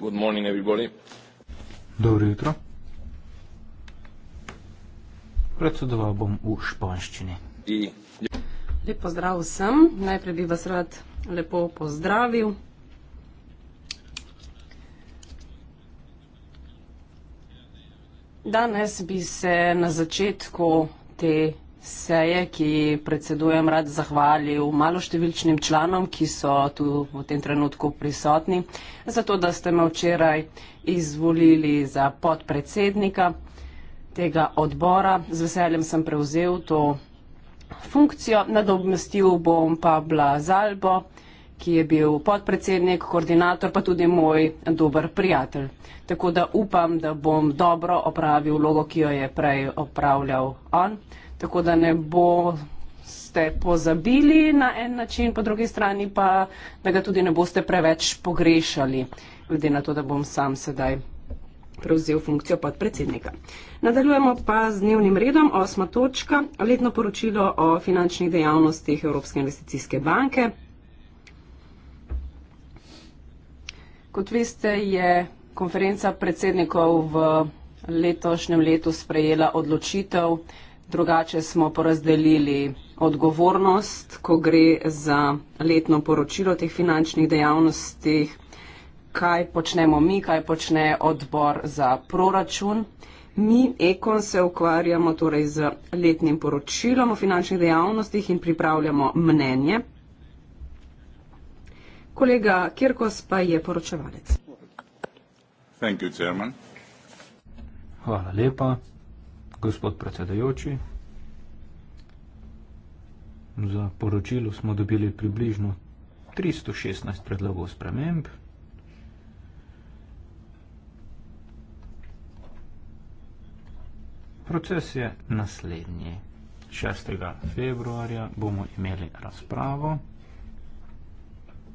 Good morning, everybody. Dobro jutro. Predsedoval bom v španščini. Lep pozdrav vsem, najprej bi vas rad lepo pozdravil. Danes bi se na začetku te seje, ki predsedujem, rad zahvalil maloštevilčnim članom, ki so tu v tem trenutku prisotni, zato da ste me včeraj izvolili za podpredsednika tega odbora. Z veseljem sem prevzel to funkcijo, nadomestil bom pa bila Zalbo, ki je bil podpredsednik, koordinator, pa tudi moj dober prijatelj. Tako da upam, da bom dobro opravil vlogo, ki jo je prej opravljal on tako da ne bo ste pozabili na en način, po drugi strani pa, da ga tudi ne boste preveč pogrešali, glede na to, da bom sam sedaj prevzel funkcijo podpredsednika. Nadaljujemo pa z dnevnim redom, osma točka, letno poročilo o finančnih dejavnostih Evropske investicijske banke. Kot veste, je konferenca predsednikov v letošnjem letu sprejela odločitev, drugače smo porazdelili odgovornost, ko gre za letno poročilo teh finančnih dejavnosti, kaj počnemo mi, kaj počne odbor za proračun. Mi, Ekon, se ukvarjamo torej z letnim poročilom o finančnih dejavnostih in pripravljamo mnenje. Kolega Kirkos pa je poročevalec. Thank you, Hvala lepa gospod predsedajoči. Za poročilo smo dobili približno 316 predlogov sprememb. Proces je naslednji. 6. februarja bomo imeli razpravo.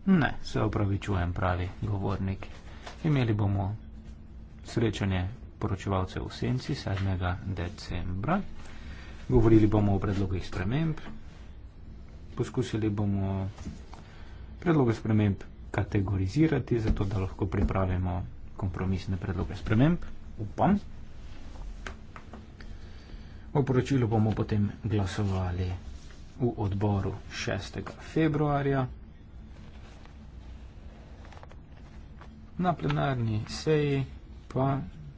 Ne, se opravičujem, pravi govornik. Imeli bomo srečanje poročevalce v senci 7. decembra. Govorili bomo o predlogih sprememb, poskusili bomo predloge sprememb kategorizirati, zato da lahko pripravimo kompromisne predloge sprememb, upam. O poročilu bomo potem glasovali v odboru 6. februarja. Na plenarni seji pa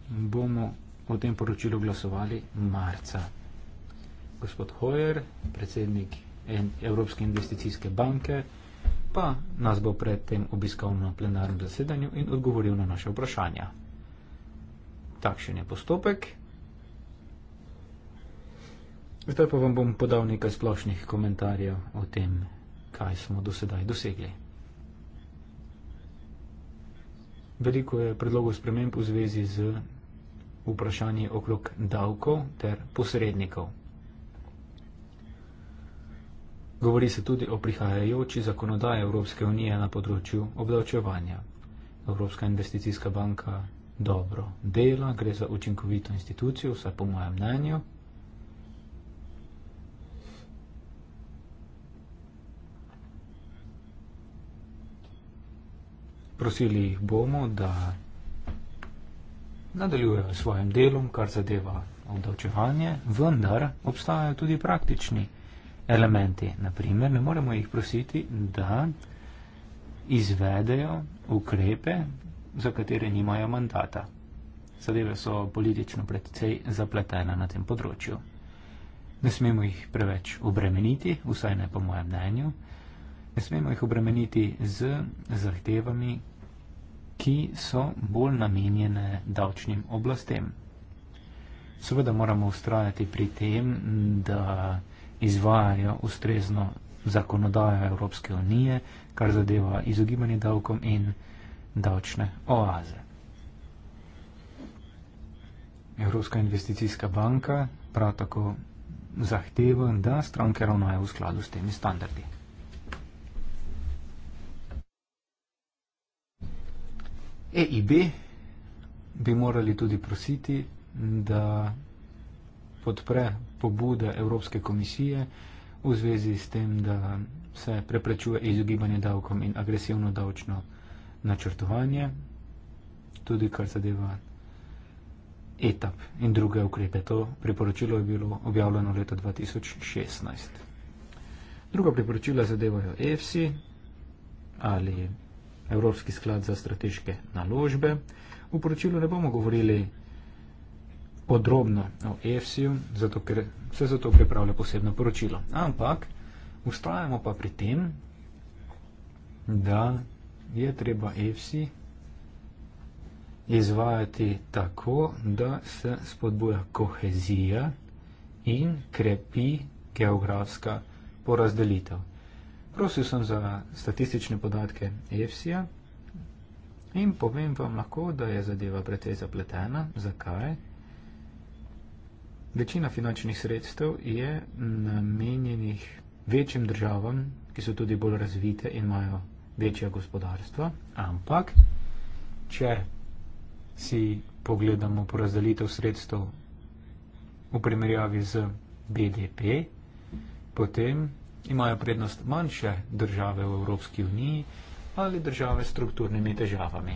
bomo o tem poročilu glasovali marca. Gospod Hojer, predsednik Evropske investicijske banke, pa nas bo predtem obiskal na plenarnem zasedanju in odgovoril na naše vprašanja. Takšen je postopek. Zdaj pa vam bom podal nekaj splošnih komentarjev o tem, kaj smo do sedaj dosegli. veliko je predlogov sprememb v zvezi z vprašanji okrog davkov ter posrednikov. Govori se tudi o prihajajoči zakonodaji Evropske unije na področju obdavčevanja. Evropska investicijska banka dobro dela, gre za učinkovito institucijo, vsaj po mojem mnenju. prosili jih bomo, da nadaljujejo s svojim delom, kar zadeva obdavčevanje, vendar obstajajo tudi praktični elementi. Naprimer, ne moremo jih prositi, da izvedejo ukrepe, za katere nimajo mandata. Zadeve so politično predvsej zapletene na tem področju. Ne smemo jih preveč obremeniti, vsaj ne po mojem mnenju. Ne smemo jih obremeniti z zahtevami, ki so bolj namenjene davčnim oblastem. Seveda moramo ustrajati pri tem, da izvajajo ustrezno zakonodajo Evropske unije, kar zadeva izogibanje davkom in davčne oaze. Evropska investicijska banka prav tako zahteva, da stranke ravnajo v skladu s temi standardi. EIB bi morali tudi prositi, da podpre pobude Evropske komisije v zvezi s tem, da se preprečuje izogibanje davkom in agresivno davčno načrtovanje, tudi kar zadeva etap in druge ukrepe. To priporočilo je bilo objavljeno leta 2016. Druga priporočila zadevajo EFSI ali Evropski sklad za strateške naložbe. V poročilu ne bomo govorili podrobno o EFSI-ju, zato ker se za to pripravlja posebno poročilo. Ampak ustrajamo pa pri tem, da je treba EFSI izvajati tako, da se spodbuja kohezija in krepi geografska porazdelitev. Prosil sem za statistične podatke EFSI-ja in povem vam lahko, da je zadeva precej zapletena. Zakaj? Večina finančnih sredstev je namenjenih večjim državam, ki so tudi bolj razvite in imajo večja gospodarstva, ampak če si pogledamo po razdelitev sredstev v primerjavi z BDP, potem imajo prednost manjše države v Evropski uniji ali države s strukturnimi težavami.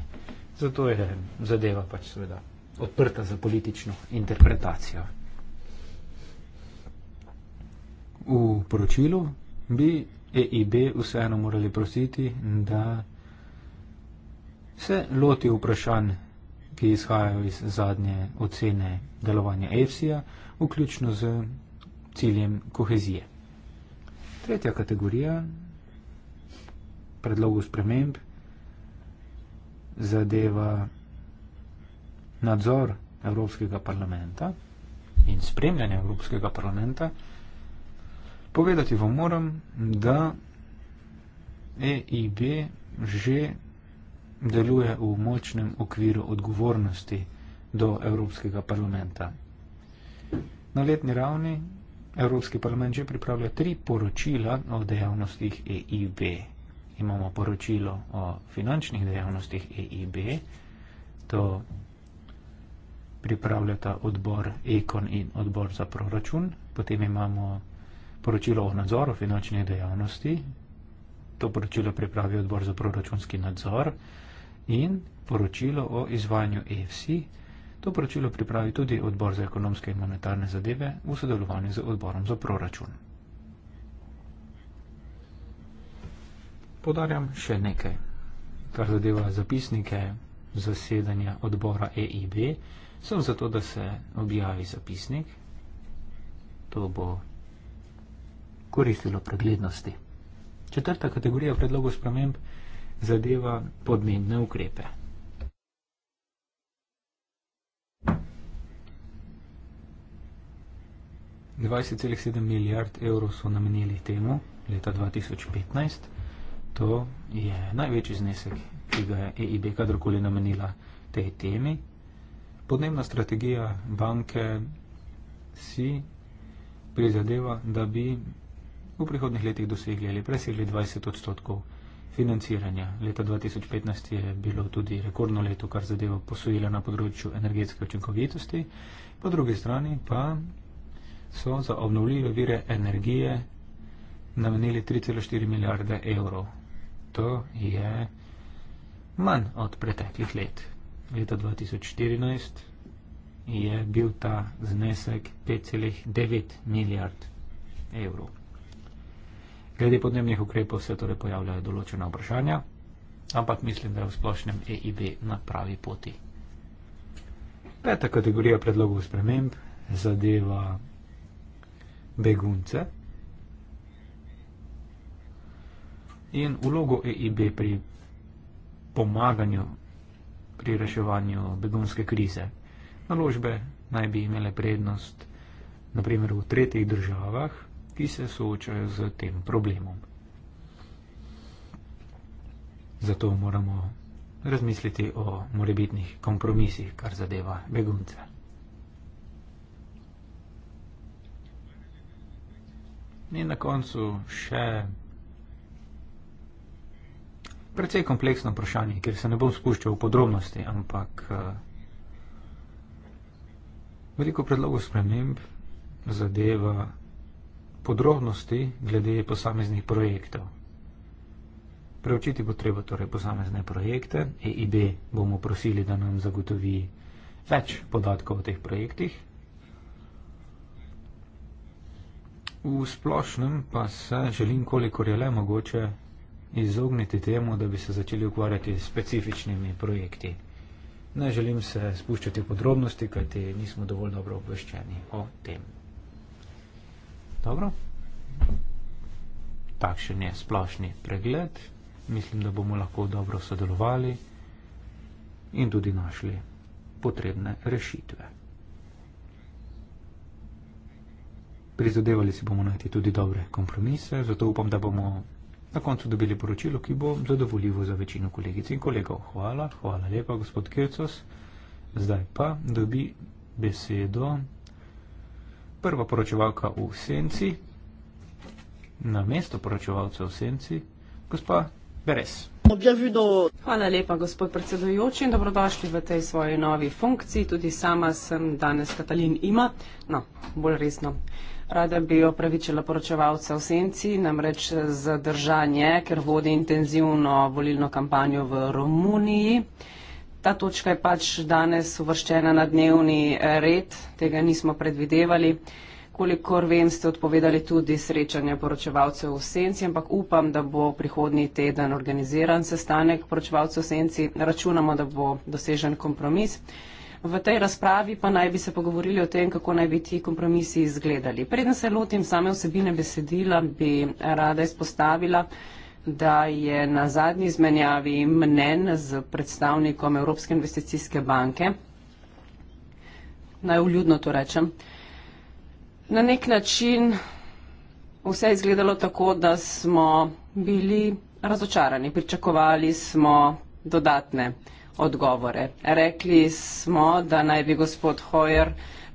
Zato je zadeva pač seveda odprta za politično interpretacijo. V poročilu bi EIB vseeno morali prositi, da se loti vprašanj, ki izhajajo iz zadnje ocene delovanja EFSI-ja, vključno z ciljem kohezije. Tretja kategorija predlogov sprememb zadeva nadzor Evropskega parlamenta in spremljanje Evropskega parlamenta. Povedati vam moram, da EIB že deluje v močnem okviru odgovornosti do Evropskega parlamenta. Na letni ravni Evropski parlament že pripravlja tri poročila o dejavnostih EIB. Imamo poročilo o finančnih dejavnostih EIB, to pripravljata odbor Ekon in odbor za proračun. Potem imamo poročilo o nadzoru finančnih dejavnosti, to poročilo pripravi odbor za proračunski nadzor in poročilo o izvajanju EFSI. To poročilo pripravi tudi odbor za ekonomske in monetarne zadeve v sodelovanju z odborom za proračun. Podarjam še nekaj, kar zadeva zapisnike zasedanja odbora EIB. Sem zato, da se objavi zapisnik. To bo koristilo preglednosti. Četrta kategorija predlogov sprememb zadeva podnebne ukrepe. 20,7 milijard evrov so namenili temu leta 2015. To je največji znesek, ki ga je EIB kadarkoli namenila tej temi. Podnebna strategija banke si prizadeva, da bi v prihodnih letih dosegli ali presegli 20 odstotkov financiranja. Leta 2015 je bilo tudi rekordno leto, kar zadeva posojila na področju energetske učinkovitosti. Po drugi strani pa so za obnovljive vire energije namenili 3,4 milijarde evrov. To je manj od preteklih let. Leta 2014 je bil ta znesek 5,9 milijard evrov. Glede podnebnih ukrepov se torej pojavljajo določena vprašanja, ampak mislim, da je v splošnem EIB na pravi poti. Peta kategorija predlogov sprememb zadeva begunce in vlogo EIB pri pomaganju pri reševanju begunske krize. Naložbe naj bi imele prednost naprimer v tretjih državah, ki se soočajo z tem problemom. Zato moramo razmisliti o morebitnih kompromisih, kar zadeva begunce. in na koncu še precej kompleksno vprašanje, ker se ne bom spuščal v podrobnosti, ampak uh, veliko predlogov sprememb zadeva podrobnosti glede posameznih projektov. Preučiti bo treba torej posamezne projekte, EIB bomo prosili, da nam zagotovi več podatkov o teh projektih. V splošnem pa se želim, kolikor je le mogoče, izogniti temu, da bi se začeli ukvarjati s specifičnimi projekti. Ne želim se spuščati v podrobnosti, kajti nismo dovolj dobro obveščeni o tem. Dobro. Takšen je splošni pregled. Mislim, da bomo lahko dobro sodelovali in tudi našli potrebne rešitve. prizadevali si bomo najti tudi dobre kompromise, zato upam, da bomo na koncu dobili poročilo, ki bo zadovoljivo za večino kolegic in kolegov. Hvala, hvala lepa, gospod Kecos. Zdaj pa dobi besedo prva poročevalka v senci, na mesto poročevalca v senci, gospa Beres. Hvala lepa, gospod predsedujoči, in dobrodošli v tej svoji novi funkciji. Tudi sama sem danes Katalin Ima. No, bolj resno. Rada bi opravičila poročevalca v senci, namreč zadržanje, ker vodi intenzivno volilno kampanjo v Romuniji. Ta točka je pač danes uvrščena na dnevni red, tega nismo predvidevali. Kolikor vem, ste odpovedali tudi srečanje poročevalcev v senci, ampak upam, da bo prihodnji teden organiziran sestanek poročevalcev v senci. Računamo, da bo dosežen kompromis. V tej razpravi pa naj bi se pogovorili o tem, kako naj bi ti kompromisi izgledali. Preden se lotim same vsebine besedila, bi rada izpostavila, da je na zadnji izmenjavi mnen z predstavnikom Evropske investicijske banke, naj uljudno to rečem, na nek način vse je izgledalo tako, da smo bili razočarani, pričakovali smo dodatne odgovore. Rekli smo, da naj bi gospod Hojer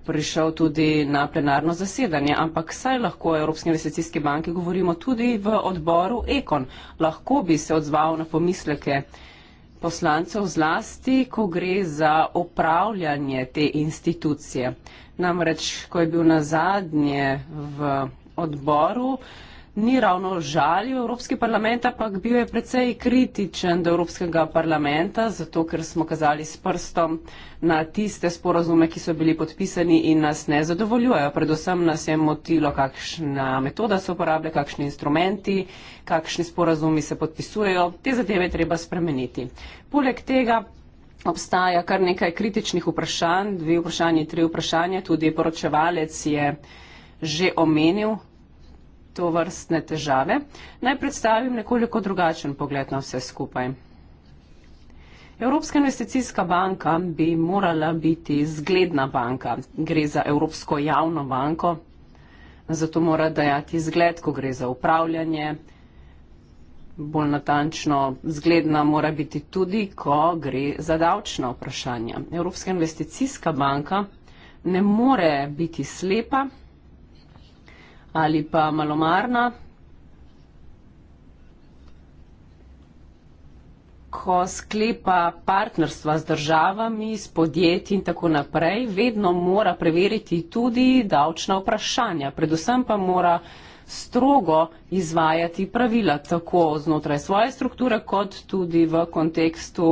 prišel tudi na plenarno zasedanje, ampak saj lahko o Evropski investicijski banki govorimo tudi v odboru Ekon. Lahko bi se odzval na pomisleke poslancev zlasti, ko gre za upravljanje te institucije. Namreč, ko je bil na zadnje v odboru, ni ravno žalil Evropski parlament, ampak bil je precej kritičen do Evropskega parlamenta, zato ker smo kazali s prstom na tiste sporazume, ki so bili podpisani in nas ne zadovoljujejo. Predvsem nas je motilo, kakšna metoda se uporablja, kakšni instrumenti, kakšni sporazumi se podpisujejo. Te zadeve treba spremeniti. Poleg tega. Obstaja kar nekaj kritičnih vprašanj, dve vprašanje, tri vprašanje. Tudi poročevalec je že omenil to vrstne težave, naj predstavim nekoliko drugačen pogled na vse skupaj. Evropska investicijska banka bi morala biti zgledna banka. Gre za Evropsko javno banko, zato mora dajati zgled, ko gre za upravljanje. Bolj natančno, zgledna mora biti tudi, ko gre za davčna vprašanja. Evropska investicijska banka ne more biti slepa, ali pa malomarna. Ko sklepa partnerstva z državami, s podjetji in tako naprej, vedno mora preveriti tudi davčna vprašanja. Predvsem pa mora strogo izvajati pravila tako znotraj svoje strukture, kot tudi v kontekstu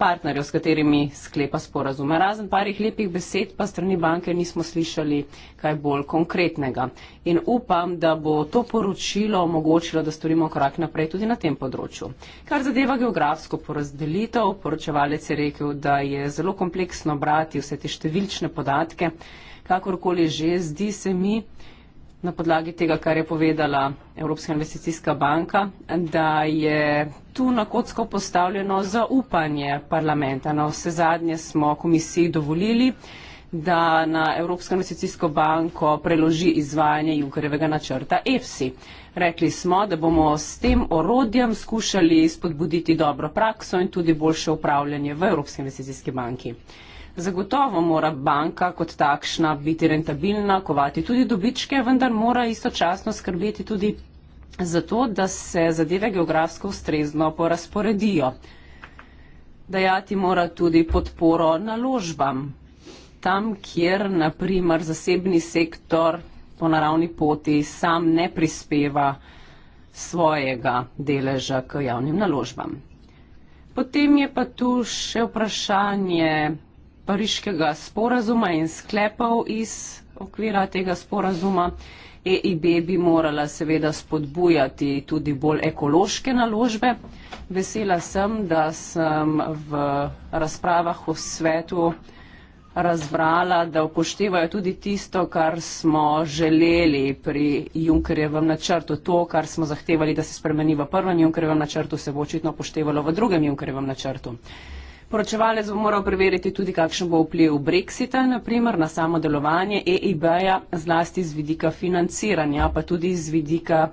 partnerjev, s katerimi sklepa sporazume. Razen parih lepih besed pa strani banke nismo slišali kaj bolj konkretnega. In upam, da bo to poročilo omogočilo, da storimo korak naprej tudi na tem področju. Kar zadeva geografsko porazdelitev, poročevalec je rekel, da je zelo kompleksno brati vse te številčne podatke. Kakorkoli že, zdi se mi, na podlagi tega, kar je povedala Evropska investicijska banka, da je tu na kocko postavljeno zaupanje parlamenta. Na no, vse zadnje smo komisiji dovolili, da na Evropsko investicijsko banko preloži izvajanje Junkerjevega načrta EFSI. Rekli smo, da bomo s tem orodjem skušali spodbuditi dobro prakso in tudi boljše upravljanje v Evropski investicijski banki. Zagotovo mora banka kot takšna biti rentabilna, kovati tudi dobičke, vendar mora istočasno skrbeti tudi za to, da se zadeve geografsko ustrezno porazporedijo. Dajati mora tudi podporo naložbam. Tam, kjer naprimer zasebni sektor po naravni poti sam ne prispeva svojega deleža k javnim naložbam. Potem je pa tu še vprašanje pariškega sporazuma in sklepov iz okvira tega sporazuma. EIB bi morala seveda spodbujati tudi bolj ekološke naložbe. Vesela sem, da sem v razpravah v svetu razbrala, da upoštevajo tudi tisto, kar smo želeli pri Junkerjevem načrtu. To, kar smo zahtevali, da se spremeni v prvem Junkerjevem načrtu, se bo očitno upoštevalo v drugem Junkerjevem načrtu. Poročevalec bo moral preveriti tudi, kakšen bo vpliv Brexita, naprimer na samo delovanje EIB-ja, zlasti z vidika financiranja, pa tudi z vidika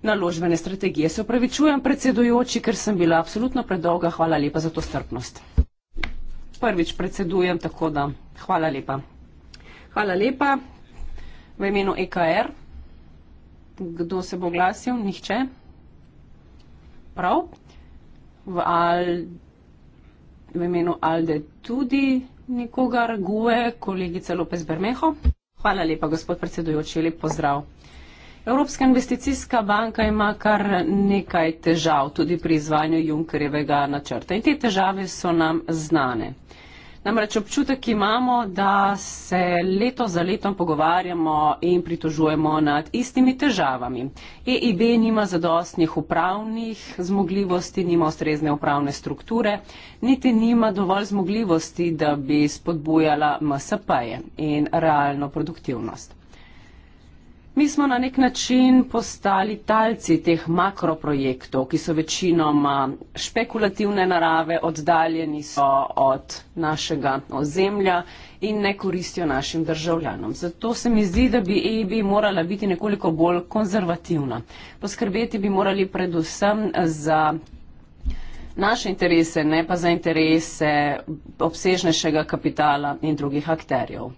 naložbene strategije. Se upravičujem, predsedujoči, ker sem bila absolutno predolga. Hvala lepa za to strpnost. Prvič predsedujem, tako da hvala lepa. Hvala lepa. V imenu EKR. Kdo se bo glasil? Nihče. Prav. V al v imenu Alde tudi nikogar guje, kolegice Lopez Bermeho. Hvala lepa, gospod predsedujoči, lep pozdrav. Evropska investicijska banka ima kar nekaj težav tudi pri izvanju Junkerjevega načrta in te težave so nam znane. Namreč občutek imamo, da se leto za letom pogovarjamo in pritožujemo nad istimi težavami. EIB nima zadostnih upravnih zmogljivosti, nima ustrezne upravne strukture, niti nima dovolj zmogljivosti, da bi spodbujala MSP-je in realno produktivnost. Mi smo na nek način postali talci teh makroprojektov, ki so večinoma špekulativne narave, oddaljeni so od našega ozemlja in ne koristijo našim državljanom. Zato se mi zdi, da bi EIB morala biti nekoliko bolj konzervativna. Poskrbeti bi morali predvsem za naše interese, ne pa za interese obsežnejšega kapitala in drugih akterjev.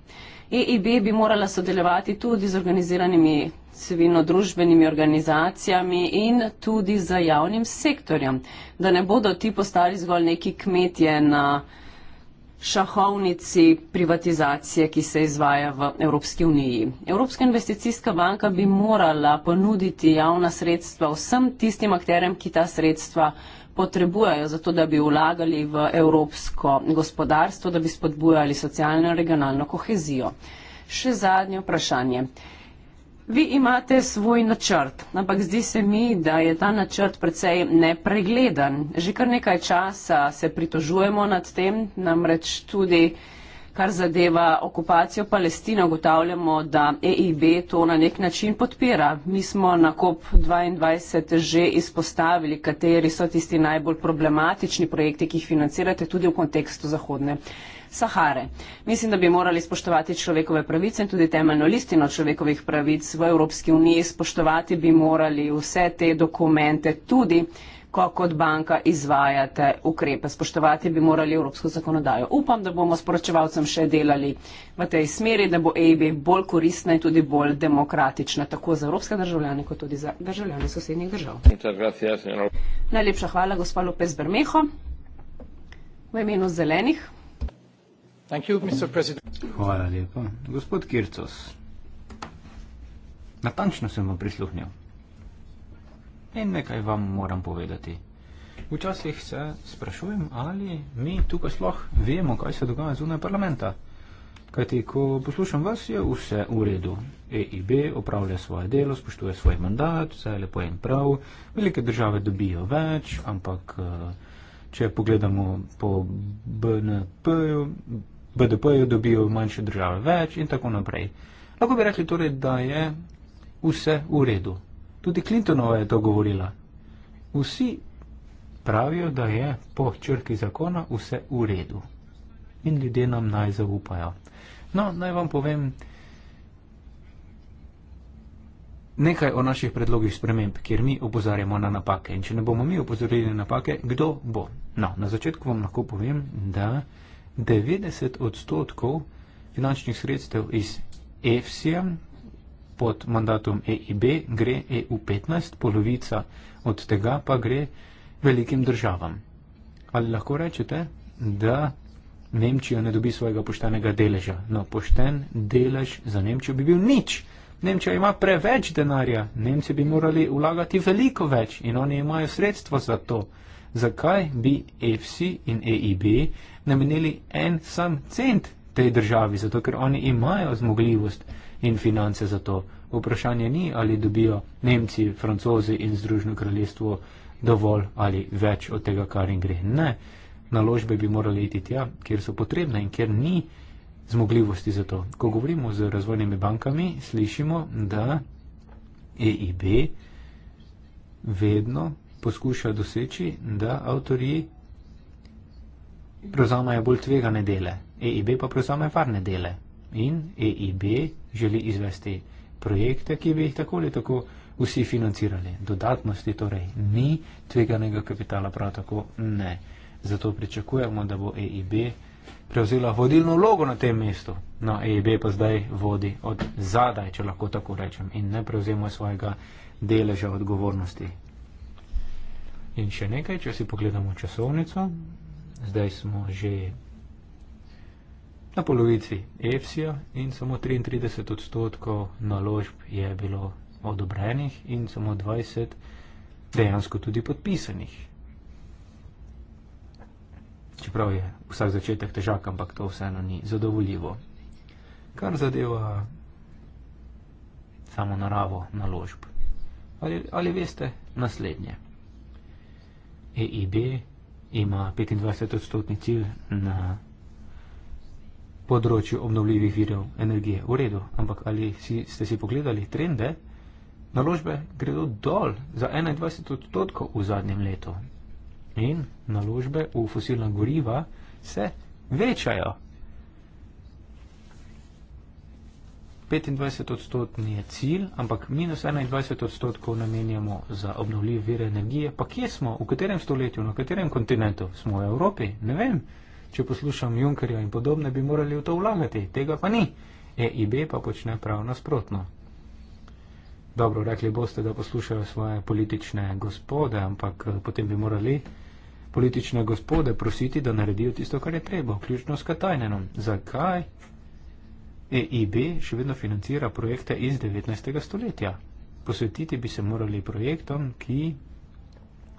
EIB bi morala sodelovati tudi z organiziranimi civilno-družbenimi organizacijami in tudi z javnim sektorjem, da ne bodo ti postali zgolj neki kmetje na šahovnici privatizacije, ki se izvaja v Evropski uniji. Evropska investicijska banka bi morala ponuditi javna sredstva vsem tistim akterem, ki ta sredstva potrebujejo za to, da bi vlagali v evropsko gospodarstvo, da bi spodbujali socialno in regionalno kohezijo. Še zadnje vprašanje. Vi imate svoj načrt, ampak zdi se mi, da je ta načrt precej nepregledan. Že kar nekaj časa se pritožujemo nad tem, namreč tudi kar zadeva okupacijo Palestine, ugotavljamo, da EIB to na nek način podpira. Mi smo na COP22 že izpostavili, kateri so tisti najbolj problematični projekti, ki jih financirate tudi v kontekstu Zahodne. Sahare. Mislim, da bi morali spoštovati človekove pravice in tudi temeljno listino človekovih pravic v Evropski uniji, spoštovati bi morali vse te dokumente tudi ko kot banka izvajate ukrepe. Spoštovati bi morali evropsko zakonodajo. Upam, da bomo s poročevalcem še delali v tej smeri, da bo EIB bolj koristna in tudi bolj demokratična, tako za evropske državljane, kot tudi za državljane sosednjih držav. Najlepša hvala, gospod Lopez Bermeho. V imenu zelenih. Hvala lepa. Gospod Kircos, natančno sem vam prisluhnil in nekaj vam moram povedati. Včasih se sprašujem, ali mi tukaj sploh vemo, kaj se dogaja zunaj parlamenta. Kajti, ko poslušam vas, je vse v redu. EIB opravlja svoje delo, spoštuje svoj mandat, vse je lepo in prav, velike države dobijo več, ampak eh, če pogledamo po BNP-ju, BDP-ju dobijo manjše države več in tako naprej. Lahko bi rekli torej, da je vse v redu. Tudi Clintonova je to govorila. Vsi pravijo, da je po črki zakona vse v redu in ljudje nam naj zaupajo. No, naj vam povem nekaj o naših predlogih sprememb, kjer mi opozarjamo na napake. In če ne bomo mi opozorili na napake, kdo bo? No, na začetku vam lahko povem, da 90 odstotkov finančnih sredstev iz EFSI-ja, pod mandatom EIB gre EU15, polovica od tega pa gre velikim državam. Ali lahko rečete, da Nemčija ne dobi svojega poštenega deleža? No, pošten delež za Nemčijo bi bil nič. Nemčija ima preveč denarja, Nemci bi morali vlagati veliko več in oni imajo sredstva za to. Zakaj bi EFSI in EIB namenili en sam cent tej državi? Zato, ker oni imajo zmogljivost in finance za to. Vprašanje ni, ali dobijo Nemci, Francozi in Združeno kraljestvo dovolj ali več od tega, kar jim gre. Ne, naložbe bi morali iti tja, kjer so potrebne in kjer ni zmogljivosti za to. Ko govorimo z razvojnimi bankami, slišimo, da EIB vedno poskuša doseči, da avtorji prevzamejo bolj tvegane dele, EIB pa prevzame varne dele. In EIB želi izvesti projekte, ki bi jih tako ali tako vsi financirali. Dodatnosti torej ni, tveganega kapitala prav tako ne. Zato pričakujemo, da bo EIB prevzela vodilno vlogo na tem mestu. No, EIB pa zdaj vodi od zadaj, če lahko tako rečem, in ne prevzema svojega deleža odgovornosti. In še nekaj, če si pogledamo časovnico, zdaj smo že Na polovici EFSIA in samo 33 odstotkov naložb je bilo odobrenih in samo 20 dejansko tudi podpisanih. Čeprav je vsak začetek težak, ampak to vseeno ni zadovoljivo. Kar zadeva samo naravo naložb. Ali, ali veste naslednje? EIB ima 25-odstotni cilj na področju obnovljivih virov energije. V redu, ampak ali si, ste si pogledali trende? Naložbe gredo dol za 21 odstotkov v zadnjem letu. In naložbe v fosilna goriva se večajo. 25 odstotni je cilj, ampak minus 21 odstotkov namenjamo za obnovljive vire energije. Pa kje smo, v katerem stoletju, na katerem kontinentu smo v Evropi? Ne vem. Če poslušam Junkerja in podobne, bi morali v to vlagati, tega pa ni. EIB pa počne prav nasprotno. Dobro, rekli boste, da poslušajo svoje politične gospode, ampak eh, potem bi morali politične gospode prositi, da naredijo tisto, kar je treba, vključno s Katajnenom. Zakaj EIB še vedno financira projekte iz 19. stoletja? Posvetiti bi se morali projektom, ki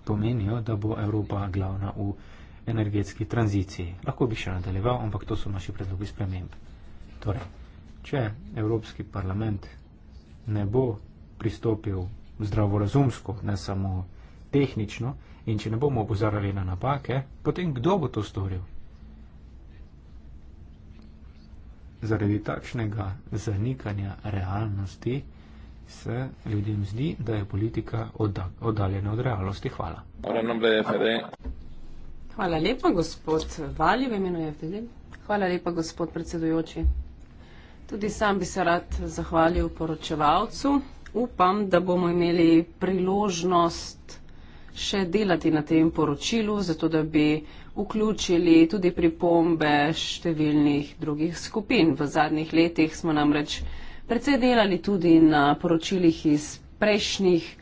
pomenijo, da bo Evropa glavna v energetski tranziciji. Lahko bi še nadaljeval, ampak to so naši predlogi sprememb. Torej, če Evropski parlament ne bo pristopil zdravorazumsko, ne samo tehnično, in če ne bomo obozarali na napake, potem kdo bo to storil? Zaradi takšnega zanikanja realnosti se ljudem zdi, da je politika oddaljena od realnosti. Hvala. Hvala. Hvala lepa, gospod Valje, v imenu FDD. Hvala lepa, gospod predsedujoči. Tudi sam bi se rad zahvalil poročevalcu. Upam, da bomo imeli priložnost še delati na tem poročilu, zato da bi vključili tudi pripombe številnih drugih skupin. V zadnjih letih smo namreč precej delali tudi na poročilih iz prejšnjih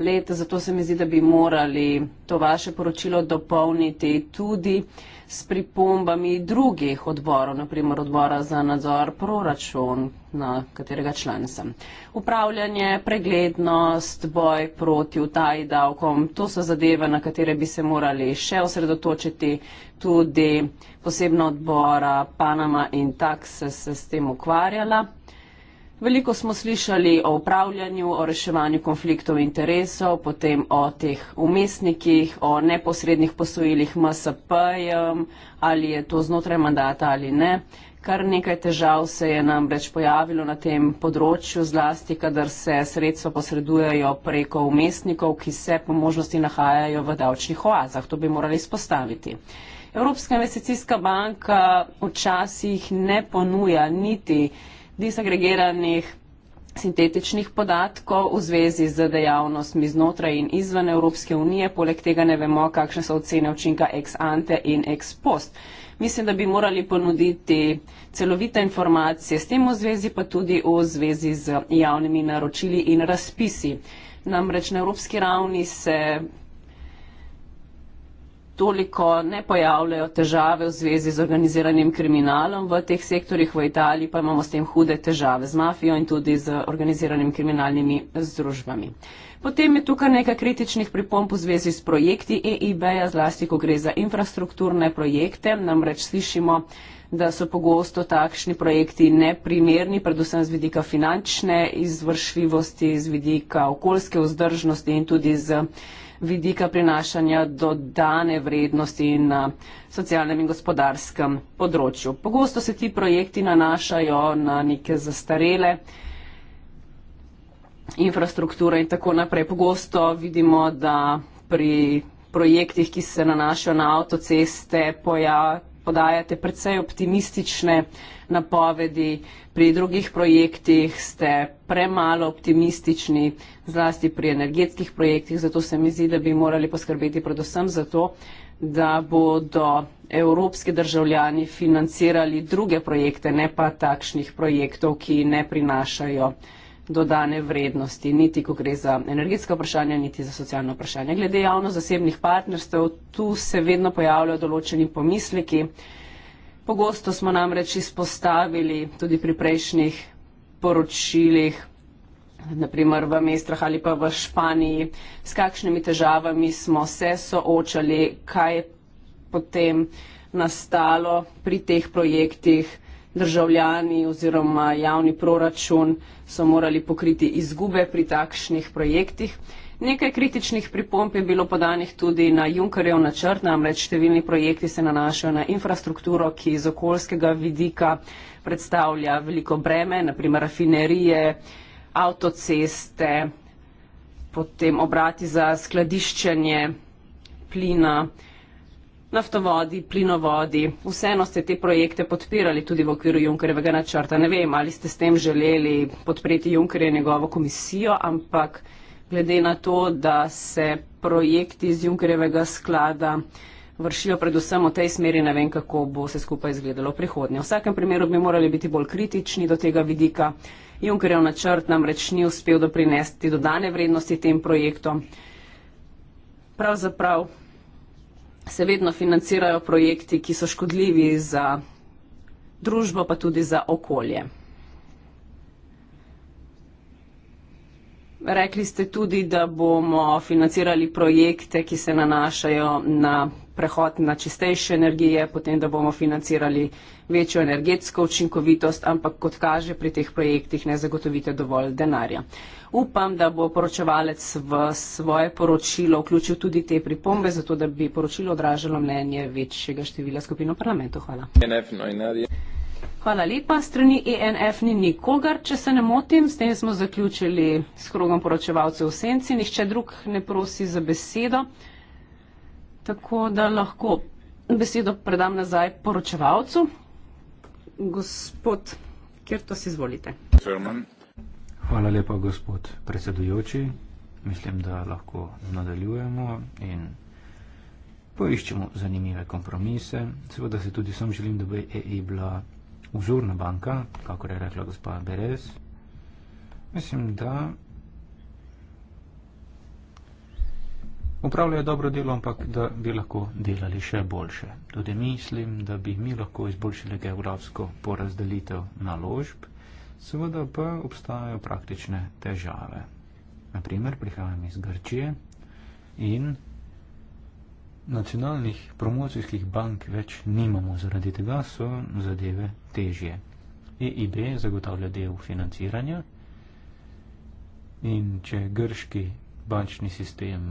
let, zato se mi zdi, da bi morali to vaše poročilo dopolniti tudi s pripombami drugih odborov, naprimer odbora za nadzor proračun, na katerega član sem. Upravljanje, preglednost, boj proti utaji davkom, to so zadeve, na katere bi se morali še osredotočiti tudi posebno odbora Panama in tak se s tem ukvarjala. Veliko smo slišali o upravljanju, o reševanju konfliktov interesov, potem o teh umestnikih, o neposrednih posojilih MSP-jem, ali je to znotraj mandata ali ne. Kar nekaj težav se je nam reč pojavilo na tem področju, zlasti, kadar se sredstva posredujejo preko umestnikov, ki se po možnosti nahajajo v davčnih oazah. To bi morali spostaviti. Evropska investicijska banka včasih ne ponuja niti disagregiranih sintetičnih podatkov v zvezi z dejavnostmi znotraj in izven Evropske unije. Poleg tega ne vemo, kakšne so ocene učinka ex ante in ex post. Mislim, da bi morali ponuditi celovite informacije s tem v zvezi, pa tudi v zvezi z javnimi naročili in razpisi. Namreč na evropski ravni se toliko ne pojavljajo težave v zvezi z organiziranim kriminalom v teh sektorjih, v Italiji pa imamo s tem hude težave z mafijo in tudi z organiziranim kriminalnimi združbami. Potem je tukaj nekaj kritičnih pripomp v zvezi s projekti EIB-ja, zlasti ko gre za infrastrukturne projekte, namreč slišimo, da so pogosto takšni projekti neprimerni, predvsem z vidika finančne izvršljivosti, z vidika okoljske vzdržnosti in tudi z vidika prinašanja dodane vrednosti na socialnem in gospodarskem področju. Pogosto se ti projekti nanašajo na neke zastarele infrastrukture in tako naprej. Pogosto vidimo, da pri projektih, ki se nanašajo na avtoceste, poja, podajate precej optimistične napovedi, pri drugih projektih ste premalo optimistični, zlasti pri energetskih projektih, zato se mi zdi, da bi morali poskrbeti predvsem za to, da bodo evropski državljani financirali druge projekte, ne pa takšnih projektov, ki ne prinašajo dodane vrednosti, niti ko gre za energetska vprašanja, niti za socialno vprašanje. Glede javno-zasebnih partnerstev, tu se vedno pojavljajo določeni pomisliki. Pogosto smo namreč izpostavili tudi pri prejšnjih poročilih, naprimer v mestrah ali pa v Španiji, s kakšnimi težavami smo se soočali, kaj je potem nastalo pri teh projektih. Državljani oziroma javni proračun so morali pokriti izgube pri takšnih projektih. Nekaj kritičnih pripomp je bilo podanih tudi na Junkerjev načrt, namreč številni projekti se nanašajo na infrastrukturo, ki iz okoljskega vidika predstavlja veliko breme, naprimer rafinerije, avtoceste, potem obrati za skladiščenje plina, naftovodi, plinovodi. Vseeno ste te projekte podpirali tudi v okviru Junkerjevega načrta. Ne vem, ali ste s tem želeli podpreti Junkerja in njegovo komisijo, ampak glede na to, da se projekti iz Junkerjevega sklada vršijo predvsem v tej smeri, ne vem, kako bo se skupaj izgledalo prihodnje. V vsakem primeru bi morali biti bolj kritični do tega vidika. Junkerjev načrt namreč ni uspel doprinesti dodane vrednosti tem projektom. Pravzaprav se vedno financirajo projekti, ki so škodljivi za družbo, pa tudi za okolje. Rekli ste tudi, da bomo financirali projekte, ki se nanašajo na prehod na čistejše energije, potem da bomo financirali večjo energetsko učinkovitost, ampak kot kaže pri teh projektih ne zagotovite dovolj denarja. Upam, da bo poročevalec v svoje poročilo vključil tudi te pripombe, zato da bi poročilo odražalo mnenje večjega števila skupino parlamentu. Hvala. NF, no, Hvala lepa. Strani ENF ni nikogar, če se ne motim. S tem smo zaključili s krogom poročevalcev v senci. Nihče drug ne prosi za besedo. Tako da lahko besedo predam nazaj poročevalcu. Gospod Kirtos, izvolite. Hvala lepa, gospod predsedujoči. Mislim, da lahko nadaljujemo in poiščemo zanimive kompromise. Seveda se tudi sam želim, da bi EI bila vzorna banka, kako je rekla gospa Berez, mislim, da upravljajo dobro delo, ampak da bi lahko delali še boljše. Tudi mislim, da bi mi lahko izboljšali geografsko porazdelitev naložb, seveda pa obstajajo praktične težave. Naprimer, prihajam iz Grčije in nacionalnih promocijskih bank več nimamo, zaradi tega so zadeve težje. EIB zagotavlja del financiranja in če grški bančni sistem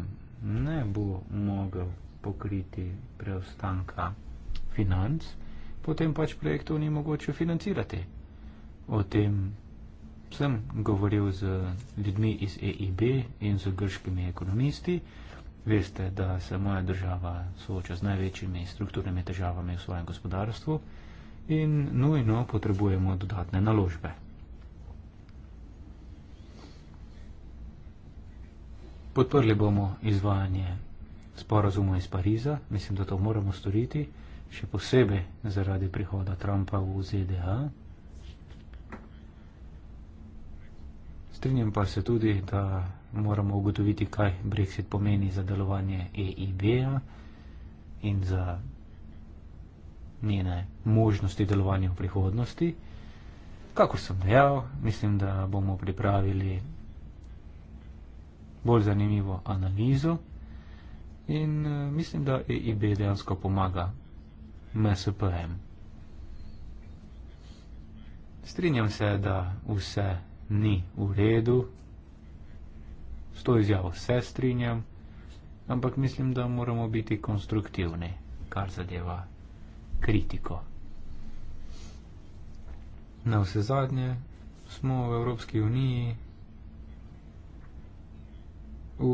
ne bo mogel pokriti preostanka financ, potem pač projektov ni mogoče financirati. O tem sem govoril z ljudmi iz EIB in z grškimi ekonomisti. Veste, da se moja država sooča z največjimi strukturnimi težavami v svojem gospodarstvu in nujno potrebujemo dodatne naložbe. Podprli bomo izvajanje sporazuma iz Pariza, mislim, da to moramo storiti, še posebej zaradi prihoda Trumpa v ZDA. Strinjam pa se tudi, da moramo ugotoviti, kaj Brexit pomeni za delovanje EIB-a in za njene možnosti delovanja v prihodnosti. Kako sem dejal, mislim, da bomo pripravili bolj zanimivo analizo in eh, mislim, da EIB dejansko pomaga MSPM. Strinjam se, da vse ni v redu, s to izjavo vse strinjam, ampak mislim, da moramo biti konstruktivni, kar zadeva kritiko. Na vse zadnje smo v Evropski uniji v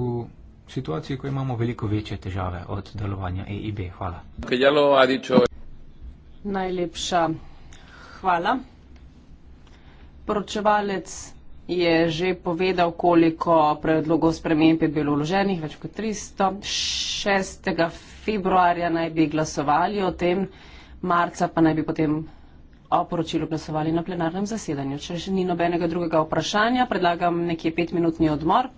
situaciji, ko imamo veliko večje težave od delovanja EIB. Hvala. Najlepša hvala. Poročevalec je že povedal, koliko predlogov sprememb je bilo vloženih, več kot 300. 6. februarja naj bi glasovali o tem, marca pa naj bi potem o poročilu glasovali na plenarnem zasedanju. Če še ni nobenega drugega vprašanja, predlagam nekje petminutni odmor,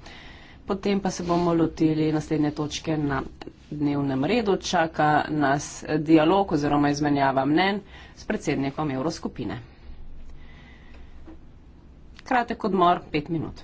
potem pa se bomo lotili naslednje točke na dnevnem redu. Čaka nas dialog oziroma izmenjava mnen s predsednikom Evroskupine. Kratek odmor, pet minut.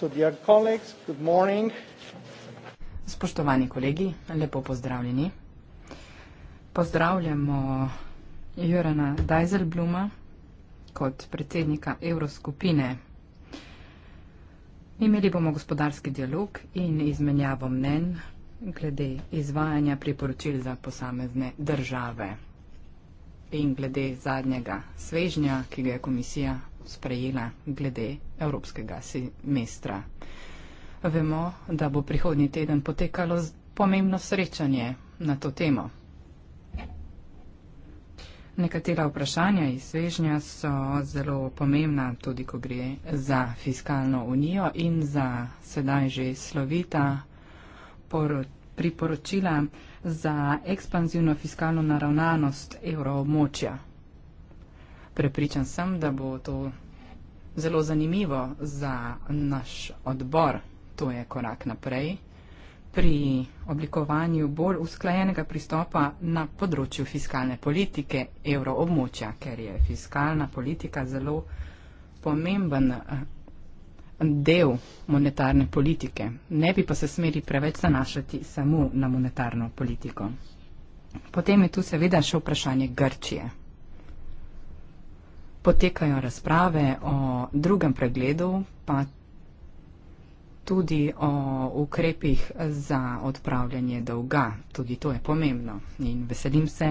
So dear colleagues, good morning. Spoštovani kolegi, lepo pozdravljeni. Pozdravljamo Jurana Dajzelbluma kot predsednika Evroskupine. Imeli bomo gospodarski dialog in izmenjavo mnen glede izvajanja priporočil za posamezne države in glede zadnjega svežnja, ki ga je komisija sprejela glede evropskega semestra. Vemo, da bo prihodnji teden potekalo pomembno srečanje na to temo. Nekatera vprašanja iz svežnja so zelo pomembna, tudi ko gre za fiskalno unijo in za sedaj že slovita priporočila za ekspanzivno fiskalno naravnanost evroobmočja. Prepričan sem, da bo to zelo zanimivo za naš odbor. To je korak naprej pri oblikovanju bolj usklajenega pristopa na področju fiskalne politike evroobmočja, ker je fiskalna politika zelo pomemben eh, del monetarne politike. Ne bi pa se smeli preveč zanašati samo na monetarno politiko. Potem je tu seveda še vprašanje Grčije potekajo razprave o drugem pregledu, pa tudi o ukrepih za odpravljanje dolga. Tudi to je pomembno in veselim se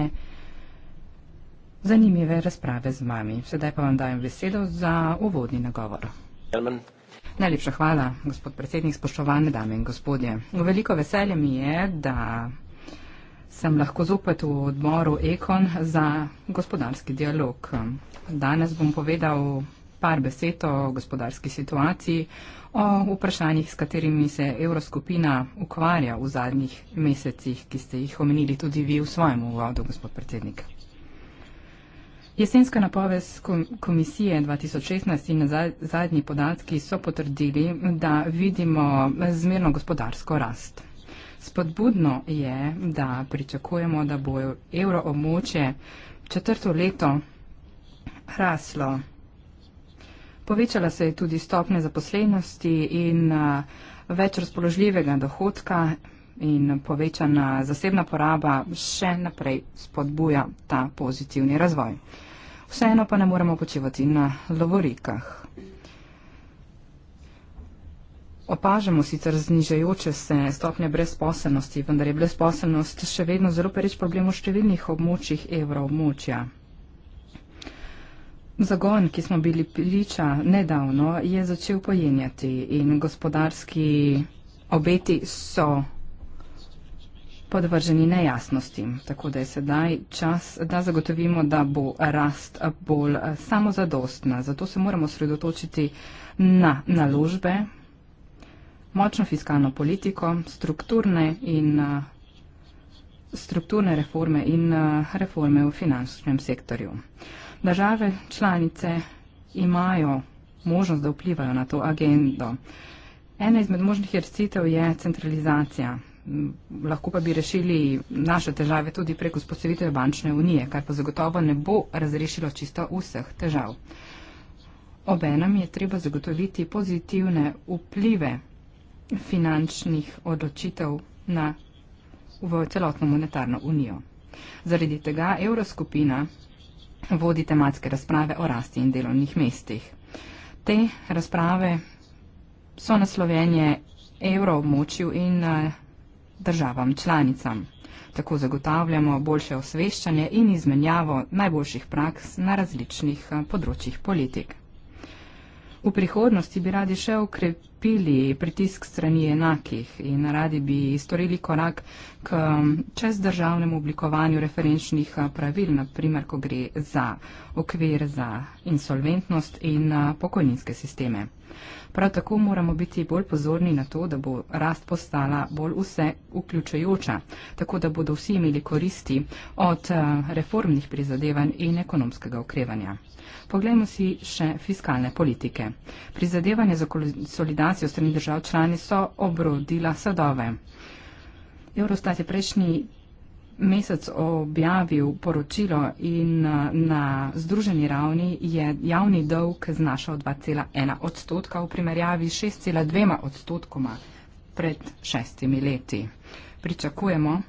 zanimive razprave z vami. Sedaj pa vam dajem besedo za uvodni nagovor. Amen. Najlepša hvala, gospod predsednik, spoštovane dame in gospodje. V veliko veselje mi je, da sem lahko zopet v odboru Ekon za gospodarski dialog. Danes bom povedal par besed o gospodarski situaciji, o vprašanjih, s katerimi se Evroskupina ukvarja v zadnjih mesecih, ki ste jih omenili tudi vi v svojem uvodu, gospod predsednik. Jesenska napoved komisije 2016 in zadnji podatki so potrdili, da vidimo zmerno gospodarsko rast. Spodbudno je, da pričakujemo, da bo evroomoče četrto leto raslo. Povečala se je tudi stopnja zaposlenosti in več razpoložljivega dohodka in povečana zasebna poraba še naprej spodbuja ta pozitivni razvoj. Vseeno pa ne moremo počivati na lovorikah. Opažamo sicer znižajoče se stopnje brezposelnosti, vendar je brezposelnost še vedno zelo pereč problem v številnih območjih evra območja. Zagon, ki smo bili priča nedavno, je začel pojenjati in gospodarski obeti so podvrženi nejasnosti. Tako da je sedaj čas, da zagotovimo, da bo rast bolj samozadostna. Zato se moramo sredotočiti na naložbe, močno fiskalno politiko, strukturne, in, uh, strukturne reforme in uh, reforme v finančnem sektorju. Države članice imajo možnost, da vplivajo na to agendo. Ena izmed možnih rešitev je centralizacija. Lahko pa bi rešili naše težave tudi preko spostavitev bančne unije, kar pa zagotovo ne bo razrešilo čisto vseh težav. Obenem je treba zagotoviti pozitivne vplive finančnih odločitev na, v celotno monetarno unijo. Zaradi tega Evroskupina vodi tematske razprave o rasti in delovnih mestih. Te razprave so naslovenje evroobmočju in eh, državam članicam. Tako zagotavljamo boljše osveščanje in izmenjavo najboljših praks na različnih eh, področjih politik. V prihodnosti bi radi še ukrepili pritisk strani enakih in radi bi storili korak k um, čezdržavnemu oblikovanju referenčnih uh, pravil, naprimer, ko gre za okvir za insolventnost in uh, pokojninske sisteme. Prav tako moramo biti bolj pozorni na to, da bo rast postala bolj vse vključujoča, tako da bodo vsi imeli koristi od eh, reformnih prizadevanj in ekonomskega okrevanja. Poglejmo si še fiskalne politike. Prizadevanje za solidacijo strani držav člani so obrodila sadove. Eurostat je prejšnji mesec objavil poročilo in eh, na združeni ravni je javni dolg znašal 2,1 odstotka v primerjavi s 6,2 odstotkoma pred šestimi leti. Pričakujemo,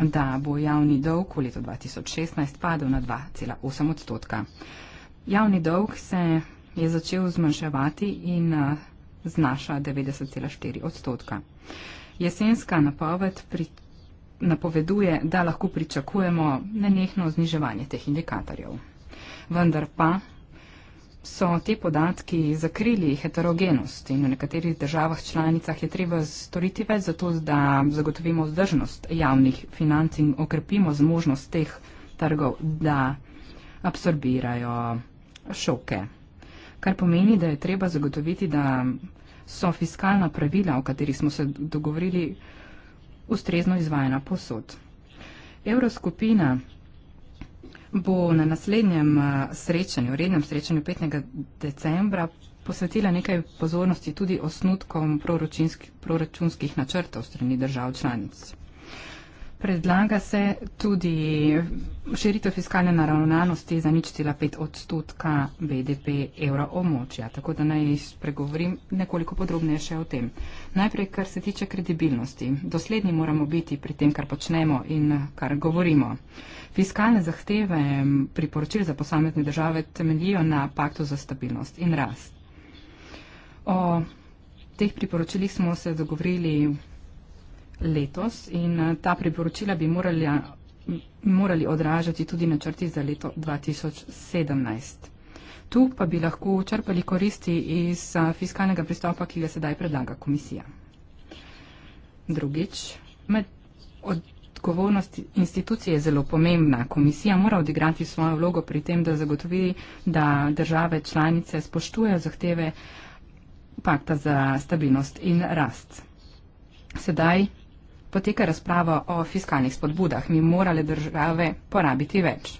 da bo javni dolg v letu 2016 padel na 2,8 odstotka. Javni dolg se je začel zmanjševati in eh, znaša 90,4 odstotka. Jesenska napoved pričakuje, napoveduje, da lahko pričakujemo nenehno zniževanje teh indikatorjev. Vendar pa so te podatki zakrili heterogenost in v nekaterih državah članicah je treba storiti več za to, da zagotovimo vzdržnost javnih financ in okrepimo zmožnost teh trgov, da absorbirajo šoke. Kar pomeni, da je treba zagotoviti, da so fiskalna pravila, o katerih smo se dogovorili, ustrezno izvajana posod. Evroskupina bo na naslednjem eh, srečanju, rednem srečanju 5. decembra, posvetila nekaj pozornosti tudi osnutkom proračunskih načrtov strani držav članic. Predlaga se tudi širitev fiskalne naravnanosti za nič cela pet odstotka BDP evra območja, tako da naj spregovorim nekoliko podrobneje še o tem. Najprej, kar se tiče kredibilnosti. Doslednji moramo biti pri tem, kar počnemo in kar govorimo. Fiskalne zahteve priporočil za posamezne države temeljijo na paktu za stabilnost in rast. O teh priporočilih smo se dogovorili letos in eh, ta priporočila bi morali, eh, morali odražati tudi načrti za leto 2017. Tu pa bi lahko črpali koristi iz eh, fiskalnega pristopa, ki ga sedaj predlaga komisija. Drugič, med od Odgovornost institucije je zelo pomembna. Komisija mora odigrati svojo vlogo pri tem, da zagotovi, da države članice spoštujejo zahteve pakta za stabilnost in rast. Sedaj poteka razprava o fiskalnih spodbudah. Mi morale države porabiti več.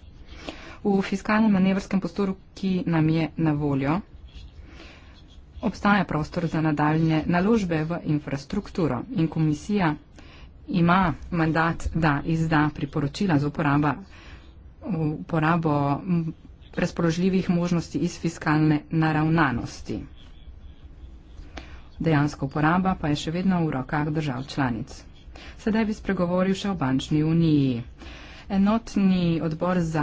V fiskalnem manevrskem postoru, ki nam je na voljo, obstaja prostor za nadaljne naložbe v infrastrukturo in komisija ima mandat, da izda priporočila za uporaba, uporabo razpoložljivih možnosti iz fiskalne naravnanosti. Dejansko uporaba pa je še vedno v rokah držav članic. Sedaj bi spregovoril še o bančni uniji. Enotni odbor za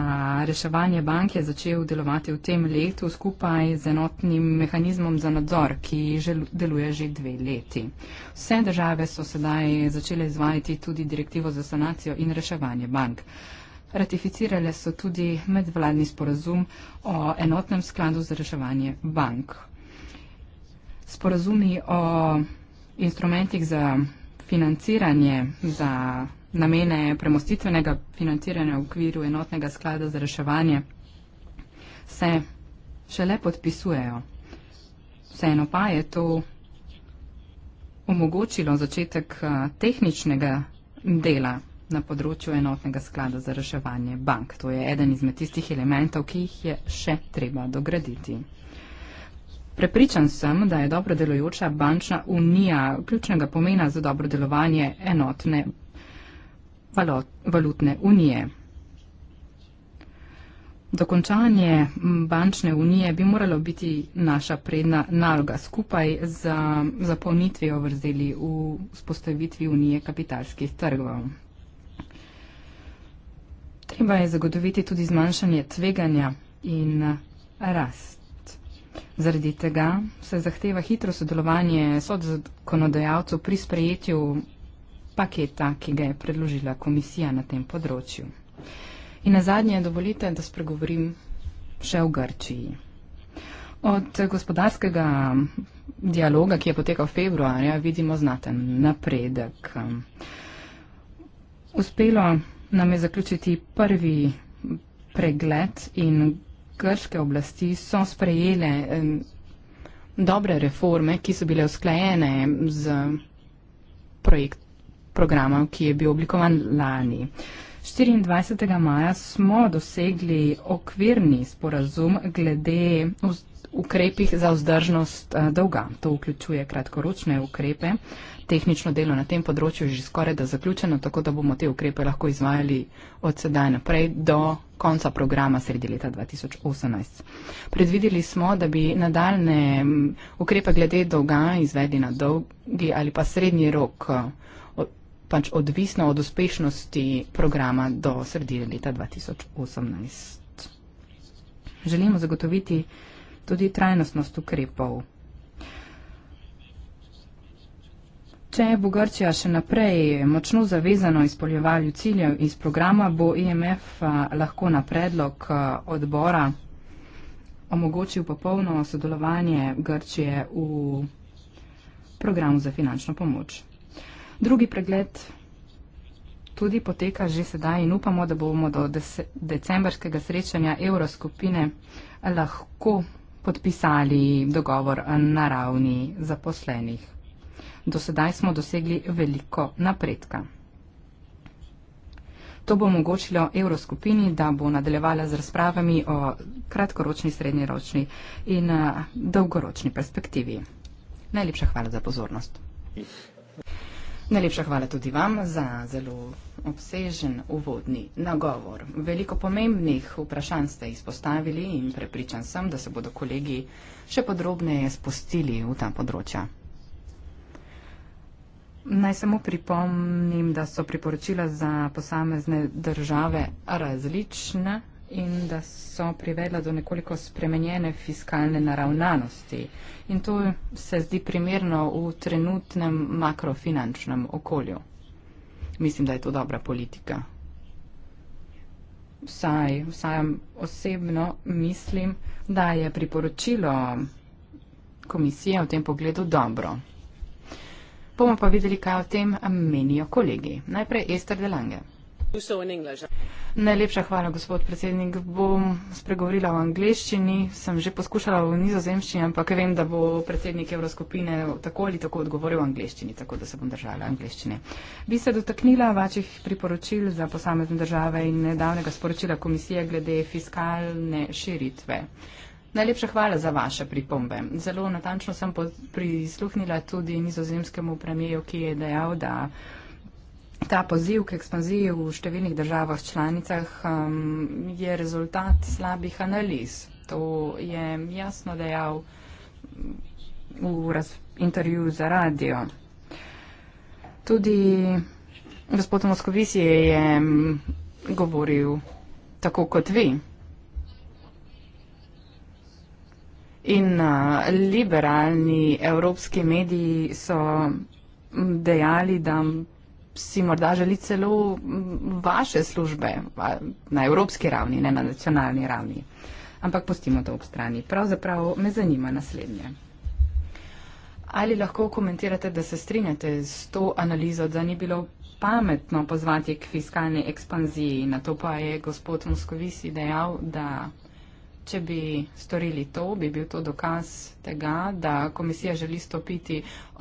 reševanje bank je začel delovati v tem letu skupaj z enotnim mehanizmom za nadzor, ki že deluje že dve leti. Vse države so sedaj začele izvajati tudi direktivo za sanacijo in reševanje bank. Ratificirale so tudi medvladni sporazum o enotnem skladu za reševanje bank. Sporazumi o instrumentih za financiranje za namene premostitvenega financiranja v okviru enotnega sklada za reševanje se šele podpisujejo. Vseeno pa je to omogočilo začetek eh, tehničnega dela na področju enotnega sklada za reševanje bank. To je eden izmed tistih elementov, ki jih je še treba dograditi. Prepričan sem, da je dobro delujoča bančna unija ključnega pomena za dobro delovanje enotne valot, valutne unije. Dokončanje bančne unije bi moralo biti naša predna naloga skupaj z zapolnitvijo vrzeli v spostavitvi unije kapitalskih trgov. Treba je zagotoviti tudi zmanjšanje tveganja in rast. Zaradi tega se zahteva hitro sodelovanje sodzakonodajalcev pri sprejetju paketa, ki ga je predložila komisija na tem področju. In na zadnje, dovolite, da spregovorim še v Grčiji. Od gospodarskega dialoga, ki je potekal februarja, vidimo znaten napredek. Uspelo nam je zaključiti prvi pregled in grške oblasti so sprejele dobre reforme, ki so bile usklajene z projekt, programom, ki je bil oblikovan lani. 24. maja smo dosegli okvirni sporazum glede ukrepih za vzdržnost eh, dolga. To vključuje kratkoročne ukrepe tehnično delo na tem področju že skoraj da zaključeno, tako da bomo te ukrepe lahko izvajali od sedaj naprej do konca programa sredi leta 2018. Predvideli smo, da bi nadaljne ukrepe glede dolga izvedli na dolgi ali pa srednji rok, pač odvisno od uspešnosti programa do sredine leta 2018. Želimo zagotoviti tudi trajnostnost ukrepov. Če bo Grčija še naprej močno zavezano izpolnjevalju ciljev iz programa, bo IMF e lahko na predlog odbora omogočil popolno sodelovanje Grčije v programu za finančno pomoč. Drugi pregled tudi poteka že sedaj in upamo, da bomo do decembrskega srečanja evroskupine lahko podpisali dogovor na ravni zaposlenih. Do sedaj smo dosegli veliko napredka. To bo omogočilo Evroskupini, da bo nadaljevala z razpravami o kratkoročni, srednjeročni in eh, dolgoročni perspektivi. Najlepša hvala za pozornost. Najlepša hvala tudi vam za zelo obsežen uvodni nagovor. Veliko pomembnih vprašanj ste izpostavili in prepričan sem, da se bodo kolegi še podrobneje spustili v ta področja. Naj samo pripomnim, da so priporočila za posamezne države različna in da so privedla do nekoliko spremenjene fiskalne naravnanosti. In to se zdi primerno v trenutnem makrofinančnem okolju. Mislim, da je to dobra politika. Vsaj, vsaj osebno mislim, da je priporočilo komisije v tem pogledu dobro bomo pa videli, kaj o tem menijo kolegi. Najprej Ester Delange. Najlepša hvala, gospod predsednik. Bom spregovorila v angliščini, sem že poskušala v nizozemščini, ampak vem, da bo predsednik Evroskupine tako ali tako odgovoril v angliščini, tako da se bom držala angliščine. Bi se dotaknila vaših priporočil za posamezne države in nedavnega sporočila komisije glede fiskalne širitve. Najlepša hvala za vaše pripombe. Zelo natančno sem prisluhnila tudi nizozemskemu premijeju, ki je dejal, da ta poziv k ekspanziji v številnih državah članicah um, je rezultat slabih analiz. To je jasno dejal v raz, intervju za radio. Tudi gospod Moskovici je um, govoril tako kot vi. In uh, liberalni evropski mediji so mm, dejali, da si morda želi celo mm, vaše službe na evropski ravni, ne na nacionalni ravni. Ampak pustimo to ob strani. Pravzaprav me zanima naslednje. Ali lahko komentirate, da se strinjate s to analizo, da ni bilo pametno pozvati k fiskalni ekspanziji? Na to pa je gospod Moskovici dejal, da Če bi storili to, bi bil to dokaz tega, da komisija želi stopiti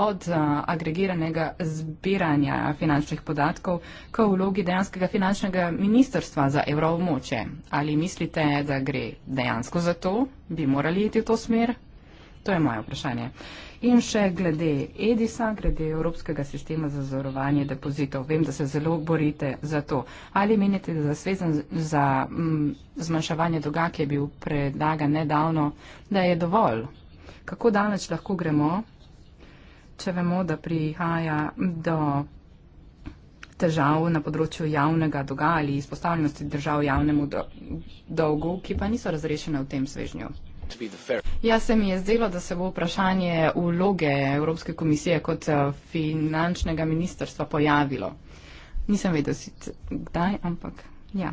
od agregiranega zbiranja finančnih podatkov k vlogi dejanskega finančnega ministrstva za evroobmoče. Ali mislite, da gre dejansko za to, bi morali iti v to smer? To je moje vprašanje. Uh, In še glede Edisa, glede Evropskega sistema za zavarovanje depozitov. Vem, da se zelo borite za to. Ali menite, da zvezan za m, mm, zmanjševanje dolga, ki je bil predlagan nedavno, da je dovolj? Kako daleč lahko gremo, če vemo, da prihaja do težav na področju javnega dolga ali izpostavljenosti držav javnemu do dolgu, ki pa niso razrešene v tem svežnju? Ja, se mi je zdelo, da se bo vprašanje vloge Evropske komisije kot eh, finančnega ministrstva pojavilo. Nisem vedel, kdaj, ampak ja.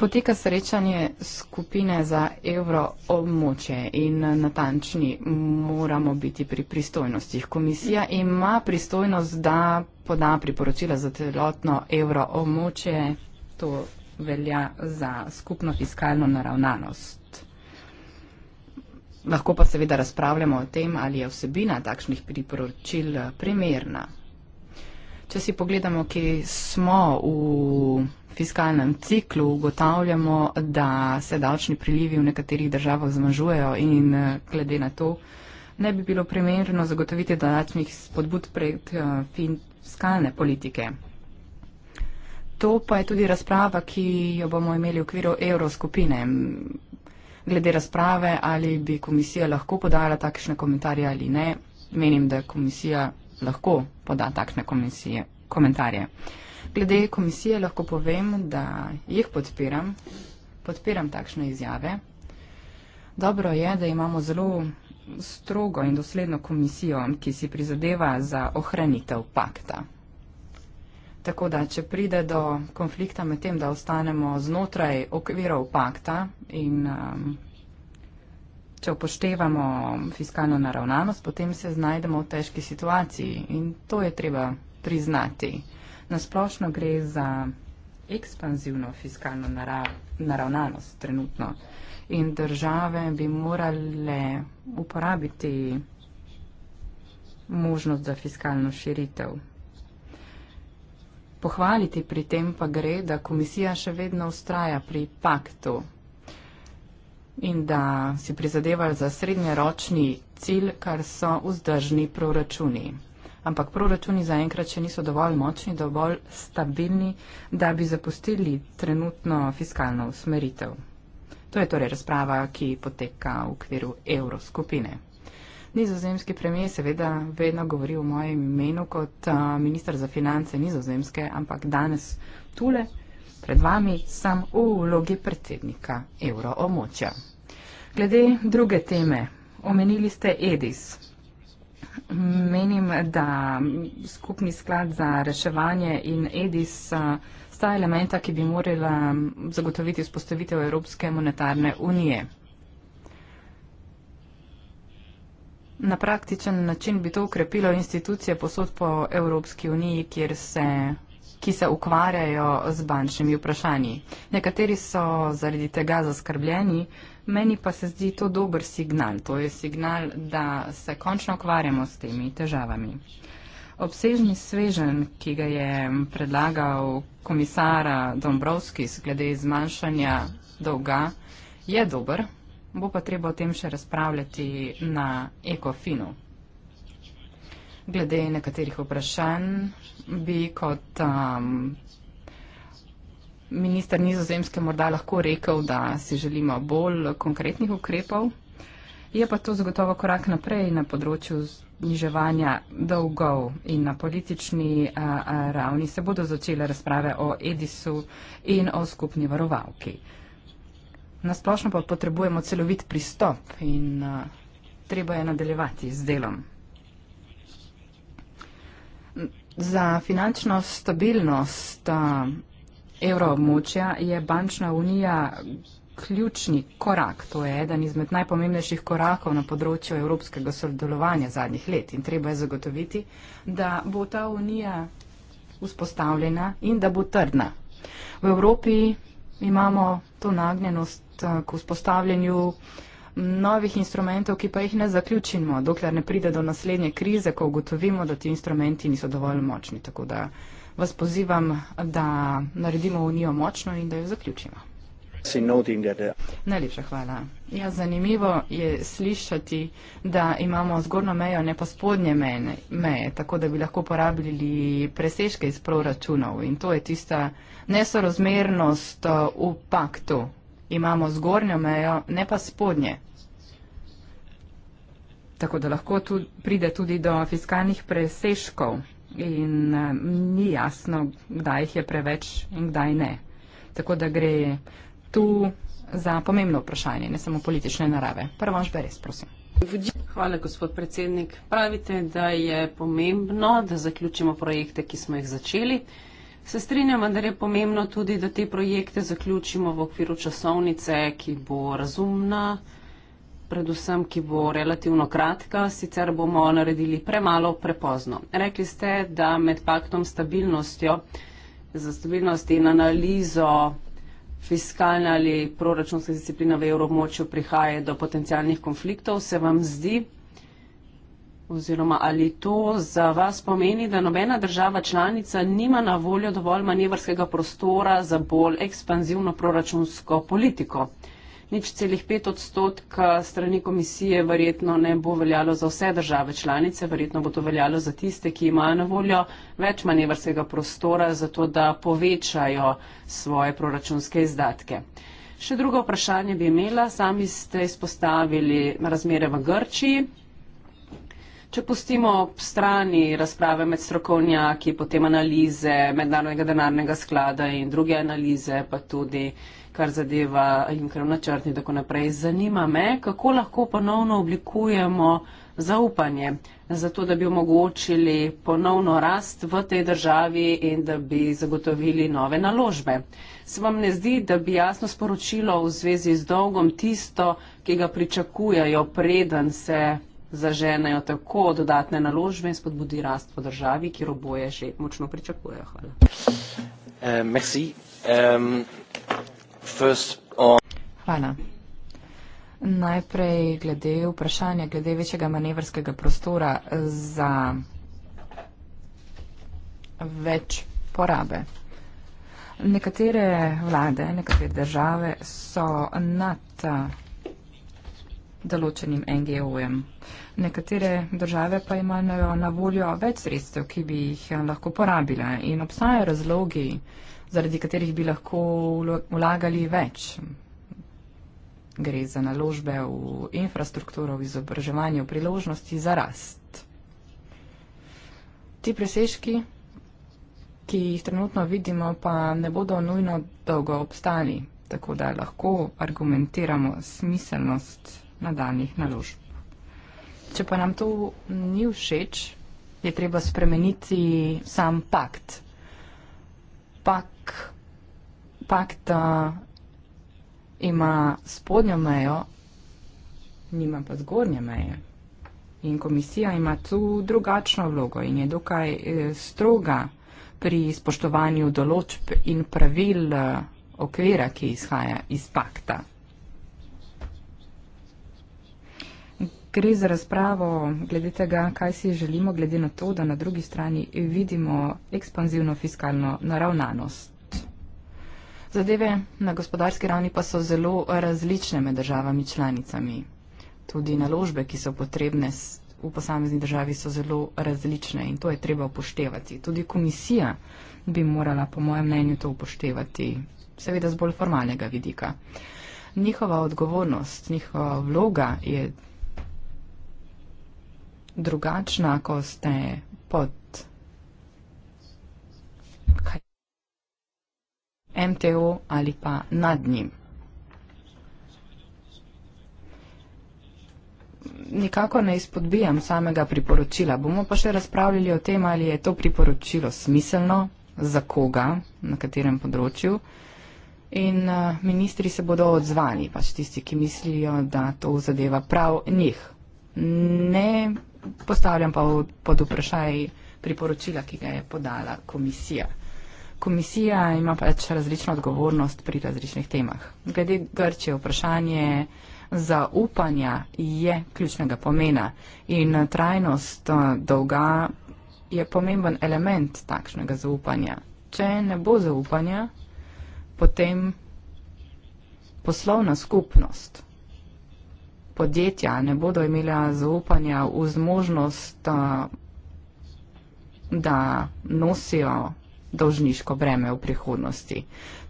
Poteka srečanje skupine za evro območje in eh, natančni moramo biti pri pristojnostih. Komisija ima pristojnost, da poda priporočila za celotno evro območje. To velja za skupno fiskalno naravnanost. Lahko pa seveda razpravljamo o tem, ali je vsebina takšnih priporočil primerna. Če si pogledamo, kje smo v fiskalnem ciklu, ugotavljamo, da se davčni prilivi v nekaterih državah zmažujejo in eh, glede na to ne bi bilo primerno zagotoviti dodatnih spodbud pred eh, fiskalne politike. To pa je tudi razprava, ki jo bomo imeli v okviru evroskupine. Glede razprave, ali bi komisija lahko podala takšne komentarje ali ne, menim, da komisija lahko poda takšne komisije, komentarje. Glede komisije lahko povem, da jih podpiram, podpiram takšne izjave. Dobro je, da imamo zelo strogo in dosledno komisijo, ki si prizadeva za ohranitev pakta. Tako da, če pride do konflikta med tem, da ostanemo znotraj okvirov pakta in um, če upoštevamo fiskalno naravnanost, potem se znajdemo v težki situaciji in to je treba priznati. Nasplošno gre za ekspanzivno fiskalno narav, naravnanost trenutno in države bi morale uporabiti možnost za fiskalno širitev. Pohvaliti pri tem pa gre, da komisija še vedno ustraja pri paktu in da si prizadevali za srednjeročni cilj, kar so vzdržni proračuni. Ampak proračuni zaenkrat še niso dovolj močni, dovolj stabilni, da bi zapustili trenutno fiskalno usmeritev. To je torej razprava, ki poteka v okviru evroskupine. Nizozemski premijer seveda vedno govori o mojem imenu kot uh, ministr za finance nizozemske, ampak danes tule pred vami sem v vlogi predsednika euroomočja. Glede druge teme, omenili ste EDIS. Menim, da skupni sklad za reševanje in EDIS sta elementa, ki bi morala zagotoviti vzpostavitev Evropske monetarne unije. na praktičen način bi to ukrepilo institucije posod po Evropski uniji, se, ki se ukvarjajo z bančnimi vprašanji. Nekateri so zaradi tega zaskrbljeni, meni pa se zdi to dober signal. To je signal, da se končno ukvarjamo s temi težavami. Obsežni svežen, ki ga je predlagal komisar Dombrovski glede zmanjšanja dolga, je dober bo pa treba o tem še razpravljati na ekofinu. Glede nekaterih vprašanj bi kot um, minister nizozemske morda lahko rekel, da si želimo bolj konkretnih ukrepov. Je pa to zagotovo korak naprej na področju zniževanja dolgov in na politični a, a, ravni se bodo začele razprave o Edisu in o skupni varovalki. Nasplošno pa potrebujemo celovit pristop in uh, treba je nadaljevati z delom. Za finančno stabilnost uh, evroobmočja je bančna unija ključni korak. To je eden izmed najpomembnejših korakov na področju evropskega sodelovanja zadnjih let in treba je zagotoviti, da bo ta unija uspostavljena in da bo trdna. V Evropi imamo to nagnjenost eh, k vzpostavljanju novih instrumentov, ki pa jih ne zaključimo, dokler ne pride do naslednje krize, ko ugotovimo, da ti instrumenti niso dovolj močni. Tako da vas pozivam, da naredimo unijo močno in da jo zaključimo. Uh, Najlepša hvala. Ja, zanimivo je slišati, da imamo zgornjo mejo, ne pa spodnje meje, meje, tako da bi lahko porabili presežke iz proračunov. In to je tista nesorozmernost uh, v paktu. Imamo zgornjo mejo, ne pa spodnje. Tako da lahko tu pride tudi do fiskalnih presežkov in uh, ni jasno, kdaj jih je preveč in kdaj ne. Tako da gre tu za pomembno vprašanje, ne samo politične narave. Prvo, až beres, prosim. Hvala, gospod predsednik. Pravite, da je pomembno, da zaključimo projekte, ki smo jih začeli. Se strinjam, vendar je pomembno tudi, da te projekte zaključimo v okviru časovnice, ki bo razumna, predvsem, ki bo relativno kratka, sicer bomo naredili premalo prepozno. Rekli ste, da med paktom stabilnostjo, za stabilnost in analizo fiskalna ali proračunska disciplina v evroobmočju prihaja do potencijalnih konfliktov, se vam zdi oziroma ali to za vas pomeni, da nobena država članica nima na voljo dovolj manevrskega prostora za bolj ekspanzivno proračunsko politiko? nič celih pet odstotka strani komisije verjetno ne bo veljalo za vse države članice, verjetno bo to veljalo za tiste, ki imajo na voljo več manevrskega prostora za to, da povečajo svoje proračunske izdatke. Še drugo vprašanje bi imela, sami ste izpostavili razmere v Grčiji. Če pustimo ob strani razprave med strokovnjaki, potem analize mednarodnega denarnega sklada in druge analize, pa tudi kar zadeva in krv načrt in tako naprej. Zanima me, kako lahko ponovno oblikujemo zaupanje, zato da bi omogočili ponovno rast v tej državi in da bi zagotovili nove naložbe. Se vam ne zdi, da bi jasno sporočilo v zvezi z dolgom tisto, ki ga pričakujajo, preden se zaženejo tako dodatne naložbe in spodbudi rast v državi, kjer oboje že močno pričakujejo. Hvala. Uh, merci. Um... Uh, Hvala. Najprej glede vprašanja, glede večjega manevrskega prostora za več porabe. Nekatere vlade, nekatere države so nad uh, določenim NGO-jem. Nekatere države pa imajo na voljo več sredstev, ki bi jih uh, lahko porabile in obstajajo razlogi, zaradi katerih bi lahko vlagali več. Gre za naložbe v infrastrukturo, v izobraževanje, v priložnosti za rast. Ti presežki, ki jih trenutno vidimo, pa ne bodo nujno dolgo obstali, tako da lahko argumentiramo smiselnost nadaljnih naložb. Če pa nam to ni všeč, je treba spremeniti sam pakt. Pakt pakt ima spodnjo mejo, nima pa zgornje meje. In komisija ima tu drugačno vlogo in je dokaj e, stroga pri spoštovanju določb in pravil e, okvira, ki izhaja iz pakta. Gre za razpravo glede tega, kaj si želimo, glede na to, da na drugi strani vidimo ekspanzivno fiskalno naravnanost. Zadeve na gospodarski ravni pa so zelo različne med državami članicami. Tudi naložbe, ki so potrebne v posamezni državi, so zelo različne in to je treba upoštevati. Tudi komisija bi morala, po mojem mnenju, to upoštevati, seveda z bolj formalnega vidika. Njihova odgovornost, njihova vloga je drugačna, ko ste pod MTO ali pa nad njim. Nikakor ne izpodbijam samega priporočila. Bomo pa še razpravljali o tem, ali je to priporočilo smiselno, za koga, na katerem področju. In eh, ministri se bodo odzvali, pač tisti, ki mislijo, da to zadeva prav njih. Ne postavljam pa pod vprašaj priporočila, ki ga je podala komisija komisija ima pač različno odgovornost pri različnih temah. Glede Grčije vprašanje zaupanja je ključnega pomena in trajnost eh, dolga je pomemben element takšnega zaupanja. Če ne bo zaupanja, potem poslovna skupnost podjetja ne bodo imela zaupanja v zmožnost, eh, da nosijo dolžniško breme v prihodnosti.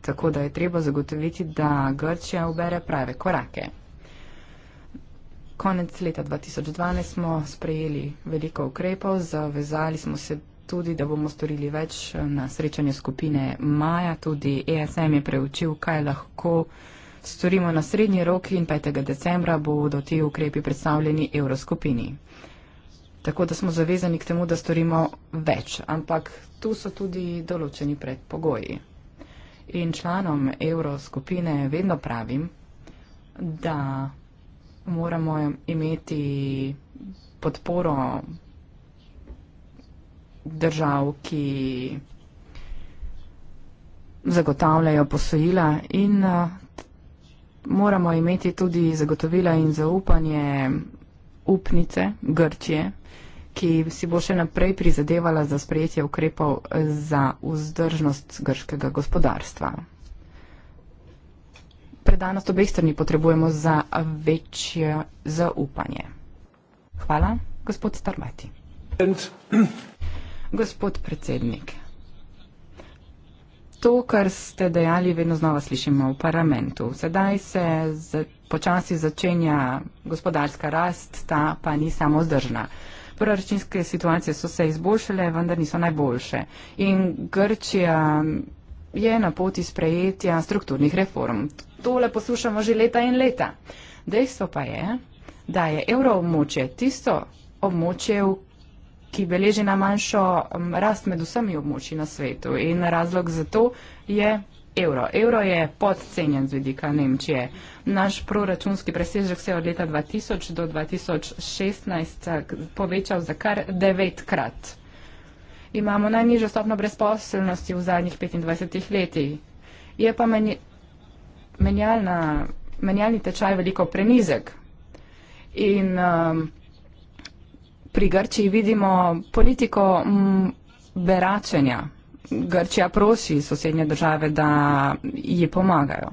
Tako da je treba zagotoviti, da Grčija ubere prave korake. Konec leta 2012 smo sprejeli veliko ukrepov, zavezali smo se tudi, da bomo storili več na srečanju skupine Maja. Tudi ESM je preučil, kaj lahko storimo na srednji rok in 5. decembra bodo ti ukrepi predstavljeni Evroskupini. Tako da smo zavezani k temu, da storimo več, ampak tu so tudi določeni predpogoji. In članom evroskupine vedno pravim, da moramo imeti podporo držav, ki zagotavljajo posojila in uh, moramo imeti tudi zagotovila in zaupanje upnice Grčije, ki si bo še naprej prizadevala za sprejetje ukrepov za vzdržnost grškega gospodarstva. Predanost obeh strani potrebujemo za večje zaupanje. Hvala, gospod Starmati. Gospod predsednik, to, kar ste dejali, vedno znova slišimo v parlamentu. Sedaj se počasi začenja gospodarska rast, ta pa ni samozdržna. Proračunske situacije so se izboljšale, vendar niso najboljše. In Grčija je na poti sprejetja strukturnih reform. Tole poslušamo že leta in leta. Dejstvo pa je, da je evroobmočje tisto območje, ki beleži na manjšo rast med vsemi območji na svetu. In razlog za to je evro. Evro je podcenjen z vidika Nemčije. Naš proračunski presežek se je od leta 2000 do 2016 povečal za kar devetkrat. Imamo najnižjo stopno brezposelnosti v zadnjih 25 letih. Je pa menjalna, menjalni tečaj veliko prenizek. In um, pri Grčiji vidimo politiko m, beračenja. Grčija prosi sosednje države, da ji pomagajo.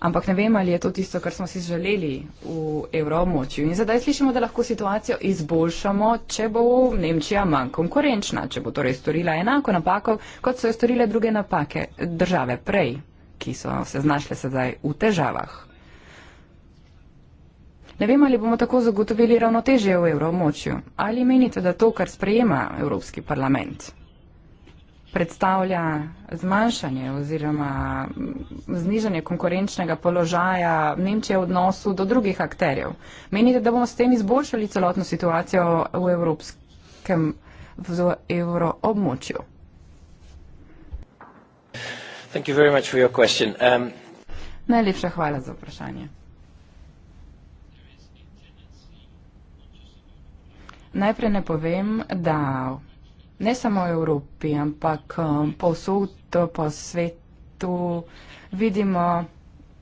Ampak ne vem, ali je to tisto, kar smo si želeli v evroomočju. In zdaj slišimo, da lahko situacijo izboljšamo, če bo Nemčija manj konkurenčna, če bo torej storila enako napako, kot so jo storile druge napake države prej, ki so se znašle sedaj v težavah. Ne vem, ali bomo tako zagotovili ravnotežje v evroomočju. Ali menite, da to, kar sprejema Evropski parlament? predstavlja zmanjšanje oziroma znižanje konkurenčnega položaja Nemčije v odnosu do drugih akterjev. Menite, da bomo s tem izboljšali celotno situacijo v evropskem evroobmočju? Um... Najlepša hvala za vprašanje. Najprej ne povem, da ne samo v Evropi, ampak eh, povsod po svetu vidimo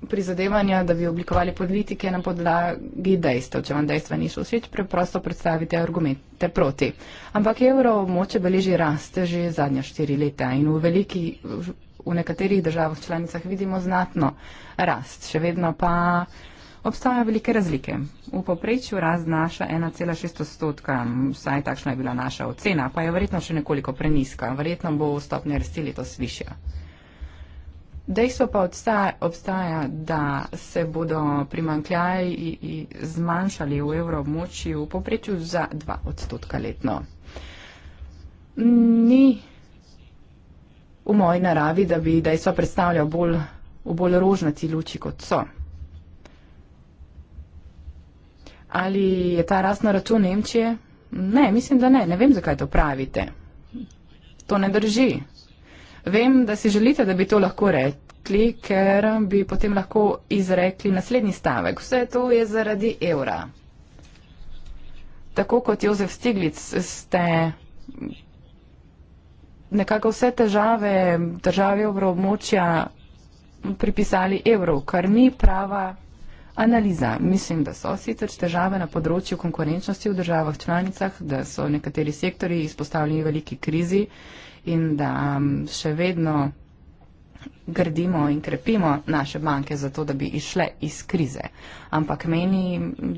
prizadevanja, da bi oblikovali politike na podlagi dejstev. Če vam dejstva niso všeč, preprosto predstavite argumente proti. Ampak evro moče beleži rast že zadnja štiri leta in v veliki, v nekaterih državah članicah vidimo znatno rast. Še vedno pa obstajajo velike razlike. V poprečju rast znaša 1,6 odstotka, vsaj takšna je bila naša ocena, pa je verjetno še nekoliko preniska, verjetno bo stopnja rasti letos višja. Dejstvo pa obstaja, da se bodo primankljaji zmanjšali v evroobmočju v poprečju za 2 odstotka letno. Ni v moji naravi, da bi dejstvo predstavljal bolj, v bolj rožnati luči, kot so. Ali je ta rast na račun Nemčije? Ne, mislim, da ne. Ne vem, zakaj to pravite. To ne drži. Vem, da si želite, da bi to lahko rekli, ker bi potem lahko izrekli naslednji stavek. Vse to je zaradi evra. Tako kot Jozef Stiglic ste nekako vse težave države obrobmočja pripisali evru, kar ni prava Analiza. Mislim, da so sicer težave na področju konkurenčnosti v državah članicah, da so nekateri sektori izpostavljeni veliki krizi in da um, še vedno gradimo in krepimo naše banke za to, da bi išle iz krize. Ampak meni,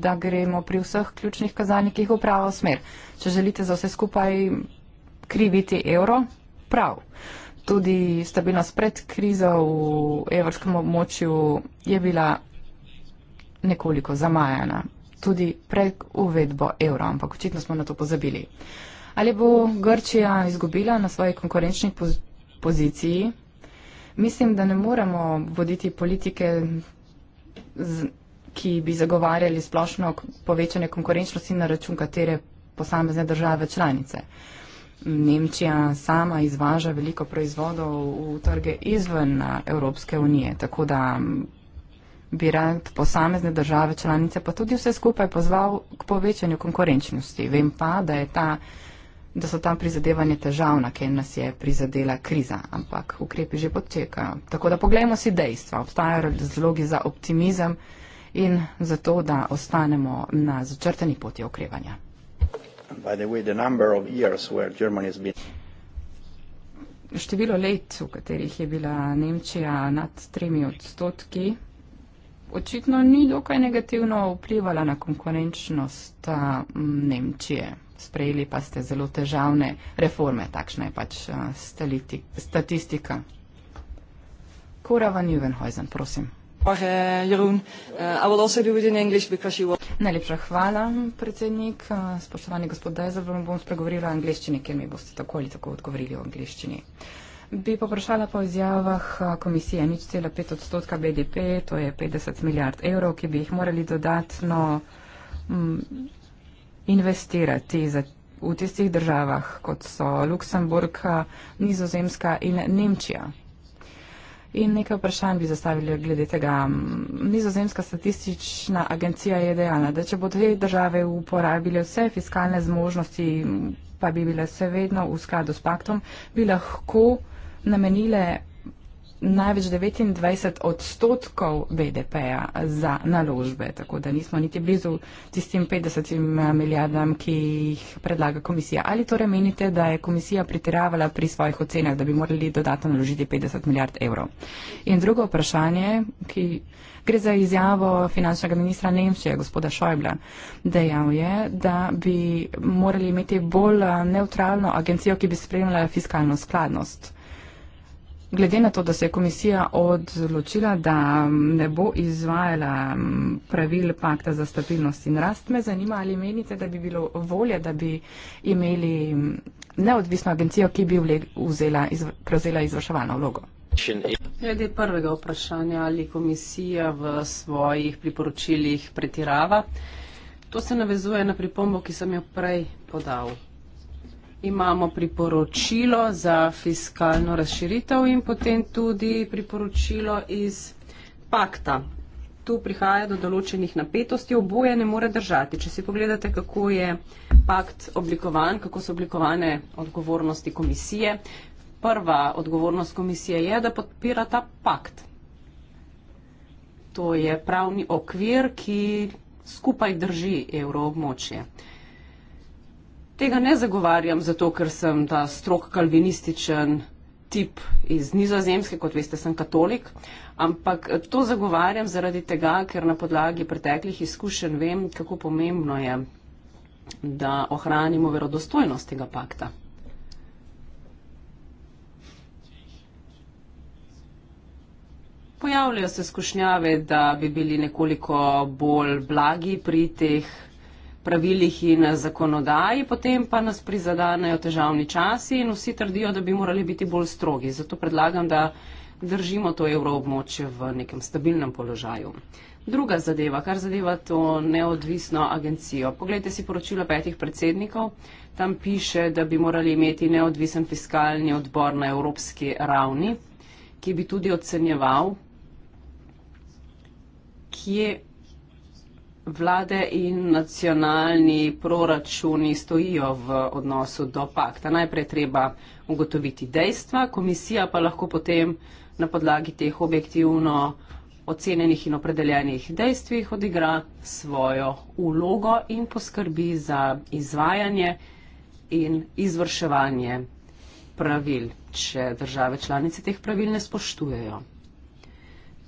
da gremo pri vseh ključnih kazalnikih v pravo smer. Če želite za vse skupaj kriviti evro, prav. Tudi stabilnost pred krizo v evropskem območju je bila nekoliko zamajana, tudi pred uvedbo evra, ampak očitno smo na to pozabili. Ali bo Grčija izgubila na svoji konkurenčni poz poziciji? Mislim, da ne moremo voditi politike, ki bi zagovarjali splošno povečanje konkurenčnosti na račun katere posamezne države članice. Nemčija sama izvaža veliko proizvodov v trge izven Evropske unije, tako da bi rad posamezne države članice, pa tudi vse skupaj pozval k povečanju konkurenčnosti. Vem pa, da, ta, da so tam prizadevanje težavna, ker nas je prizadela kriza, ampak ukrepi že potekajo. Tako da pogledamo si dejstva. Obstajajo razlogi za optimizem in za to, da ostanemo na začrtani poti okrevanja. Število let, v katerih je bila Nemčija nad tremi odstotki, očitno ni dokaj negativno vplivala na konkurenčnost Nemčije. Sprejeli pa ste zelo težavne reforme, takšna je pač stalitik, statistika. Kora van Juvenhuizen, prosim. Eh, eh, Najlepša hvala, predsednik. Eh, spoštovani gospod Dajzer, bom spregovorila angliščini, ker mi boste tako ali tako odgovorili v angliščini. Uh, Bi pa vprašala po izjavah komisije 0,5 odstotka BDP, to je 50 milijard evrov, ki bi jih morali dodatno m, mm, investirati za, v tistih državah, kot so Luksemburg, Nizozemska in Nemčija. In nekaj vprašanj bi zastavili glede tega. Nizozemska statistična agencija je dejala, da če bodo te države uporabile vse fiskalne zmožnosti, pa bi bile vse vedno v skladu s paktom, bi lahko namenile največ 29 odstotkov BDP-ja za naložbe, tako da nismo niti blizu tistim 50 milijardam, ki jih predlaga komisija. Ali torej menite, da je komisija pritiravala pri svojih ocenah, da bi morali dodatno naložiti 50 milijard evrov? In drugo vprašanje, ki gre za izjavo finančnega ministra Nemčije, gospoda Šojbla, dejal je, da bi morali imeti bolj neutralno agencijo, ki bi spremljala fiskalno skladnost. Glede na to, da se je komisija odločila, da ne bo izvajala pravil pakta za stabilnost in rast, me zanima, ali menite, da bi bilo volje, da bi imeli neodvisno agencijo, ki bi vzela, izv prevzela izvrševalno vlogo. Glede prvega vprašanja, ali komisija v svojih priporočilih pretirava, to se navezuje na pripombo, ki sem jo prej podal imamo priporočilo za fiskalno razširitev in potem tudi priporočilo iz pakta. Tu prihaja do določenih napetosti, oboje ne more držati. Če si pogledate, kako je pakt oblikovan, kako so oblikovane odgovornosti komisije, prva odgovornost komisije je, da podpira ta pakt. To je pravni okvir, ki skupaj drži evroobmočje. območje tega ne zagovarjam, zato ker sem ta strok kalvinističen tip iz nizozemske, kot veste, sem katolik, ampak to zagovarjam zaradi tega, ker na podlagi preteklih izkušenj vem, kako pomembno je, da ohranimo verodostojnost tega pakta. Pojavljajo se skušnjave, da bi bili nekoliko bolj blagi pri teh pravilih in zakonodaji, potem pa nas prizadanejo težavni časi in vsi trdijo, da bi morali biti bolj strogi. Zato predlagam, da držimo to evroobmočje v nekem stabilnem položaju. Druga zadeva, kar zadeva to neodvisno agencijo. Poglejte si poročilo petih predsednikov. Tam piše, da bi morali imeti neodvisen fiskalni odbor na evropski ravni, ki bi tudi ocenjeval, kje vlade in nacionalni proračuni stojijo v odnosu do pakta. Najprej treba ugotoviti dejstva, komisija pa lahko potem na podlagi teh objektivno ocenjenih in opredeljenih dejstvih odigra svojo ulogo in poskrbi za izvajanje in izvrševanje pravil, če države članice teh pravil ne spoštujejo.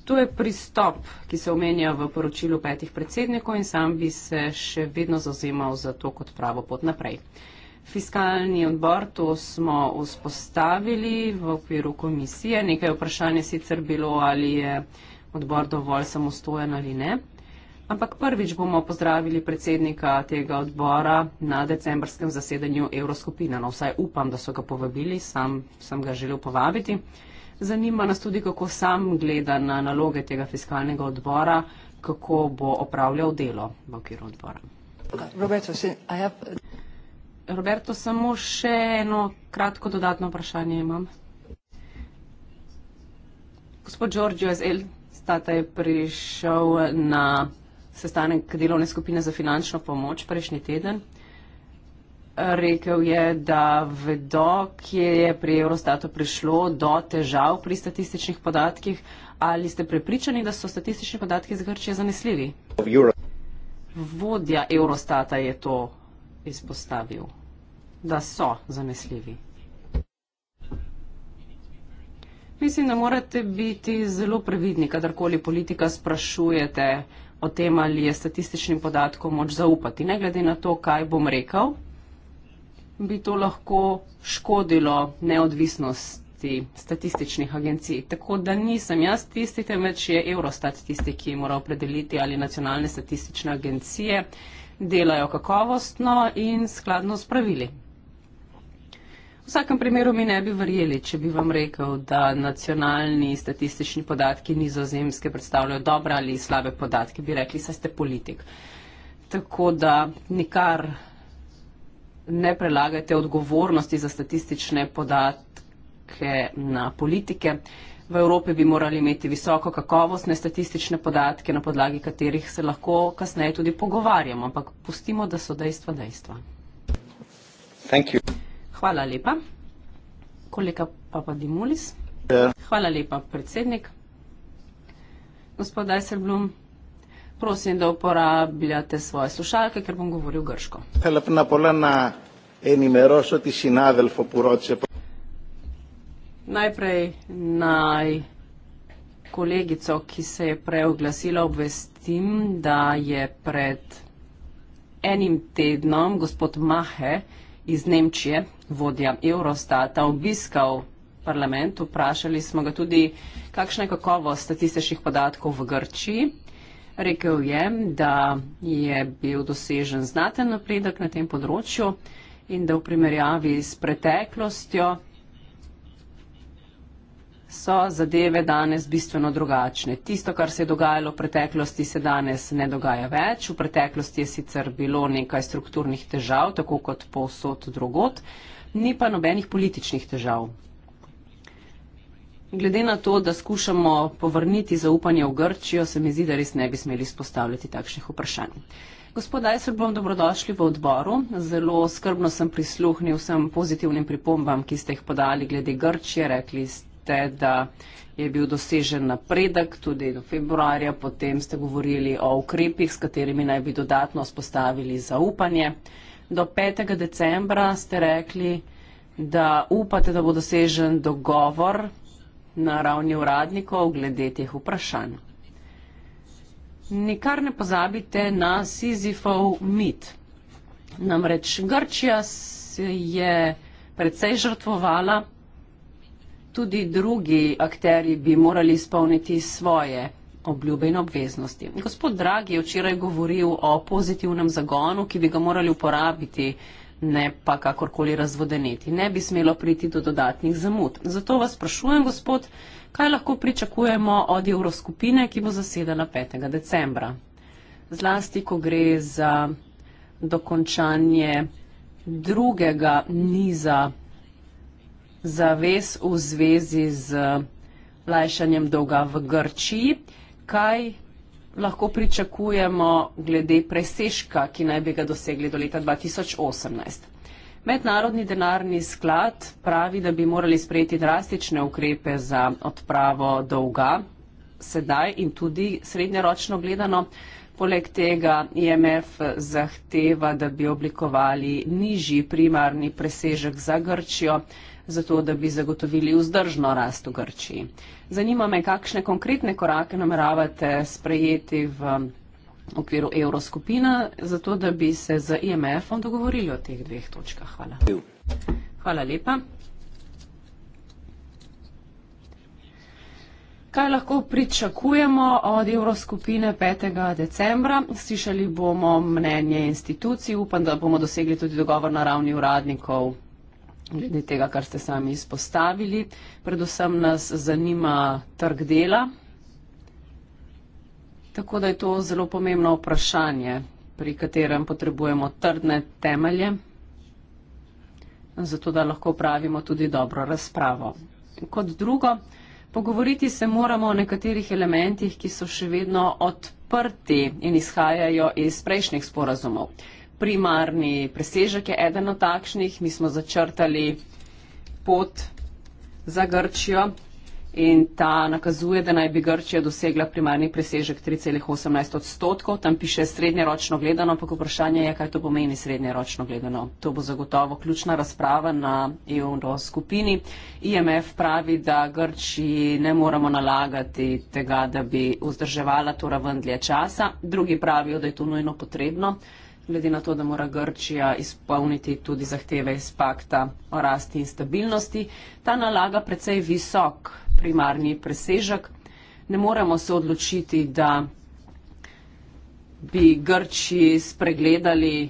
To je pristop, ki se omenja v poročilu petih predsednikov in sam bi se še vedno zauzemal za to kot pravo pot naprej. Fiskalni odbor, to smo vzpostavili v okviru komisije. Nekaj vprašanj je sicer bilo, ali je odbor dovolj samostojen ali ne. Ampak prvič bomo pozdravili predsednika tega odbora na decembrskem zasedanju Evroskupina. No, vsaj upam, da so ga povabili, sam sem ga želel povabiti. Uh, Zanima nas tudi, kako sam gleda na naloge tega fiskalnega odbora, kako bo opravljal delo v okviru odbora. Roberto, have... Ja, Roberto, samo še eno kratko dodatno vprašanje imam. Gospod Giorgio iz Elstata je prišel na sestanek delovne skupine za finančno pomoč prejšnji teden. Rekl je, da vedo, kje je pri Eurostatu prišlo do težav pri statističnih podatkih. Ali ste prepričani, da so statistični podatki iz Grčije zanesljivi? Vodja Eurostata je to izpostavil, da so zanesljivi. Mislim, da morate biti zelo previdni, kadarkoli politika sprašujete o tem, ali je statističnim podatkom moč zaupati, ne glede na to, kaj bom rekel bi to lahko škodilo neodvisnosti statističnih agencij. Tako da nisem jaz tisti, temveč je Eurostat tisti, ki mora opredeliti ali nacionalne statistične agencije delajo kakovostno in skladno s pravili. V vsakem primeru mi ne bi verjeli, če bi vam rekel, da nacionalni statistični podatki nizozemske predstavljajo dobre ali slabe podatke, bi rekli, saj ste politik. Tako da nikar ne prelagajte odgovornosti za statistične podatke na politike. V Evropi bi morali imeti visoko kakovostne statistične podatke, na podlagi katerih se lahko kasneje tudi pogovarjamo, ampak pustimo, da so dejstva dejstva. Hvala lepa. Kolega Papadimulis. Yeah. Ja. Hvala lepa, predsednik. Gospod Dajselblom prosim, da uporabljate svoje slušalke, ker bom govoril grško. Najprej naj kolegico, ki se je preoglasila, obvestim, da je pred enim tednom gospod Mahe iz Nemčije, vodja Eurostata, obiskal parlament. Vprašali smo ga tudi, kakšna je kakovost statističnih podatkov v Grčiji. Rekel je, da je bil dosežen znaten napredek na tem področju in da v primerjavi s preteklostjo so zadeve danes bistveno drugačne. Tisto, kar se je dogajalo v preteklosti, se danes ne dogaja več. V preteklosti je sicer bilo nekaj strukturnih težav, tako kot posod drugot, ni pa nobenih političnih težav. Glede na to, da skušamo povrniti zaupanje v Grčijo, se mi zdi, da res ne bi smeli spostavljati takšnih vprašanj. Gospod Ajsel, bom dobrodošli v odboru. Zelo skrbno sem prisluhnil vsem pozitivnim pripombam, ki ste jih podali glede Grčije. Rekli ste, da je bil dosežen napredek tudi do februarja, potem ste govorili o ukrepih, s katerimi naj bi dodatno spostavili zaupanje. Do 5. decembra ste rekli, da upate, da bo dosežen dogovor na ravni uradnikov glede teh vprašanj. Nikar ne pozabite na Sizifov mit. Namreč Grčija se je precej žrtvovala, tudi drugi akteri bi morali izpolniti svoje obljube in obveznosti. Gospod Dragi je včeraj govoril o pozitivnem zagonu, ki bi ga morali uporabiti ne pa kakorkoli razvodeneti. Ne bi smelo priti do dodatnih zamud. Zato vas sprašujem, gospod, kaj lahko pričakujemo od evroskupine, ki bo zasedala 5. decembra? Zlasti, ko gre za dokončanje drugega niza zaves v zvezi z lajšanjem dolga v Grčiji. Kaj lahko pričakujemo glede presežka, ki naj bi ga dosegli do leta 2018. Mednarodni denarni sklad pravi, da bi morali sprejeti drastične ukrepe za odpravo dolga sedaj in tudi srednjeročno gledano. Poleg tega IMF zahteva, da bi oblikovali nižji primarni presežek za Grčijo zato da bi zagotovili vzdržno rast v Grčiji. Zanima me, kakšne konkretne korake nameravate sprejeti v okviru evroskupina, zato da bi se z IMF-om e dogovorili o teh dveh točkah. Hvala. Hvala lepa. Kaj lahko pričakujemo od evroskupine 5. decembra? Slišali bomo mnenje institucij, upam, da bomo dosegli tudi dogovor na ravni uradnikov glede tega, kar ste sami izpostavili. Predvsem nas zanima trg dela. Tako da je to zelo pomembno vprašanje, pri katerem potrebujemo trdne temelje, zato da lahko pravimo tudi dobro razpravo. Kot drugo, pogovoriti se moramo o nekaterih elementih, ki so še vedno odprti in izhajajo iz prejšnjih sporazumov primarni presežek je eden od takšnih. Mi smo začrtali pot za Grčijo in ta nakazuje, da naj bi Grčija dosegla primarni presežek 3,18 odstotkov. Tam piše srednjeročno gledano, ampak vprašanje je, kaj to pomeni srednjeročno gledano. To bo zagotovo ključna razprava na EU do skupini. IMF pravi, da Grčiji ne moramo nalagati tega, da bi vzdrževala to raven dlje časa. Drugi pravijo, da je to nujno potrebno glede na to, da mora Grčija izpolniti tudi zahteve iz pakta o rasti in stabilnosti. Ta nalaga precej visok primarni presežek. Ne moremo se odločiti, da bi Grči spregledali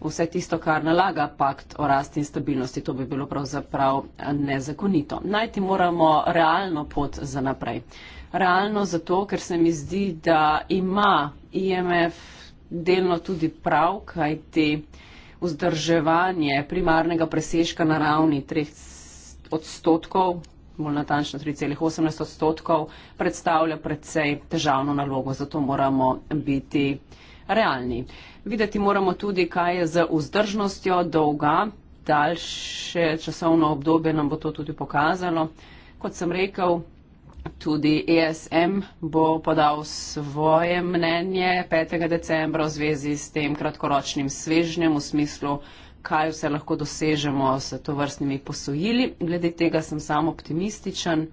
vse tisto, kar nalaga pakt o rasti in stabilnosti. To bi bilo pravzaprav nezakonito. Najti moramo realno pot za naprej. Realno zato, ker se mi zdi, da ima IMF delno tudi prav, kaj ti vzdrževanje primarnega presežka na ravni 3 odstotkov, bolj natančno 3,18 odstotkov, predstavlja predvsej težavno nalogo, zato moramo biti realni. Videti moramo tudi, kaj je z vzdržnostjo dolga, daljše časovno obdobje nam bo to tudi pokazalo. Kot sem rekel, Tudi ESM bo podal svoje mnenje 5. decembra v zvezi s tem kratkoročnim svežnjem v smislu, kaj vse lahko dosežemo s to vrstnimi posojili. Glede tega sem sam optimističen.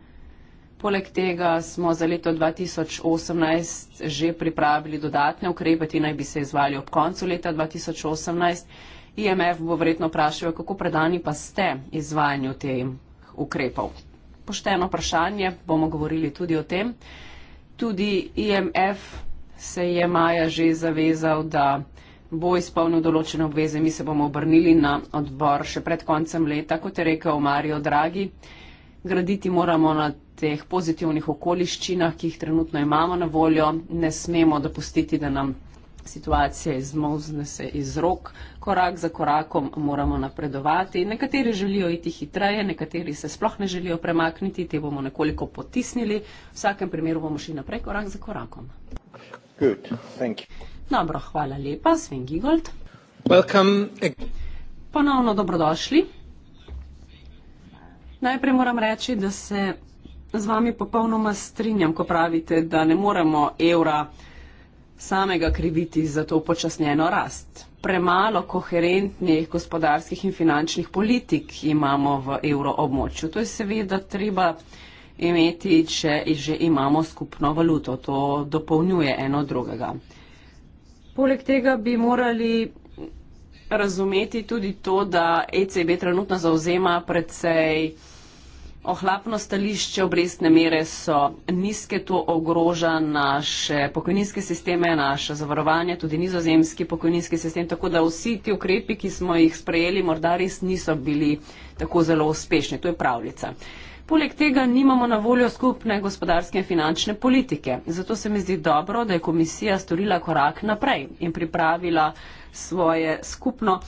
Poleg tega smo za leto 2018 že pripravili dodatne ukrepe, ti naj bi se izvali ob koncu leta 2018. IMF bo verjetno vprašal, kako predani pa ste izvajanju teh ukrepov pošteno vprašanje, bomo govorili tudi o tem. Tudi IMF se je maja že zavezal, da bo izpolnil določene obveze. Mi se bomo obrnili na odbor še pred koncem leta, kot je rekel Mario Draghi. Graditi moramo na teh pozitivnih okoliščinah, ki jih trenutno imamo na voljo. Ne smemo dopustiti, da nam situacija izmozne se iz rok, korak za korakom moramo napredovati. Nekateri želijo iti hitreje, nekateri se sploh ne želijo premakniti, te bomo nekoliko potisnili. V vsakem primeru bomo šli naprej korak za korakom. Dobro, hvala lepa, Sven Gigold. Ponovno dobrodošli. Najprej moram reči, da se z vami popolnoma strinjam, ko pravite, da ne moremo evra samega kriviti za to počasnjeno rast. Premalo koherentnih gospodarskih in finančnih politik imamo v evroobmočju. To je seveda treba imeti, če že imamo skupno valuto. To dopolnjuje eno drugega. Poleg tega bi morali razumeti tudi to, da ECB trenutno zauzema predvsej Ohlapno stališče obrestne mere so nizke, to ogroža naše pokojninske sisteme, naše zavarovanje, tudi nizozemski pokojninski sistem, tako da vsi ti ukrepi, ki smo jih sprejeli, morda res niso bili tako zelo uspešni. To je pravljica. Poleg tega nimamo na voljo skupne gospodarske in finančne politike. Zato se mi zdi dobro, da je komisija storila korak naprej in pripravila svoje skupno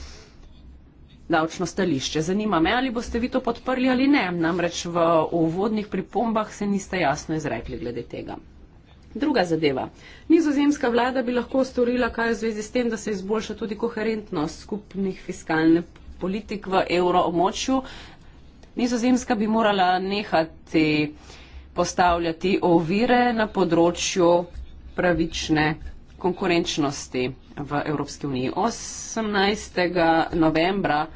davčno stališče. Zanima me, ali boste vi to podprli ali ne. Namreč v uvodnih pripombah se niste jasno izrekli glede tega. Druga zadeva. Nizozemska vlada bi lahko storila kaj v zvezi s tem, da se izboljša tudi koherentnost skupnih fiskalnih politik v evroomočju. Nizozemska bi morala nehati postavljati ovire na področju pravične konkurenčnosti v Evropski uniji. 18. novembra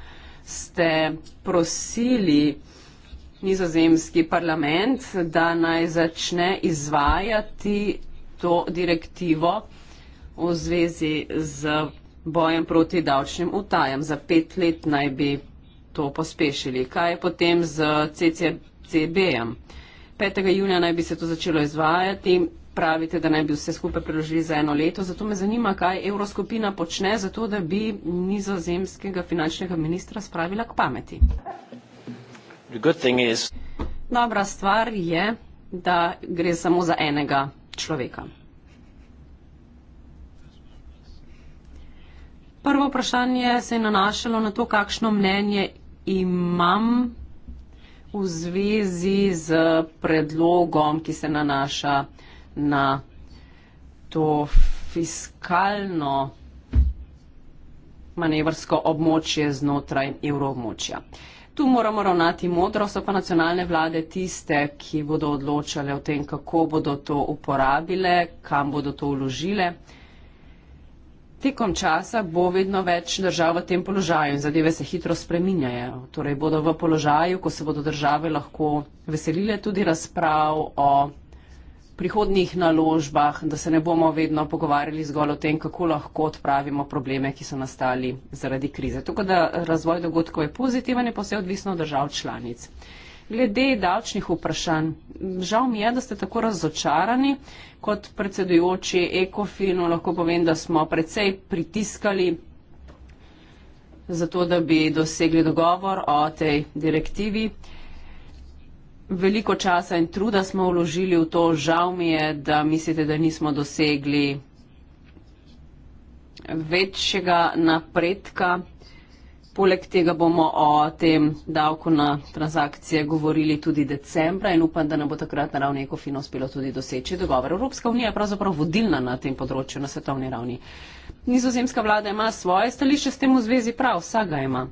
ste prosili nizozemski parlament, da naj začne izvajati to direktivo v zvezi z bojem proti davčnim utajam. Za pet let naj bi to pospešili. Kaj je potem z CCCB-jem? 5. junija naj bi se to začelo izvajati pravite, da naj bi vse skupaj preložili za eno leto. Zato me zanima, kaj Evroskupina počne za to, da bi nizozemskega finančnega ministra spravila k pameti. Dobra stvar je, da gre samo za enega človeka. Prvo vprašanje se je nanašalo na to, kakšno mnenje imam v zvezi z predlogom, ki se nanaša na to fiskalno manevrsko območje znotraj evroobmočja. Tu moramo ravnati modro, so pa nacionalne vlade tiste, ki bodo odločale o tem, kako bodo to uporabile, kam bodo to vložile. Tekom časa bo vedno več držav v tem položaju in zadeve se hitro spreminjajo. Torej bodo v položaju, ko se bodo države lahko veselile tudi razprav o prihodnih naložbah, da se ne bomo vedno pogovarjali zgolj o tem, kako lahko odpravimo probleme, ki so nastali zaradi krize. Tako da razvoj dogodkov je pozitiven, je pa vse odvisno od držav članic. Glede davčnih vprašanj, žal mi je, da ste tako razočarani kot predsedujoči Ekofinu. Lahko povem, da smo precej pritiskali zato, da bi dosegli dogovor o tej direktivi veliko časa in truda smo vložili v to. Žal mi je, da mislite, da nismo dosegli večjega napredka. Poleg tega bomo o tem davku na transakcije govorili tudi decembra in upam, da nam bo takrat na ravni ekofino uspelo tudi doseči dogovor. Evropska unija je pravzaprav vodilna na tem področju na svetovni ravni. Nizozemska vlada ima svoje stališče s tem v zvezi prav, vsaga ima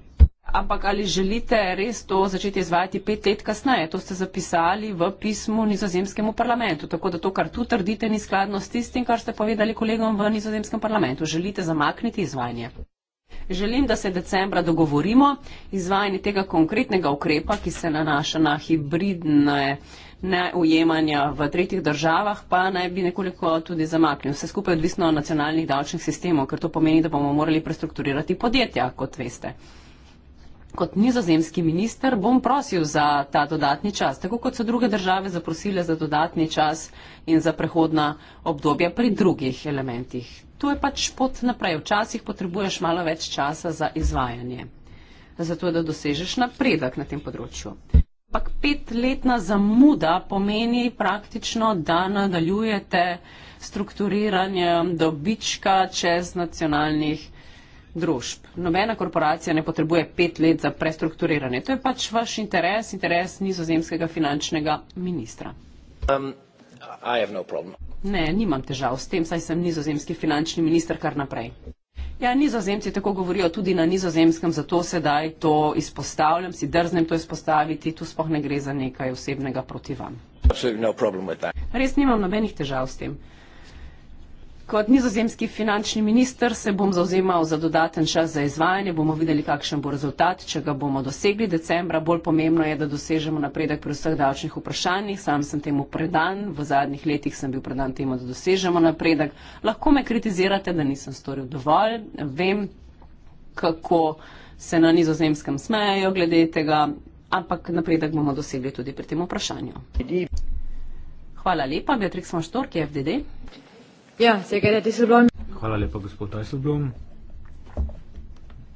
ampak ali želite res to začeti izvajati pet let kasneje? To ste zapisali v pismu nizozemskemu parlamentu. Tako da to, kar tu trdite, ni skladno s tistim, kar ste povedali kolegom v nizozemskem parlamentu. Želite zamakniti izvajanje? Želim, da se decembra dogovorimo. Izvajanje tega konkretnega ukrepa, ki se nanaša na hibridne neujemanja v tretjih državah, pa naj bi nekoliko tudi zamaknil. Vse skupaj odvisno od nacionalnih davčnih sistemov, ker to pomeni, da bomo morali prestrukturirati podjetja, kot veste kot nizozemski minister bom prosil za ta dodatni čas, tako kot so druge države zaprosile za dodatni čas in za prehodna obdobja pri drugih elementih. To je pač pot naprej. Včasih potrebuješ malo več časa za izvajanje, zato da dosežeš napredek na tem področju. Ampak petletna zamuda pomeni praktično, da nadaljujete strukturiranje dobička čez nacionalnih družb. Nobena korporacija ne potrebuje pet let za prestrukturiranje. To je pač vaš interes, interes nizozemskega finančnega ministra. Um, no ne, nimam težav s tem, saj sem nizozemski finančni minister kar naprej. Ja, nizozemci tako govorijo tudi na nizozemskem, zato sedaj to izpostavljam, si drznem to izpostaviti, tu spoh ne gre za nekaj osebnega proti vam. No Res nimam nobenih težav s tem. Kot nizozemski finančni minister se bom zauzemal za dodaten čas za izvajanje, bomo videli, kakšen bo rezultat, če ga bomo dosegli decembra. Bolj pomembno je, da dosežemo napredek pri vseh davčnih vprašanjih. Sam sem temu predan, v zadnjih letih sem bil predan temu, da dosežemo napredek. Lahko me kritizirate, da nisem storil dovolj. Vem, kako se na nizozemskem smejajo glede tega, ampak napredek bomo dosegli tudi pri tem vprašanju. Hvala lepa, Beatrix Maštork, FDD. Ja, sehr geehrter Dieselblom. Hvala lepa, gospod Dieselblom.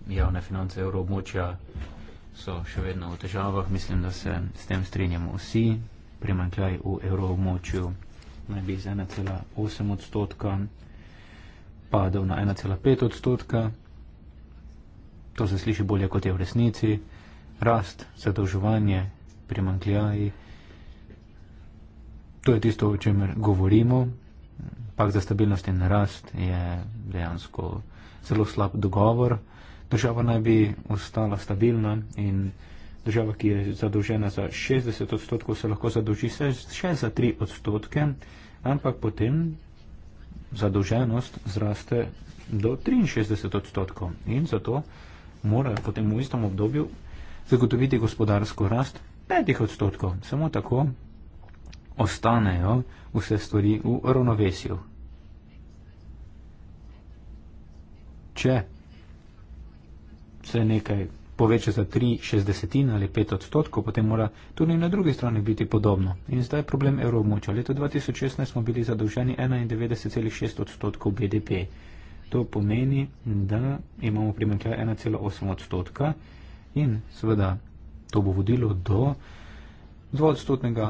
Javne finance evroobmočja so še vedno v težavah. Mislim, da se s tem strinjamo vsi. Primankljaj v evroobmočju naj bi z 1,8 odstotka padel na 1,5 odstotka. To se sliši bolje, kot je v resnici. Rast, zadolževanje, primankljaj. To je tisto, o čemer govorimo pak za stabilnost in rast je dejansko zelo slab dogovor. Država naj bi ostala stabilna in država, ki je zadolžena za 60 odstotkov, se lahko zadolži še, še za 3 odstotke, ampak potem zadolženost zraste do 63 odstotkov in zato mora potem v istem obdobju zagotoviti gospodarsko rast 5 odstotkov. Samo tako ostanejo vse stvari v ravnovesju. Če se nekaj poveča za 3, 60 ali 5 odstotkov, potem mora tudi na drugi strani biti podobno. In zdaj je problem evroobmočja. Leto 2016 smo bili zadolženi 91,6 odstotkov BDP. To pomeni, da imamo primankljaj 1,8 odstotka in seveda to bo vodilo do 2 odstotnega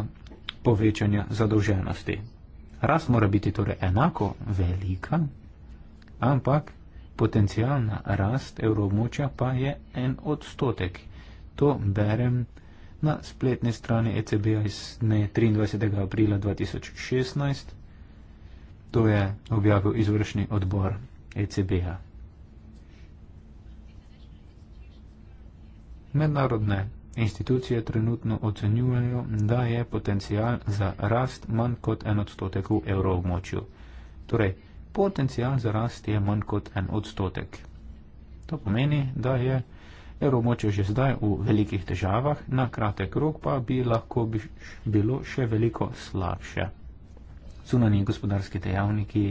povečanja zadolženosti. Rast mora biti torej enako velika, ampak potencijalna rast evromoča pa je en odstotek. To berem na spletni strani ECB iz dne 23. aprila 2016. To je objavil izvršni odbor ECB. Mednarodne Institucije trenutno ocenjujejo, da je potencial za rast manj kot en odstotek v evroobmočju. Torej, potencial za rast je manj kot en odstotek. To pomeni, da je evroobmočje že zdaj v velikih težavah, na kratek rok pa bi lahko bi bilo še veliko slabše. Zunani gospodarski dejavniki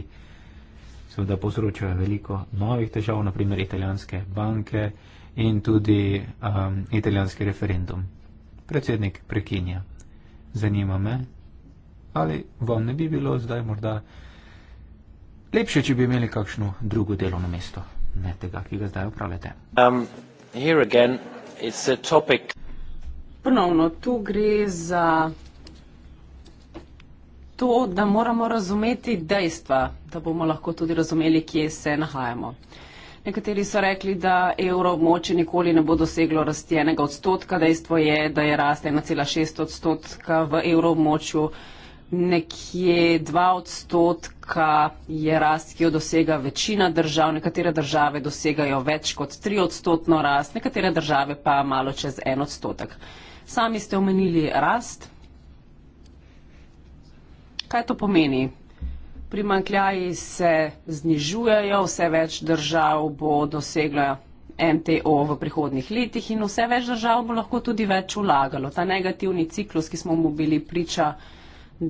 seveda povzročajo veliko novih težav, naprimer italijanske banke, in tudi um, italijanski referendum. Predsednik prekinja. Zanima me, ali vam ne bi bilo zdaj morda lepše, če bi imeli kakšno drugo delovno mesto, ne tega, ki ga zdaj upravljate. Um, Ponovno, tu gre za to, da moramo razumeti dejstva, da bomo lahko tudi razumeli, kje se nahajamo. Uh, Nekateri so rekli, da evro območje nikoli ne bo doseglo rasti enega odstotka. Dejstvo je, da je rast 1,6 odstotka v evro območju. Nekje 2 odstotka je rast, ki jo dosega večina držav. Nekatere države dosegajo več kot 3 odstotno rast, nekatere države pa malo čez 1 odstotek. Sami ste omenili rast. Kaj to pomeni? Primankljaji se znižujejo, vse več držav bo doseglo MTO v prihodnih letih in vse več držav bo lahko tudi več ulagalo. Ta negativni ciklus, ki smo mu bili priča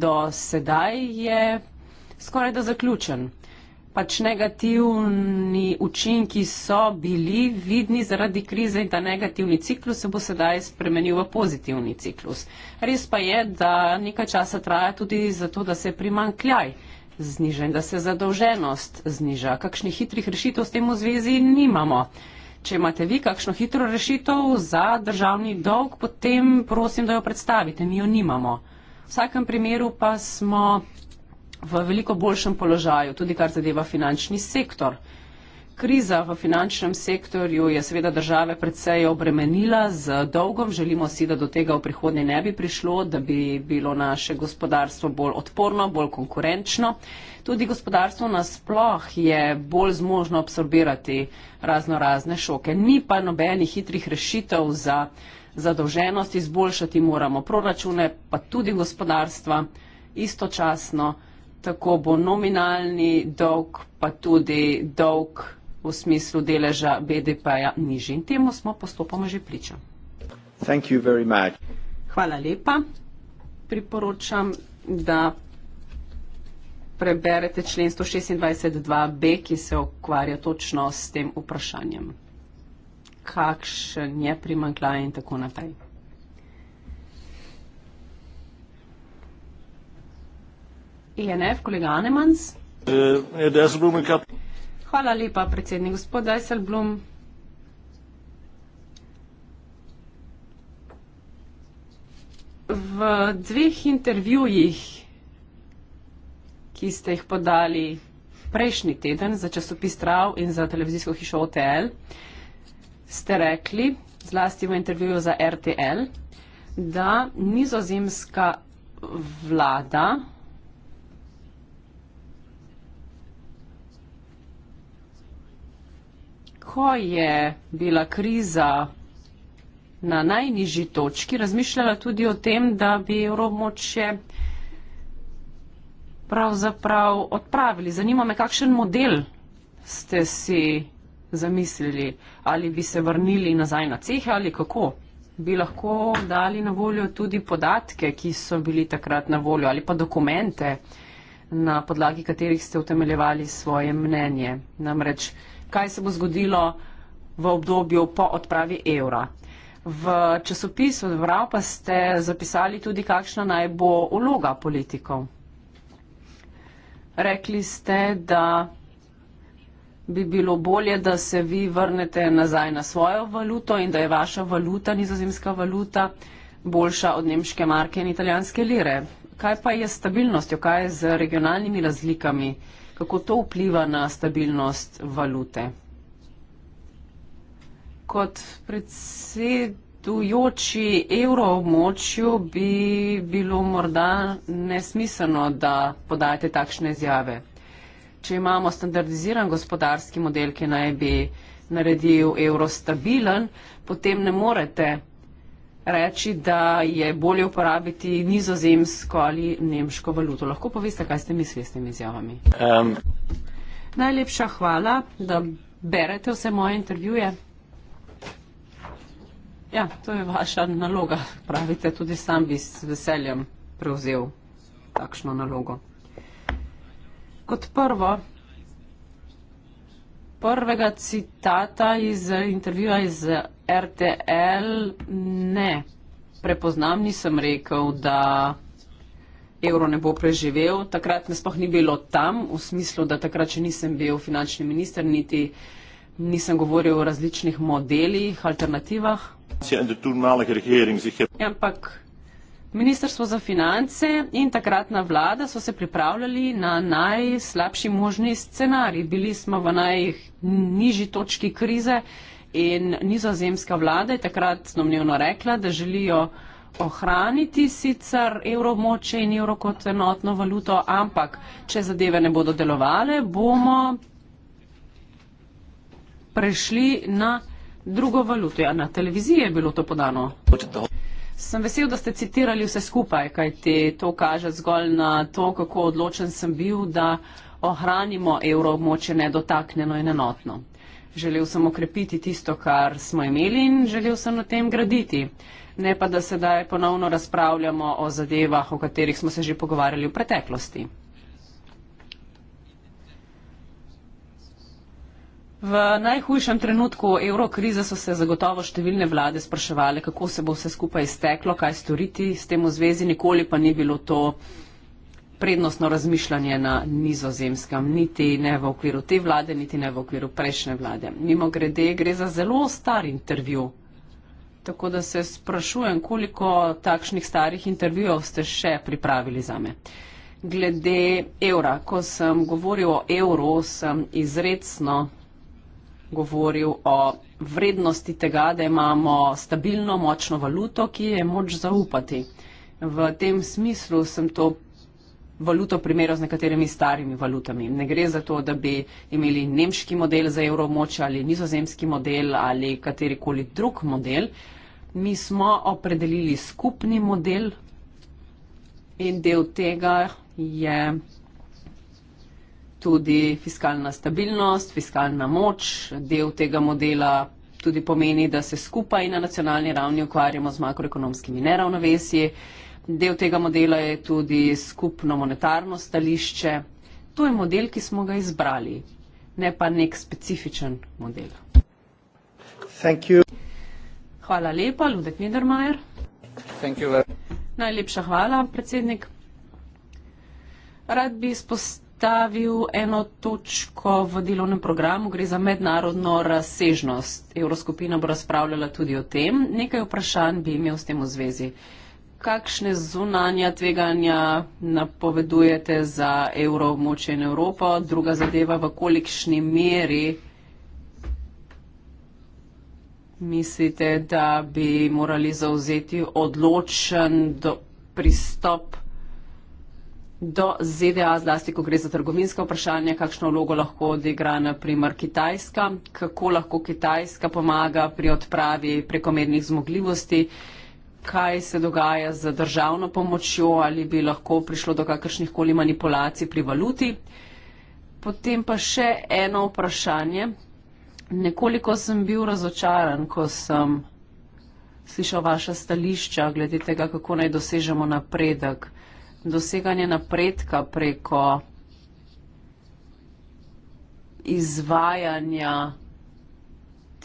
do sedaj, je skoraj da zaključen. Pač negativni učinki so bili vidni zaradi krize in ta negativni ciklus se bo sedaj spremenil v pozitivni ciklus. Res pa je, da nekaj časa traja tudi zato, da se primankljaj znižen, da se zadolženost zniža. Kakšnih hitrih rešitev s tem v zvezi nimamo. Če imate vi kakšno hitro rešitev za državni dolg, potem prosim, da jo predstavite. Mi jo nimamo. V vsakem primeru pa smo v veliko boljšem položaju, tudi kar zadeva finančni sektor. Kriza v finančnem sektorju je seveda države predvsej obremenila z dolgom. Želimo si, da do tega v prihodnje ne bi prišlo, da bi bilo naše gospodarstvo bolj odporno, bolj konkurenčno. Tudi gospodarstvo nasploh je bolj zmožno absorbirati razno razne šoke. Ni pa nobenih hitrih rešitev za zadolženost, izboljšati moramo proračune, pa tudi gospodarstva istočasno. Tako bo nominalni dolg, pa tudi dolg v smislu deleža BDP-ja nižji in temu smo postopoma že priča. Hvala lepa. Priporočam, da preberete člen 126.2b, ki se okvarja točno s tem vprašanjem. Kakšen je primankljaj in tako naprej. INF, e kolega Anemans. Uh, eh, yeah, ja, Hvala lepa, predsednik. Gospod Dijsselbloem. V dveh intervjujih, ki ste jih podali prejšnji teden za časopis Trav in za televizijsko hišo OTL, ste rekli, zlasti v intervjuju za RTL, da nizozemska vlada ko je bila kriza na najnižji točki, razmišljala tudi o tem, da bi evromočje pravzaprav odpravili. Zanima me, kakšen model ste si zamislili, ali bi se vrnili nazaj na cehe ali kako? Bi lahko dali na voljo tudi podatke, ki so bili takrat na voljo, ali pa dokumente, na podlagi katerih ste utemeljevali svoje mnenje. Namreč, kaj se bo zgodilo v obdobju po odpravi evra. V časopisu Vrav pa ste zapisali tudi, kakšna naj bo uloga politikov. Rekli ste, da bi bilo bolje, da se vi vrnete nazaj na svojo valuto in da je vaša valuta, nizozemska valuta, boljša od nemške marke in italijanske lire. Kaj pa je s stabilnostjo, kaj je z regionalnimi razlikami? kako to vpliva na stabilnost valute. Kot predsedujoči evroobmočju bi bilo morda nesmiselno, da podate takšne izjave. Če imamo standardiziran gospodarski model, ki naj bi naredil evro stabilen, potem ne morete reči, da je bolje uporabiti nizozemsko ali nemško valuto. Lahko poveste, kaj ste mislili s temi izjavami? Um. Najlepša hvala, da berete vse moje intervjuje. Ja, to je vaša naloga. Pravite, tudi sam bi s veseljem prevzel takšno nalogo. Kot prvo, prvega citata iz intervjuja iz RTL ne prepoznam, nisem rekel, da evro ne bo preživel. Takrat me sploh ni bilo tam, v smislu, da takrat, če nisem bil finančni minister, niti nisem govoril o različnih modelih, alternativah. Ja, ja, ampak Ministrstvo za finance in takratna vlada so se pripravljali na najslabši možni scenarij. Bili smo v najnižji točki krize in nizozemska vlada je takrat domnevno rekla, da želijo ohraniti sicer evromoče in evro kot enotno valuto, ampak če zadeve ne bodo delovale, bomo prešli na drugo valuto. Ja, na televiziji je bilo to podano. Sem vesel, da ste citirali vse skupaj, kaj ti to kaže zgolj na to, kako odločen sem bil, da ohranimo evro območje nedotaknjeno in enotno. Želel sem okrepiti tisto, kar smo imeli in želel sem na tem graditi. Ne pa, da sedaj ponovno razpravljamo o zadevah, o katerih smo se že pogovarjali v preteklosti. V najhujšem trenutku evrokrize so se zagotovo številne vlade spraševali, kako se bo vse skupaj izteklo, kaj storiti s tem v zvezi, nikoli pa ni bilo to prednostno razmišljanje na nizozemskem, niti ne v okviru te vlade, niti ne v okviru prejšnje vlade. Mimo grede, gre za zelo star intervju. Tako da se sprašujem, koliko takšnih starih intervjujev ste še pripravili za me. Glede evra, ko sem govoril o evru, sem izredno govoril o vrednosti tega, da imamo stabilno, močno valuto, ki je moč zaupati. V tem smislu sem to valuto primerjo z nekaterimi starimi valutami. Ne gre za to, da bi imeli nemški model za evromoč ali nizozemski model ali katerikoli drug model. Mi smo opredelili skupni model in del tega je tudi fiskalna stabilnost, fiskalna moč. Del tega modela tudi pomeni, da se skupaj na nacionalni ravni ukvarjamo z makroekonomskimi neravnovesji. Del tega modela je tudi skupno monetarno stališče. To je model, ki smo ga izbrali, ne pa nek specifičen model. Hvala lepa, Ludek Niedermayer. Najlepša hvala, predsednik. Rad bi izpostavil eno točko v delovnem programu, gre za mednarodno razsežnost. Evroskupina bo razpravljala tudi o tem. Nekaj vprašanj bi imel s tem v zvezi kakšne zunanja tveganja napovedujete za evro, moče in Evropo? Druga zadeva, v kolikšni meri mislite, da bi morali zauzeti odločen do, pristop do ZDA, zlasti, ko gre za trgovinska vprašanja, kakšno vlogo lahko odigra naprimer Kitajska, kako lahko Kitajska pomaga pri odpravi prekomernih zmogljivosti kaj se dogaja z državno pomočjo, ali bi lahko prišlo do kakršnih koli manipulacij pri valuti. Potem pa še eno vprašanje. Nekoliko sem bil razočaran, ko sem slišal vaša stališča glede tega, kako naj dosežemo napredek. Doseganje napredka preko izvajanja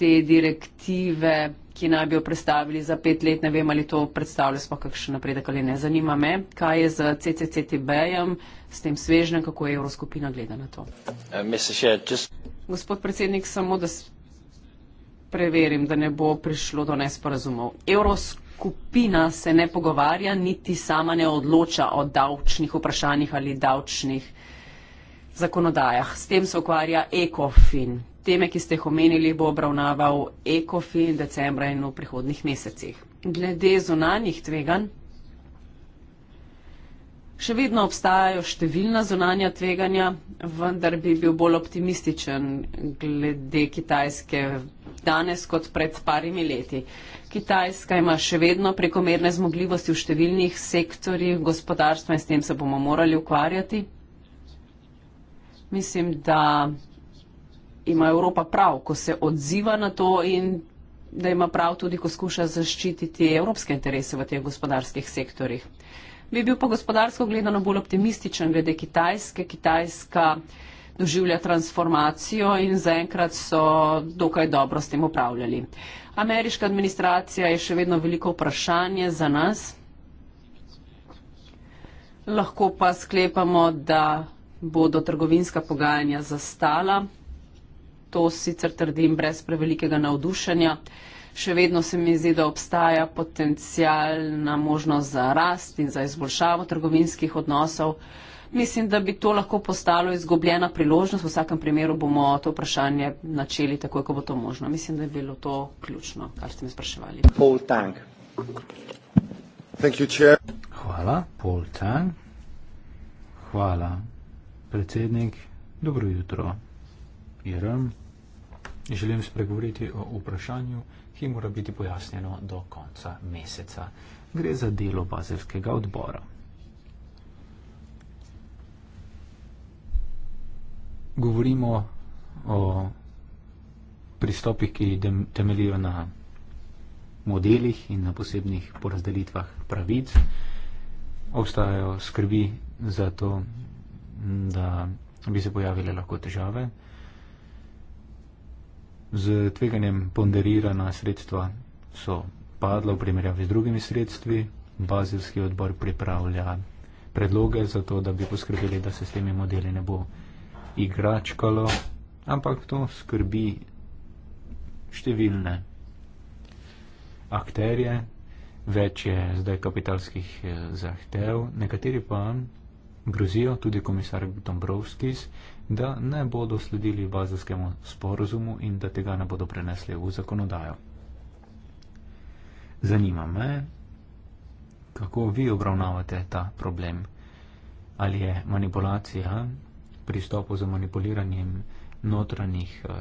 te direktive ki naj bi jo predstavili za pet let. Ne vem, ali to predstavlja sploh kakšen napredek ali ne. Zanima me, kaj je z CCCTB-jem, s tem svežnjem, kako je Evroskupina gleda na to. Uh, just... Gospod predsednik, samo da preverim, da ne bo prišlo do nesporazumov. Evroskupina se ne pogovarja, niti sama ne odloča o davčnih vprašanjih ali davčnih zakonodajah. S tem se ukvarja ECOFIN. Teme, ki ste jih omenili, bo obravnaval ECOFIN decembra in v prihodnih mesecih. Glede zunanjih tveganj, še vedno obstajajo številna zunanja tveganja, vendar bi bil bolj optimističen glede Kitajske danes kot pred parimi leti. Kitajska ima še vedno prekomerne zmogljivosti v številnih sektorjih gospodarstva in s tem se bomo morali ukvarjati. Mislim, da ima Evropa prav, ko se odziva na to in da ima prav tudi, ko skuša zaščititi evropske interese v teh gospodarskih sektorjih. Bi bil pa gospodarsko gledano bolj optimističen glede Kitajske. Kitajska doživlja transformacijo in zaenkrat so dokaj dobro s tem upravljali. Ameriška administracija je še vedno veliko vprašanje za nas. Lahko pa sklepamo, da bodo trgovinska pogajanja zastala to sicer trdim brez prevelikega navdušenja. Še vedno se mi zdi, da obstaja potencijalna možnost za rast in za izboljšavo trgovinskih odnosov. Mislim, da bi to lahko postalo izgubljena priložnost. V vsakem primeru bomo to vprašanje načeli takoj, ko bo to možno. Mislim, da je bilo to ključno, kar ste me spraševali. Paul Tang. You, Hvala, Paul Tang. Hvala, predsednik. Dobro jutro. Jerem želim spregovoriti o vprašanju, ki mora biti pojasnjeno do konca meseca. Gre za delo bazelskega odbora. Govorimo o pristopih, ki temeljijo na modelih in na posebnih porazdelitvah pravic. Obstajajo skrbi za to, da bi se pojavile lahko težave z tveganjem ponderirana sredstva so padla v primerjavi z drugimi sredstvi. Bazilski odbor pripravlja predloge za to, da bi poskrbeli, da se s temi modeli ne bo igračkalo, ampak to skrbi številne akterje, več je zdaj kapitalskih eh, zahtev, nekateri pa grozijo, tudi komisar Dombrovskis, da ne bodo sledili bazilskemu sporozumu in da tega ne bodo prenesli v zakonodajo. Zanima me, kako vi obravnavate ta problem. Ali je manipulacija pristopu za manipuliranjem notranjih eh,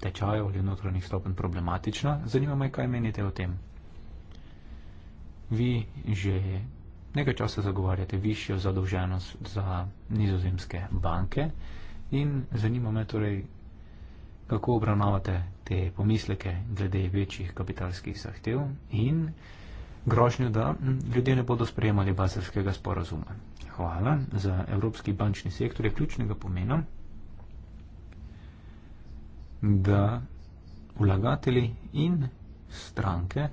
tečajev ali notranjih stopenj problematična? Zanima me, kaj menite o tem. Vi že nekaj časa zagovarjate višjo zadolženost za nizozemske banke. In zanima me torej, kako obravnavate te pomisleke glede večjih kapitalskih zahtev in grožnjo, da ljudje ne bodo sprejemali baselskega sporazuma. Hvala za Evropski bančni sektor je ključnega pomena, da vlagateli in stranke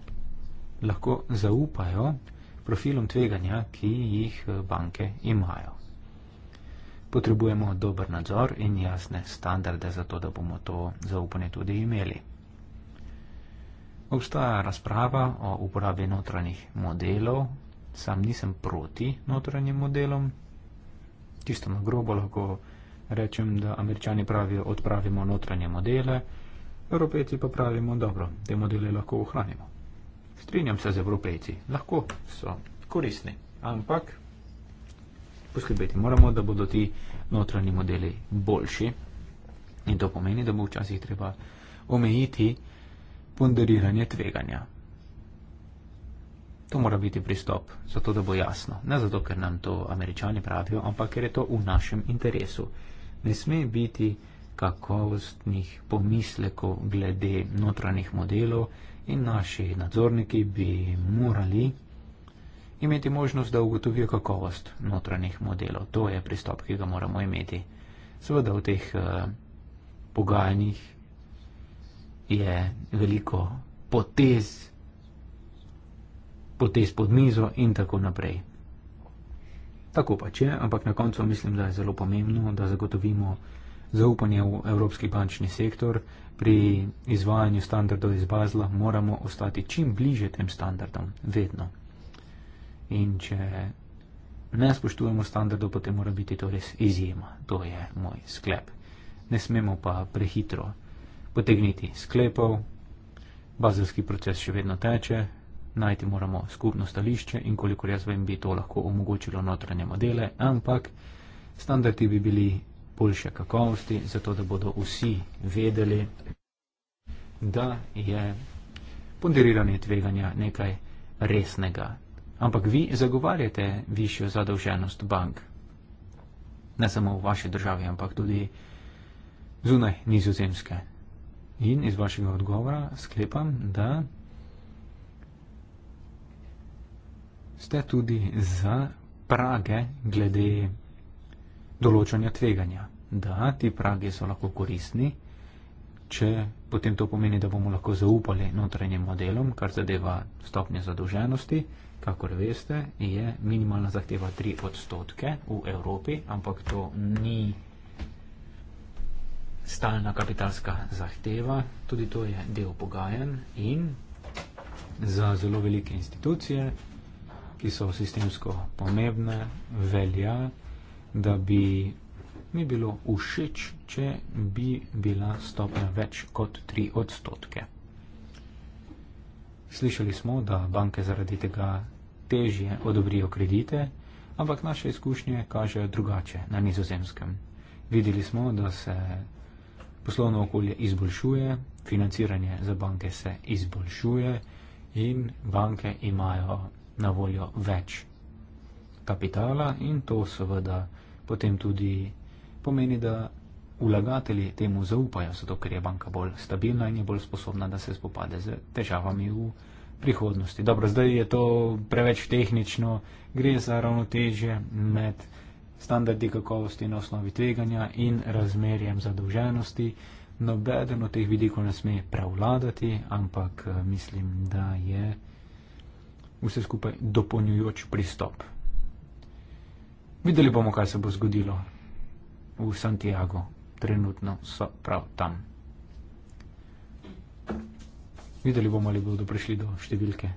lahko zaupajo profilom tveganja, ki jih banke imajo. Potrebujemo dober nadzor in jasne standarde za to, da bomo to zaupanje tudi imeli. Obstaja razprava o uporabi notranjih modelov. Sam nisem proti notranjim modelom. Čisto na grobo lahko rečem, da američani pravijo, odpravimo notranje modele, evropejci pa pravimo, dobro, te modele lahko ohranimo. Strinjam se z evropejci, lahko so koristni, ampak poskrbeti moramo, da bodo ti notranji modeli boljši. In to pomeni, da bo včasih treba omejiti ponderiranje tveganja. To mora biti pristop, zato da bo jasno. Ne zato, ker nam to američani pravijo, ampak ker je to v našem interesu. Ne sme biti kakovostnih pomislekov glede notranjih modelov in naši nadzorniki bi morali imeti možnost, da ugotovijo kakovost notranjih modelov. To je pristop, ki ga moramo imeti. Seveda v teh uh, pogajanjih je veliko potez, potez pod mizo in tako naprej. Tako pač je, ampak na koncu mislim, da je zelo pomembno, da zagotovimo zaupanje v Evropski bančni sektor. Pri izvajanju standardov iz Bazla moramo ostati čim bliže tem standardom, vedno. In če ne spoštujemo standardov, potem mora biti to res izjema. To je moj sklep. Ne smemo pa prehitro potegniti sklepov. Bazelski proces še vedno teče. Najti moramo skupno stališče in kolikor jaz vem, bi to lahko omogočilo notranje modele, ampak standardi bi bili boljše kakovosti, zato da bodo vsi vedeli, da je ponderiranje tveganja nekaj resnega ampak vi zagovarjate višjo zadolženost bank. Ne samo v vaši državi, ampak tudi zunaj nizozemske. In iz vašega odgovora sklepam, da ste tudi za prage glede določanja tveganja. Da, ti pragi so lahko koristni, če potem to pomeni, da bomo lahko zaupali notranjem modelom, kar zadeva stopnje zadolženosti, kakor veste, je minimalna zahteva 3 odstotke v Evropi, ampak to ni stalna kapitalska zahteva, tudi to je del pogajanj in za zelo velike institucije, ki so sistemsko pomembne, velja, da bi mi bilo všeč, če bi bila stopnja več kot 3 odstotke. Slišali smo, da banke zaradi tega težje odobrijo kredite, ampak naše izkušnje kažejo drugače na nizozemskem. Videli smo, da se poslovno okolje izboljšuje, financiranje za banke se izboljšuje in banke imajo na voljo več kapitala in to seveda potem tudi pomeni, da vlagatelji temu zaupajo, zato ker je banka bolj stabilna in je bolj sposobna, da se spopade z težavami v prihodnosti. Dobro, zdaj je to preveč tehnično, gre za ravnotežje med standardi kakovosti na osnovi tveganja in razmerjem zadolženosti. Nobeden od teh vidikov ne sme prevladati, ampak eh, mislim, da je vse skupaj dopolnjujoč pristop. Videli bomo, kaj se bo zgodilo v Santiago. Trenutno so prav tam. Videli bomo, ali bodo prišli do številke,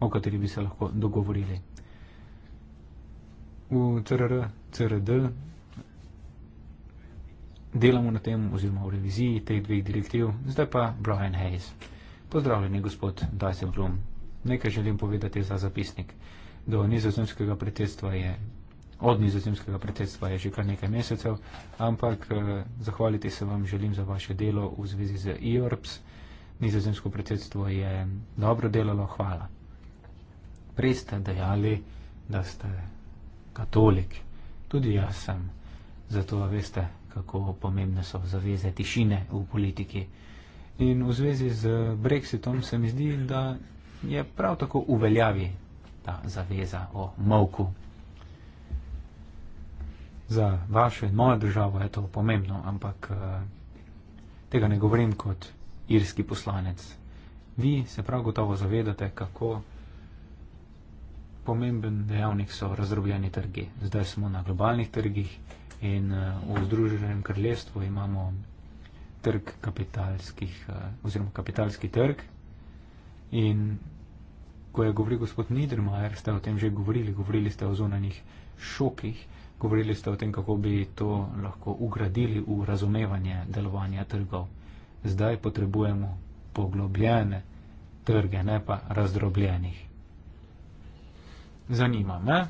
o kateri bi se lahko dogovorili. V CRR, CRD delamo na tem, oziroma v reviziji teh dveh direktiv, zdaj pa Brian Hayes. Pozdravljeni, gospod Dijsselbloom. Nekaj želim povedati za zapisnik. Do nizozemskega predsedstva je. Od nizozemskega predsedstva je že kar nekaj mesecev, ampak eh, zahvaliti se vam želim za vaše delo v zvezi z IORPS. E nizozemsko predsedstvo je dobro delalo, hvala. Prej ste dejali, da ste katolik. Tudi jaz sem. Zato veste, kako pomembne so zaveze tišine v politiki. In v zvezi z Brexitom se mi zdi, da je prav tako uveljavi ta zaveza o mavku. Za vašo in mojo državo je to pomembno, ampak eh, tega ne govorim kot irski poslanec. Vi se prav gotovo zavedate, kako pomemben dejavnik so razdrobljeni trgi. Zdaj smo na globalnih trgih in eh, v Združenem kraljestvu imamo trg kapitalskih eh, oziroma kapitalski trg. In ko je govoril gospod Niedermayer, ste o tem že govorili, govorili ste o zunanjih šokih, govorili ste o tem, kako bi to lahko ugradili v razumevanje delovanja trgov zdaj potrebujemo poglobljene trge, ne pa razdrobljenih. Zanima me,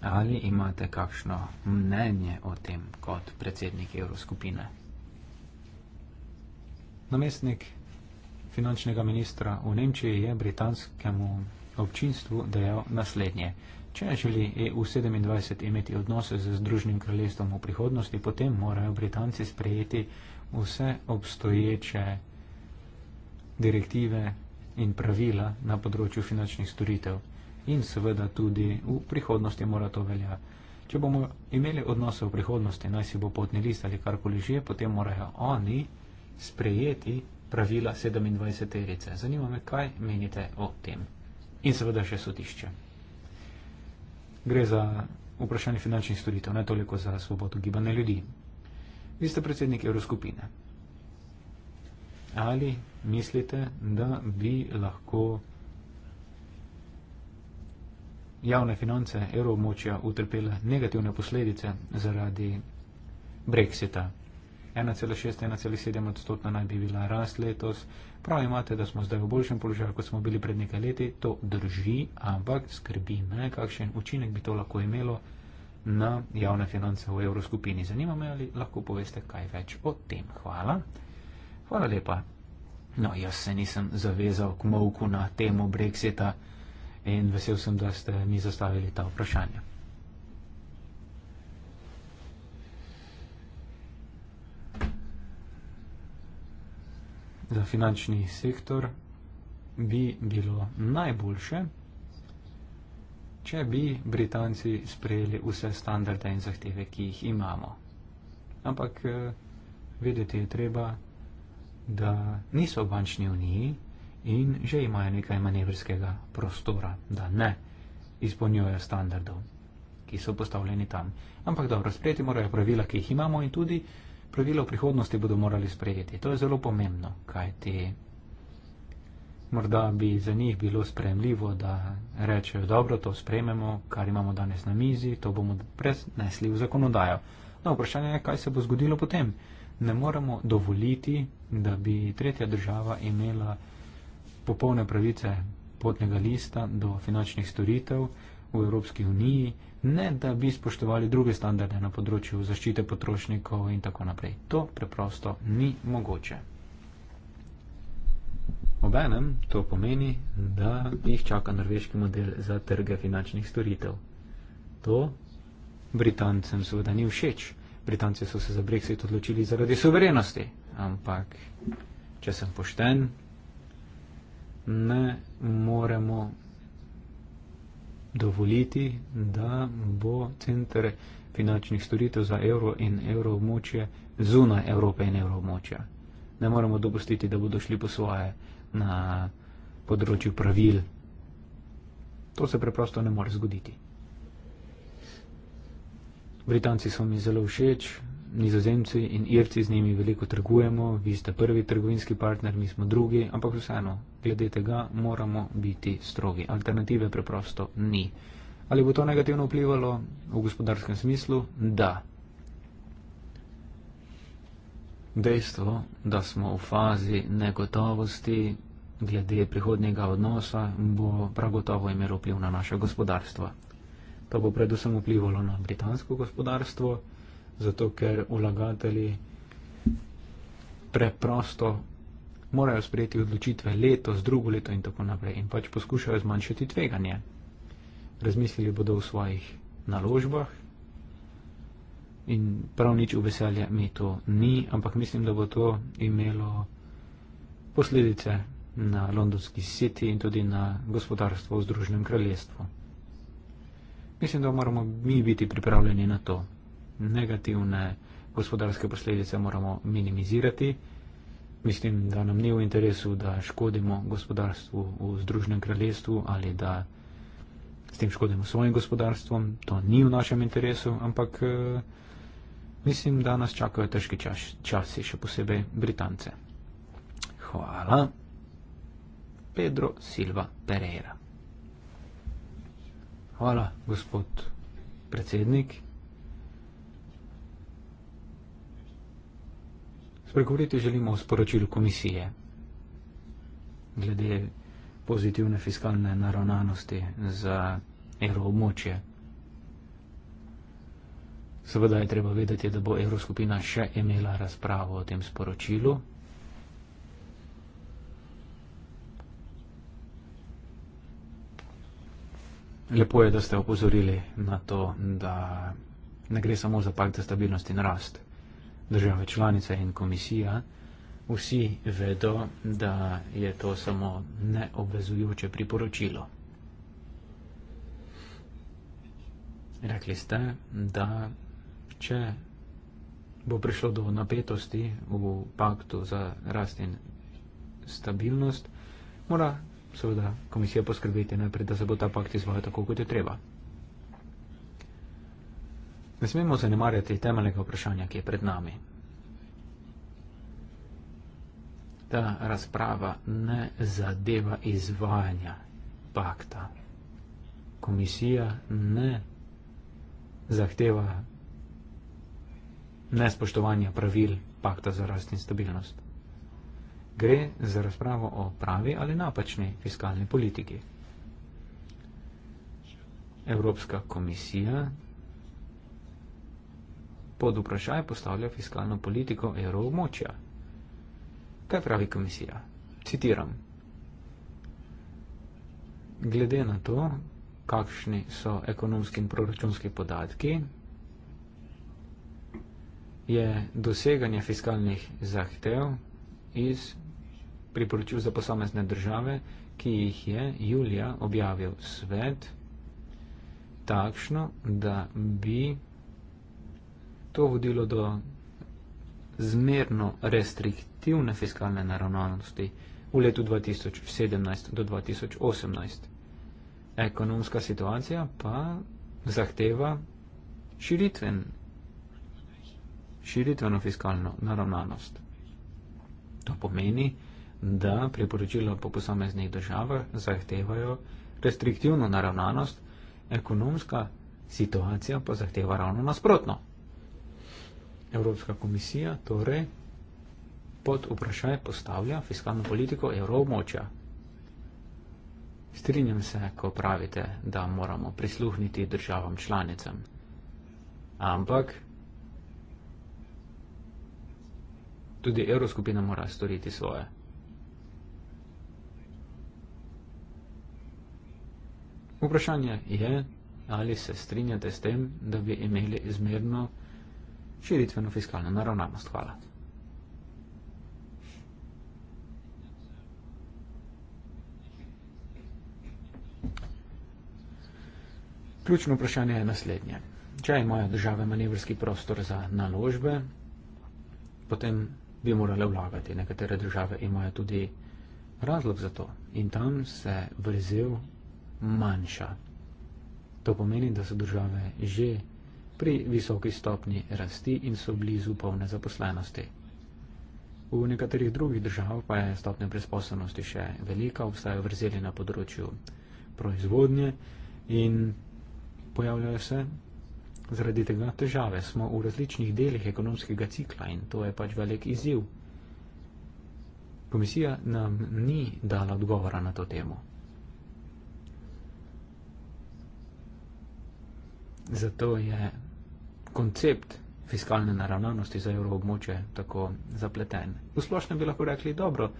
ali imate kakšno mnenje o tem kot predsednik Evroskupine. Namestnik finančnega ministra v Nemčiji je britanskemu občinstvu dejal naslednje. Če želi EU27 imeti odnose z Združenim kraljestvom v prihodnosti, potem morajo Britanci sprejeti vse obstoječe direktive in pravila na področju finančnih storitev. In seveda tudi v prihodnosti mora to velja. Če bomo imeli odnose v prihodnosti, naj si bo potni list ali karkoli že, potem morajo oni sprejeti pravila 27. -erice. Zanima me, kaj menite o tem. In seveda še sodišče. Gre za vprašanje finančnih storitev, ne toliko za svobodo gibanja ljudi vi ste predsednik Evroskupine. Ali mislite, da bi lahko javne finance evroobmočja utrpele negativne posledice zaradi brexita? 1,6-1,7 odstotna naj bi bila rast letos. Prav imate, da smo zdaj v boljšem položaju, kot smo bili pred nekaj leti. To drži, ampak skrbi me, kakšen učinek bi to lahko imelo na javne finance v Evroskupini. Zanima me, ali lahko poveste kaj več o tem. Hvala. Hvala lepa. No, jaz se nisem zavezal k mavku na temo Brexita in vesel sem, da ste mi zastavili ta vprašanja. Za finančni sektor bi bilo najboljše, če bi Britanci sprejeli vse standarde in zahteve, ki jih imamo. Ampak eh, vedeti je treba, da niso v bančni uniji in že imajo nekaj manevrskega prostora, da ne izpolnjujejo standardov, ki so postavljeni tam. Ampak dobro, sprejeti morajo pravila, ki jih imamo in tudi pravila v prihodnosti bodo morali sprejeti. To je zelo pomembno, kaj ti. Te morda bi za njih bilo sprejemljivo, da rečejo, dobro, to sprejmemo, kar imamo danes na mizi, to bomo presnesli v zakonodajo. No, vprašanje je, kaj se bo zgodilo potem. Ne moremo dovoliti, da bi tretja država imela popolne pravice potnega lista do finančnih storitev v Evropski uniji, ne da bi spoštovali druge standarde na področju zaščite potrošnikov in tako naprej. To preprosto ni mogoče. Obenem to pomeni, da jih čaka norveški model za trge finančnih storitev. To Britancem seveda ni všeč. Britanci so se za Brexit odločili zaradi suverenosti, ampak če sem pošten, ne moremo dovoliti, da bo center finančnih storitev za evro in evro območje zunaj Evrope in evro območja. Ne moremo dopustiti, da bodo šli po svoje na področju pravil. To se preprosto ne more zgoditi. Britanci so mi zelo všeč, nizozemci in irci z njimi veliko trgujemo, vi ste prvi trgovinski partner, mi smo drugi, ampak vseeno, glede tega moramo biti strogi. Alternative preprosto ni. Ali bo to negativno vplivalo v gospodarskem smislu? Da. Dejstvo, da smo v fazi negotovosti glede prihodnjega odnosa, bo prav gotovo imelo vpliv na naše gospodarstvo. To bo predvsem vplivalo na britansko gospodarstvo, zato ker vlagatelji preprosto morajo sprejeti odločitve letos, drugo leto in tako naprej in pač poskušajo zmanjšati tveganje. Razmislili bodo o svojih naložbah, in prav nič veselja mi to ni, ampak mislim, da bo to imelo posledice na londonski city in tudi na gospodarstvo v Združenem kraljestvu. Mislim, da moramo mi biti pripravljeni na to. Negativne gospodarske posledice moramo minimizirati. Mislim, da nam ni v interesu, da škodimo gospodarstvu v Združenem kraljestvu ali da s tem škodimo svojim gospodarstvom. To ni v našem interesu, ampak eh, Mislim, da nas čakajo težki čas, časi, še posebej Britance. Hvala. Pedro Silva Pereira. Hvala, gospod predsednik. Spregovoriti želimo o sporočilu komisije glede pozitivne fiskalne naravnanosti za evroobmočje. Seveda je treba vedeti, da bo Evroskupina še imela razpravo o tem sporočilu. Lepo je, da ste opozorili na to, da ne gre samo za pakt za stabilnost in rast. Države članice in komisija vsi vedo, da je to samo neobvezujoče priporočilo. Rekli ste, da če bo prišlo do napetosti v paktu za rast in stabilnost, mora seveda komisija poskrbeti najprej, da se bo ta pakt izvajal tako, kot je treba. Ne smemo zanemarjati temeljnega vprašanja, ki je pred nami. Ta razprava ne zadeva izvajanja pakta. Komisija ne zahteva nespoštovanja pravil pakta za rast in stabilnost. Gre za razpravo o pravi ali napačni fiskalni politiki. Evropska komisija pod vprašaj postavlja fiskalno politiko evroobmočja. Kaj pravi komisija? Citiram. Glede na to, kakšni so ekonomski in proračunski podatki, je doseganje fiskalnih zahtev iz priporočil za posamezne države, ki jih je julija objavil svet takšno, da bi to vodilo do zmerno restriktivne fiskalne naravnanosti v letu 2017 do 2018. Ekonomska situacija pa zahteva širitven širitveno fiskalno naravnanost. To pomeni, da priporočila po posameznih državah zahtevajo restriktivno naravnanost, ekonomska situacija pa zahteva ravno nasprotno. Evropska komisija torej pod vprašaj postavlja fiskalno politiko evroobmočja. Strinjam se, ko pravite, da moramo prisluhniti državam članicam. Ampak tudi evroskupina mora storiti svoje. Vprašanje je, ali se strinjate s tem, da bi imeli izmerno širitveno fiskalno naravnanost. Hvala. Ključno vprašanje je naslednje. Če imajo države manevrski prostor za naložbe, potem bi morale vlagati. Nekatere države imajo tudi razlog za to in tam se vrzel manjša. To pomeni, da so države že pri visoki stopni rasti in so blizu polne zaposlenosti. V nekaterih drugih državah pa je stopnja brezposobnosti še velika, obstajajo vrzeli na področju proizvodnje in pojavljajo se Zaradi tega težave smo v različnih delih ekonomskega cikla in to je pač velik izziv. Komisija nam ni dala odgovora na to temo. Zato je koncept fiskalne naravnanosti za evroobmoče tako zapleten. V splošnem bi lahko rekli, dobro,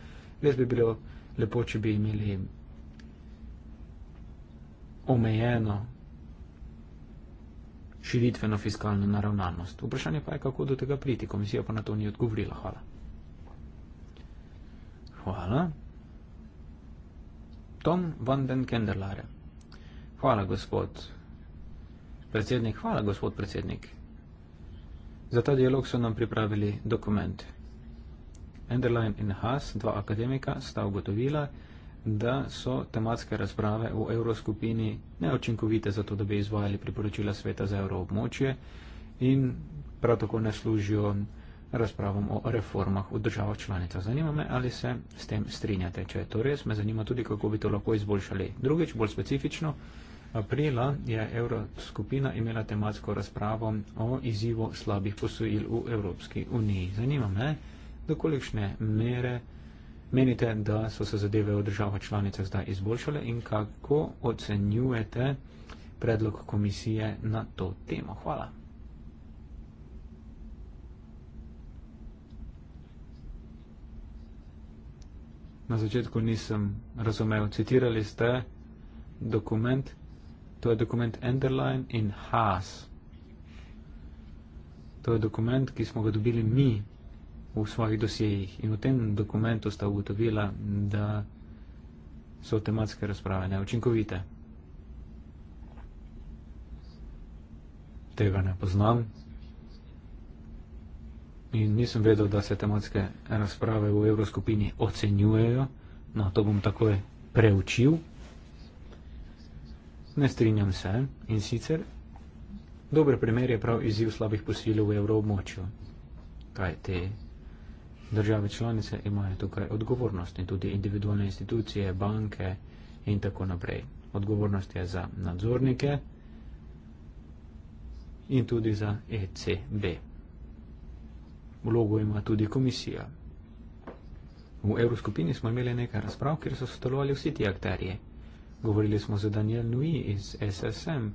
res bi bilo lepo, če bi imeli omejeno širitveno fiskalno naravnanost. Vprašanje pa je, kako do tega priti. Komisija pa na to ni odgovorila. Hvala. Hvala. Tom van den Kenderlare. Hvala, gospod predsednik. Hvala, gospod predsednik. Za ta dialog so nam pripravili dokument. Enderlein in Haas, dva akademika, sta ugotovila, da da so tematske razprave v evroskupini neočinkovite za to, da bi izvajali priporočila sveta za evroobmočje in prav tako ne služijo razpravam o reformah v državah članica. Zanima me, ali se s tem strinjate. Če je to res, me zanima tudi, kako bi to lahko izboljšali. Drugič, bolj specifično, aprila je evroskupina imela tematsko razpravo o izzivu slabih posojil v Evropski uniji. Zanima me, do kolikšne mere Menite, da so se zadeve v državah članicah zdaj izboljšale in kako ocenjujete predlog komisije na to temo? Hvala. Na začetku nisem razumel, citirali ste dokument, to je dokument Enderline in Haas. To je dokument, ki smo ga dobili mi v svojih dosjejih. In v tem dokumentu sta ugotovila, da so tematske razprave neučinkovite. Tega ne poznam. In nisem vedel, da se tematske razprave v Evroskupini ocenjujejo. No, to bom takoj preučil. Ne strinjam se in sicer dober primer je prav izziv slabih posilov v evroobmočju. Kaj te države članice imajo tukaj odgovornost in tudi individualne institucije, banke in tako naprej. Odgovornost je za nadzornike in tudi za ECB. Vlogo ima tudi komisija. V Evroskupini smo imeli nekaj razprav, kjer so sodelovali vsi ti akterji. Govorili smo z Daniel Nui iz SSM,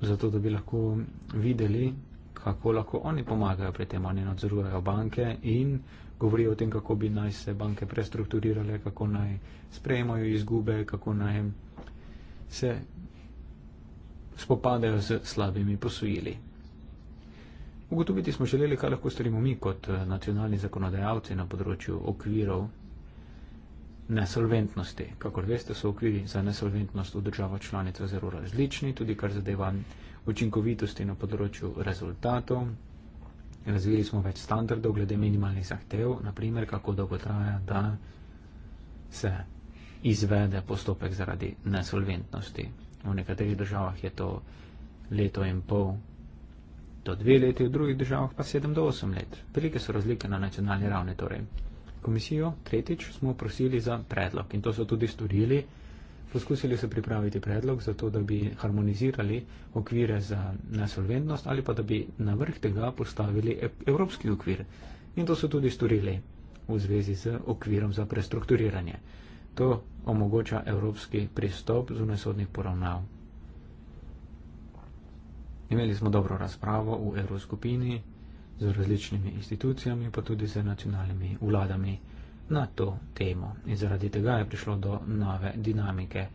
zato da bi lahko videli, kako lahko oni pomagajo pri tem. Oni nadzorujejo banke in govorijo o tem, kako bi naj se banke prestrukturirale, kako naj sprejemajo izgube, kako naj se spopadajo z slabimi posojili. Ugotoviti smo želeli, kaj lahko storimo mi kot eh, nacionalni zakonodajalci na področju okvirov nesolventnosti. Kakor veste, so okviri za nesolventnost v državah članicah zelo različni, tudi kar zadeva učinkovitosti na področju rezultatov. Razvili smo več standardov glede minimalnih zahtev, naprimer kako dolgo traja, da se izvede postopek zaradi nesolventnosti. V nekaterih državah je to leto in pol do dve leti, v drugih državah pa sedem do osem let. Velike so razlike na nacionalni ravni. Torej. Komisijo tretjič smo prosili za predlog in to so tudi storili. Poskusili so pripraviti predlog za to, da bi harmonizirali okvire za nesolventnost ali pa da bi na vrh tega postavili evropski okvir. In to so tudi storili v zvezi z okvirom za prestrukturiranje. To omogoča evropski pristop zunesodnih poravnav. Imeli smo dobro razpravo v Evroskupini z različnimi institucijami, pa tudi z nacionalnimi vladami na to temo in zaradi tega je prišlo do nove dinamike.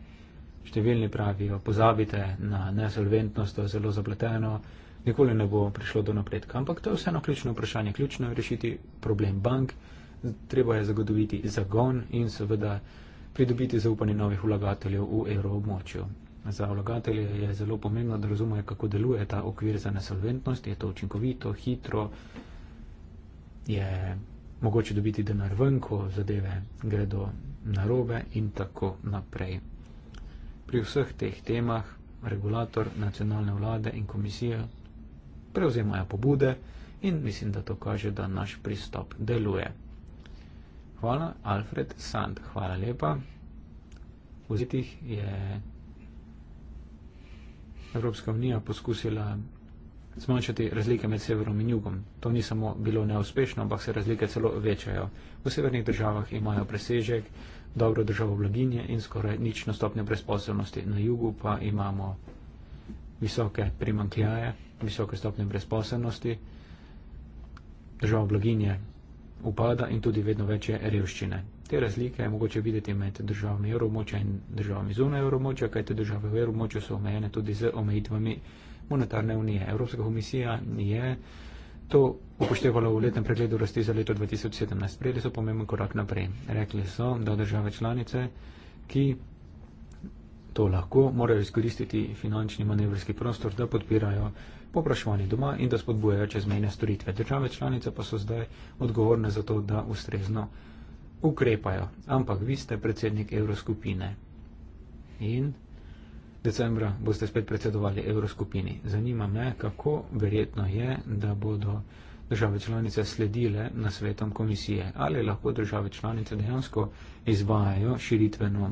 Številni pravijo, pozabite na nesolventnost, to je zelo zapleteno, nikoli ne bo prišlo do napredka, ampak to je vseeno ključno vprašanje, ključno je rešiti problem bank, treba je zagotoviti zagon in seveda pridobiti zaupanje novih vlagateljev v evroobmočju. Za vlagatelje je zelo pomembno, da razumejo, kako deluje ta okvir za nesolventnost, je to učinkovito, hitro, je mogoče dobiti denar ven, ko zadeve gredo na robe in tako naprej. Pri vseh teh temah regulator, nacionalne vlade in komisija prevzemajo pobude in mislim, da to kaže, da naš pristop deluje. Hvala, Alfred Sand, hvala lepa. V zitih je Evropska unija poskusila zmanjšati razlike med severom in jugom. To ni samo bilo neuspešno, ampak se razlike celo večajo. V severnih državah imajo presežek, dobro državo blaginje in skoraj nično stopnjo brezposobnosti. Na jugu pa imamo visoke primankljaje, visoke stopnje brezposobnosti, državo blaginje upada in tudi vedno večje revščine. Te razlike je mogoče videti med državami evromoča in državami zunaj evromoča, kajte države v evromoču so omejene tudi z omejitvami monetarne unije. Evropska komisija je to upoštevala v letnem pregledu rasti za leto 2017. Sprejeli so pomemben korak naprej. Rekli so, da države članice, ki to lahko, morajo izkoristiti finančni manevrski prostor, da podpirajo poprašovanje doma in da spodbujajo čezmejne storitve. Države članice pa so zdaj odgovorne za to, da ustrezno ukrepajo. Ampak vi ste predsednik evroskupine. In decembra boste spet predsedovali Evroskupini. Zanima me, kako verjetno je, da bodo države članice sledile na svetom komisije. Ali lahko države članice dejansko izvajajo širitveno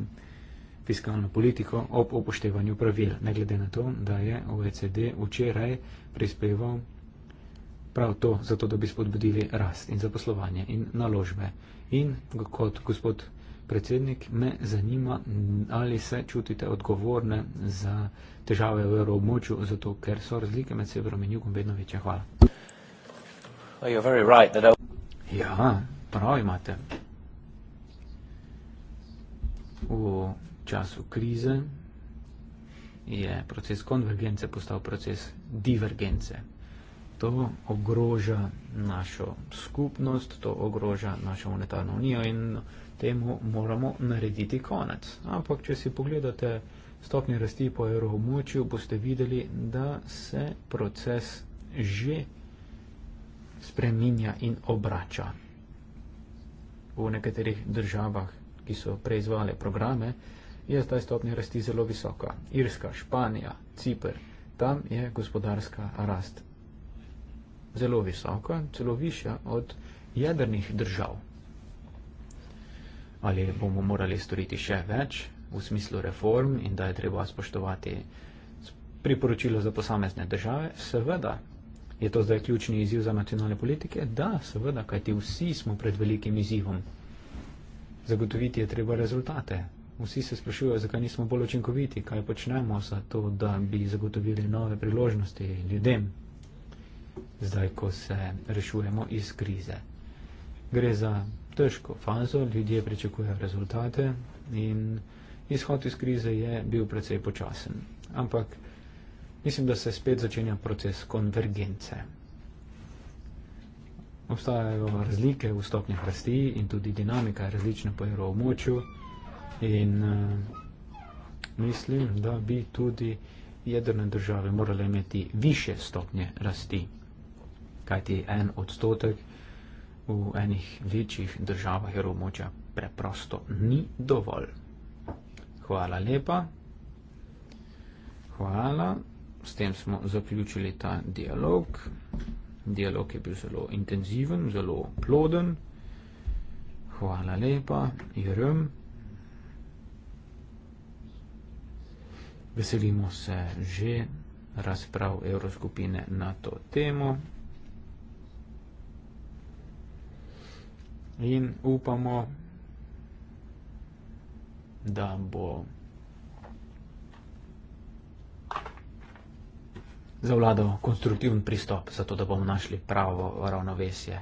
fiskalno politiko ob upoštevanju pravil, ne glede na to, da je OECD včeraj prispeval prav to, zato da bi spodbudili rast in zaposlovanje in naložbe. In kot gospod predsednik, me zanima, ali se čutite odgovorne za težave v evroobmočju, zato ker so razlike med severom in jugom vedno večje. Hvala. Ja, prav imate. V času krize je proces konvergence postal proces divergence. To ogroža našo skupnost, to ogroža našo monetarno unijo in vse temu moramo narediti konec. Ampak, če si pogledate stopnje rasti po evroobmočju, boste videli, da se proces že spreminja in obrača. V nekaterih državah, ki so preizvale programe, je zdaj stopnja rasti zelo visoka. Irska, Španija, Cipr, tam je gospodarska rast zelo visoka, celo višja od jedrnih držav ali bomo morali storiti še več v smislu reform in da je treba spoštovati priporočilo za posamezne države. Seveda je to zdaj ključni izziv za nacionalne politike. Da, seveda, kajti vsi smo pred velikim izzivom. Zagotoviti je treba rezultate. Vsi se sprašujejo, zakaj nismo bolj učinkoviti, kaj počnemo za to, da bi zagotovili nove priložnosti ljudem, zdaj, ko se rešujemo iz krize. Gre za težko fazo, ljudje pričakujejo rezultate in izhod iz krize je bil precej počasen. Ampak mislim, da se spet začenja proces konvergence. Obstajajo razlike v stopnjah rasti in tudi dinamika je različna po evroobmočju in uh, mislim, da bi tudi jedrne države morale imeti više stopnje rasti. Kajti en odstotek v enih večjih državah jer območja preprosto ni dovolj. Hvala lepa. Hvala. S tem smo zaključili ta dialog. Dialog je bil zelo intenziven, zelo ploden. Hvala lepa, Jerem. Veselimo se že razprav Evroskupine na to temo. in upamo, da bo zavladal konstruktiven pristop, zato da bomo našli pravo ravnovesje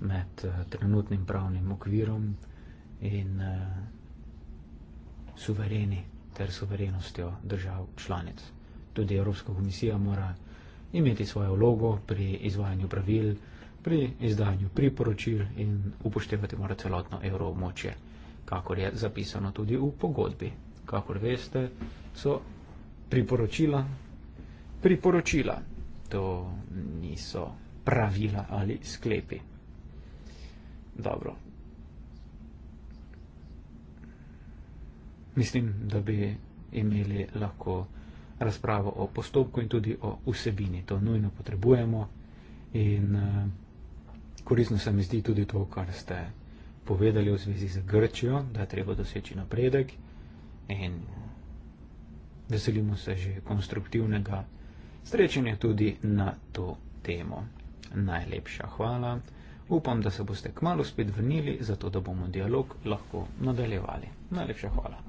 med eh, trenutnim pravnim okvirom in eh, suvereni ter suverenostjo držav članic. Tudi Evropska komisija mora imeti svojo vlogo pri izvajanju pravil pri izdanju priporočil in upoštevati mora celotno evroobmočje, kakor je zapisano tudi v pogodbi. Kakor veste, so priporočila priporočila, to niso pravila ali sklepi. Dobro. Mislim, da bi imeli lahko razpravo o postopku in tudi o vsebini. To nujno potrebujemo in uh, koristno se mi zdi tudi to, kar ste povedali v zvezi z Grčijo, da je treba doseči napredek in veselimo se že konstruktivnega srečanja tudi na to temo. Najlepša hvala. Upam, da se boste kmalo spet vrnili, zato da bomo dialog lahko nadaljevali. Najlepša hvala.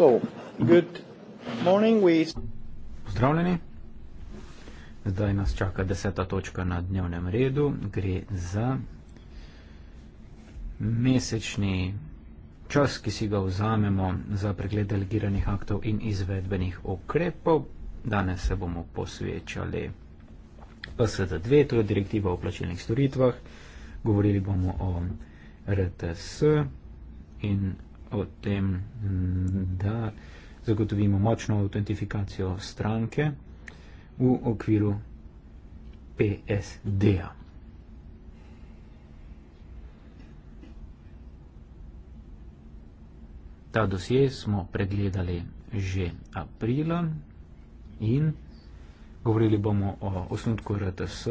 Pozdravljeni. Zdaj nas čaka deseta točka na dnevnem redu. Gre za mesečni čas, ki si ga vzamemo za pregled delegiranih aktov in izvedbenih ukrepov. Danes se bomo posvečali PSD2, to je direktiva o plačilnih storitvah. Govorili bomo o RTS in o tem, da zagotovimo močno autentifikacijo stranke v okviru PSD-a. Ta dosje smo pregledali že aprila in govorili bomo o osnutku RTS,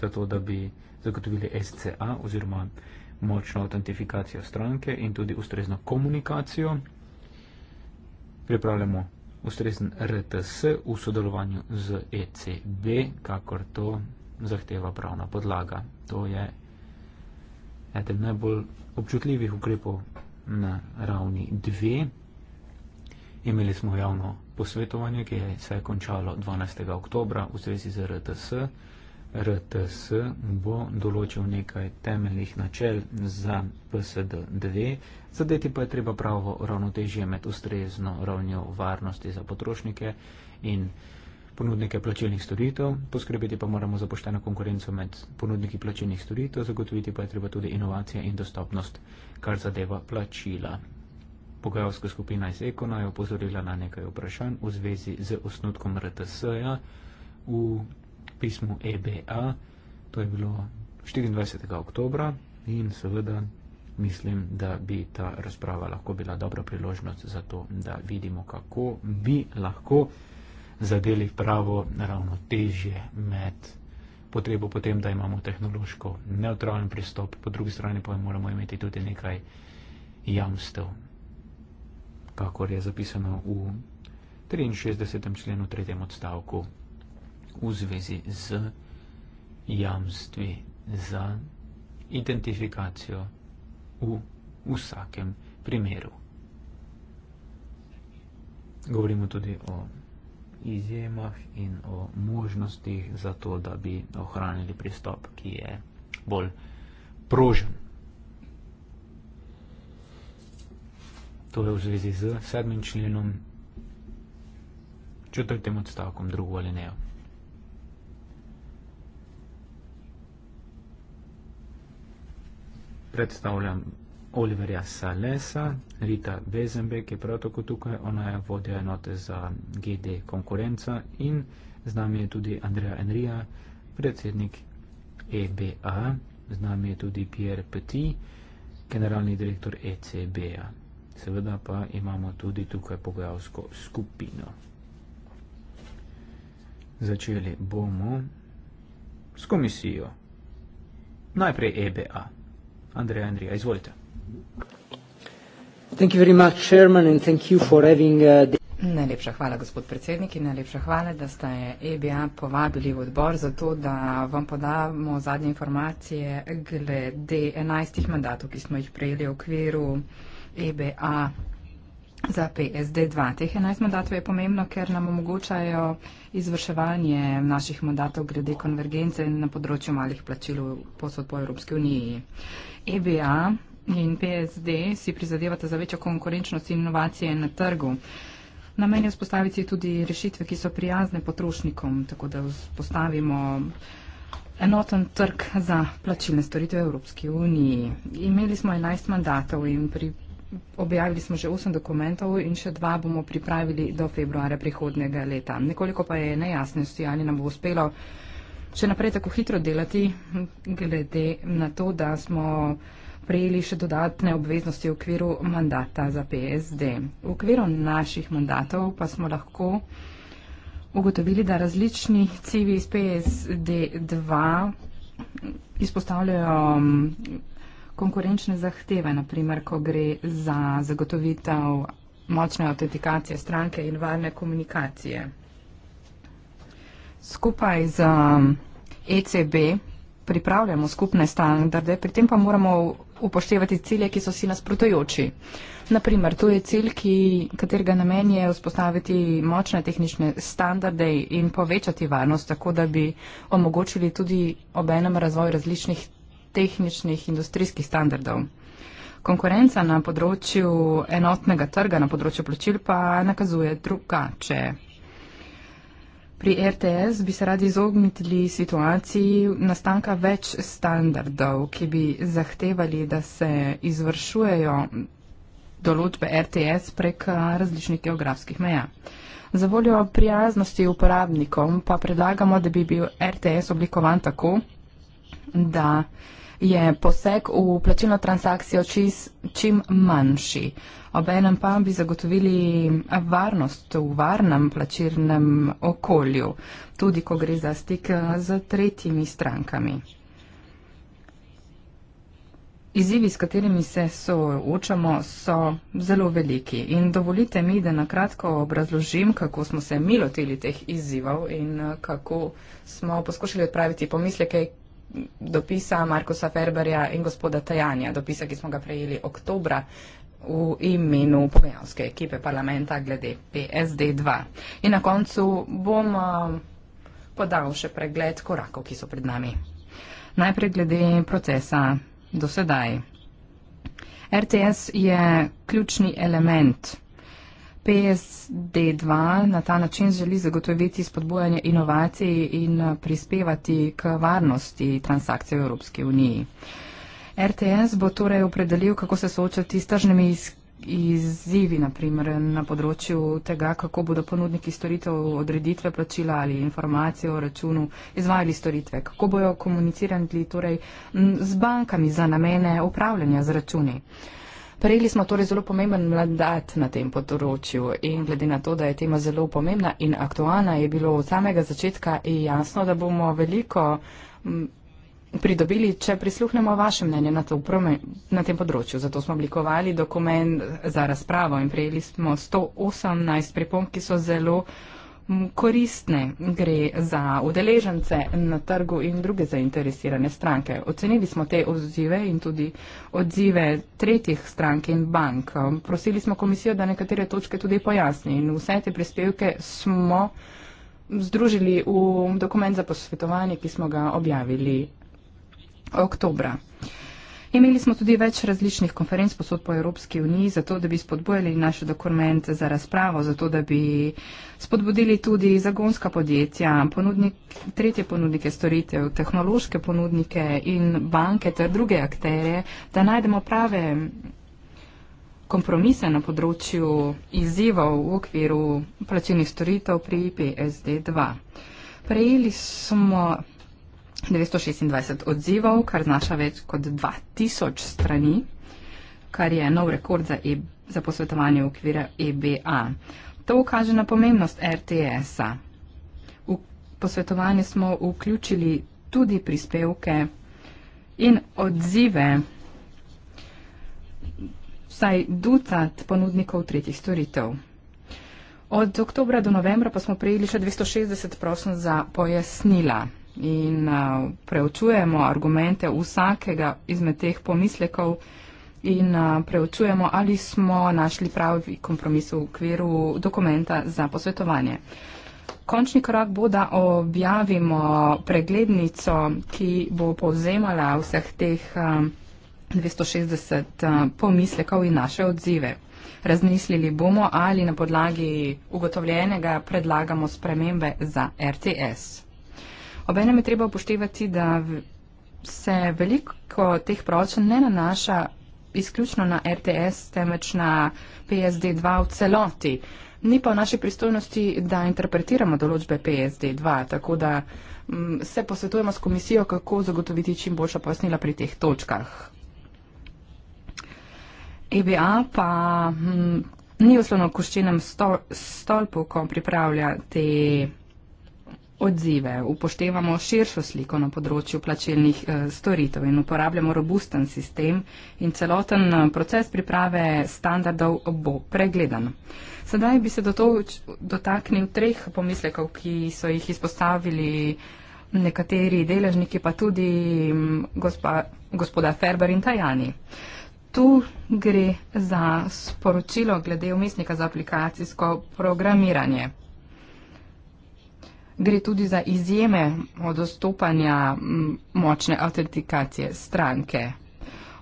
zato da bi zagotovili SCA oziroma SCA močno autentifikacijo stranke in tudi ustrezno komunikacijo. Pripravljamo ustrezen RTS v sodelovanju z ECB, kakor to zahteva pravna podlaga. To je eden najbolj občutljivih ukrepov na ravni dve. Imeli smo javno posvetovanje, ki je se končalo 12. oktobra v zvezi z RTS. RTS bo določil nekaj temeljnih načel za PSD2, zadeti pa je treba pravo ravnotežje med ustrezno ravnjo varnosti za potrošnike in ponudnike plačilnih storitev, poskrbeti pa moramo za pošteno konkurenco med ponudniki plačilnih storitev, zagotoviti pa je treba tudi inovacije in dostopnost, kar zadeva plačila. Pogajalska skupina iz Ekona je opozorila na nekaj vprašanj v zvezi z osnutkom RTS-ja v pismu EBA, to je bilo 24. oktobra in seveda mislim, da bi ta razprava lahko bila dobra priložnost za to, da vidimo, kako bi lahko zadeli pravo ravnotežje med potrebo potem, da imamo tehnološko neutralen pristop, po drugi strani pa moramo imeti tudi nekaj jamstev, kakor je zapisano v 63. členu 3. odstavku v zvezi z jamstvi za identifikacijo v vsakem primeru. Govorimo tudi o izjemah in o možnostih za to, da bi ohranili pristop, ki je bolj prožen. To je v zvezi z sedmim členom, četrtim odstavkom, drugo ali nejo. predstavljam Oliverja Salesa, Rita Bezenbeck je prav tako tukaj, ona je vodja enote za GD konkurenca in z nami je tudi Andreja Enrija, predsednik EBA, z nami je tudi Pierre Petit, generalni direktor ECB-a. Seveda pa imamo tudi tukaj pogajalsko skupino. Začeli bomo s komisijo. Najprej EBA. Andreja Andrija. Izvolite. Uh, najlepša hvala, gospod predsednik, in najlepša hvala, da ste EBA povabili v odbor za to, da vam podamo zadnje informacije glede 11 mandatov, ki smo jih prejeli v okviru EBA Za PSD 2 teh 11 mandatov je pomembno, ker nam omogočajo izvrševanje naših mandatov glede konvergence na področju malih plačil posod po Evropski uniji. EBA in PSD si prizadevata za večjo konkurenčnost in inovacije na trgu. Namen je vzpostaviti tudi rešitve, ki so prijazne potrošnikom, tako da vzpostavimo enoten trg za plačilne storitve v Evropski uniji. Imeli smo 11 mandatov in pri objavili smo že 8 dokumentov in še dva bomo pripravili do februarja prihodnega leta. Nekoliko pa je nejasnosti, ali nam bo uspelo še naprej tako hitro delati, glede na to, da smo prejeli še dodatne obveznosti v okviru mandata za PSD. V okviru naših mandatov pa smo lahko ugotovili, da različni civi iz PSD 2 izpostavljajo konkurenčne zahteve, naprimer, ko gre za zagotovitev močne autentikacije stranke in varne komunikacije. Skupaj z um, ECB pripravljamo skupne standarde, pri tem pa moramo upoštevati cilje, ki so si nasprotujoči. Naprimer, to je cilj, ki, katerega namen je vzpostaviti močne tehnične standarde in povečati varnost, tako da bi omogočili tudi obenem razvoj različnih tehničnih industrijskih standardov. Konkurenca na področju enotnega trga, na področju plačil pa nakazuje drugače. Pri RTS bi se radi izognili situaciji nastanka več standardov, ki bi zahtevali, da se izvršujejo določbe RTS prek različnih geografskih meja. Za voljo prijaznosti uporabnikom pa predlagamo, da bi bil RTS oblikovan tako, da je poseg v plačilno transakcijo čis, čim manjši. Obenem pa bi zagotovili varnost v varnem plačilnem okolju, tudi ko gre za stik z tretjimi strankami. Izzivi, s katerimi se soočamo, so zelo veliki in dovolite mi, da nakratko obrazložim, kako smo se mi lotili teh izzivov in kako smo poskušali odpraviti pomisleke, dopisa Markusa Ferberja in gospoda Tajanja, dopisa, ki smo ga prejeli oktobra v imenu pogajalske ekipe parlamenta glede PSD2. In na koncu bom eh, podal še pregled korakov, ki so pred nami. Najprej glede procesa do sedaj. RTS je ključni element. PSD2 na ta način želi zagotoviti spodbujanje inovacij in eh, prispevati k varnosti transakcij v Evropski uniji. RTS bo torej opredelil, kako se soočati s tržnimi izzivi, naprimer na področju tega, kako bodo ponudniki storitev odreditve plačila ali informacije o računu izvajali storitve, kako bojo komunicirali torej, z bankami za namene upravljanja z računi. Prejeli smo torej zelo pomemben mladat na tem področju in glede na to, da je tema zelo pomembna in aktualna, je bilo od samega začetka jasno, da bomo veliko pridobili, če prisluhnemo vaše mnenje na, to, na tem področju. Zato smo oblikovali dokument za razpravo in prejeli smo 118 pripomb, ki so zelo koristne gre za udeležence na trgu in druge zainteresirane stranke. Ocenili smo te odzive in tudi odzive tretjih strank in bank. Prosili smo komisijo, da nekatere točke tudi pojasni in vse te prispevke smo združili v dokument za posvetovanje, ki smo ga objavili oktobra. Uh, Imeli smo tudi več različnih konferenc posod po Evropski uniji, zato da bi spodbojali naš dokument za razpravo, zato da bi spodbudili tudi zagonska podjetja, ponudnik, tretje ponudnike storitev, tehnološke ponudnike in banke ter druge aktere, da najdemo prave kompromise na področju izzivov v okviru plačenih storitev pri PSD2. Prejeli smo 926 odzivov, kar znaša več kot 2000 strani, kar je nov rekord za, e za posvetovanje v okviru EBA. To kaže na pomembnost RTS-a. V posvetovanje smo vključili tudi prispevke in odzive vsaj ducat ponudnikov tretjih storitev. Od oktobra do novembra pa smo prejeli še 260 prosim za pojasnila in uh, preučujemo argumente vsakega izmed teh pomislekov in uh, preučujemo, ali smo našli pravi kompromis v okviru dokumenta za posvetovanje. Končni korak bo, da objavimo preglednico, ki bo povzemala vseh teh 260 um, uh, pomislekov in naše odzive. Razmislili bomo, ali na podlagi ugotovljenega predlagamo spremembe za RTS. Obenem je treba upoštevati, da se veliko teh pročen ne nanaša izključno na RTS, temveč na PSD2 v celoti. Ni pa v naši pristojnosti, da interpretiramo določbe PSD2, tako da mm, se posvetujemo s komisijo, kako zagotoviti čim boljša pojasnila pri teh točkah. EBA pa m, mm, ni v slonokoščenem stolpu, ko pripravlja te odzive, upoštevamo širšo sliko na področju plačilnih eh, storitev in uporabljamo robusten sistem in celoten eh, proces priprave standardov bo pregledan. Sedaj bi se dotaknil treh pomislekov, ki so jih izpostavili nekateri deležniki, pa tudi mm, gospa, gospoda Ferber in Tajani. Tu gre za sporočilo glede umestnika za aplikacijsko programiranje gre tudi za izjeme od dostopanja močne autentikacije stranke.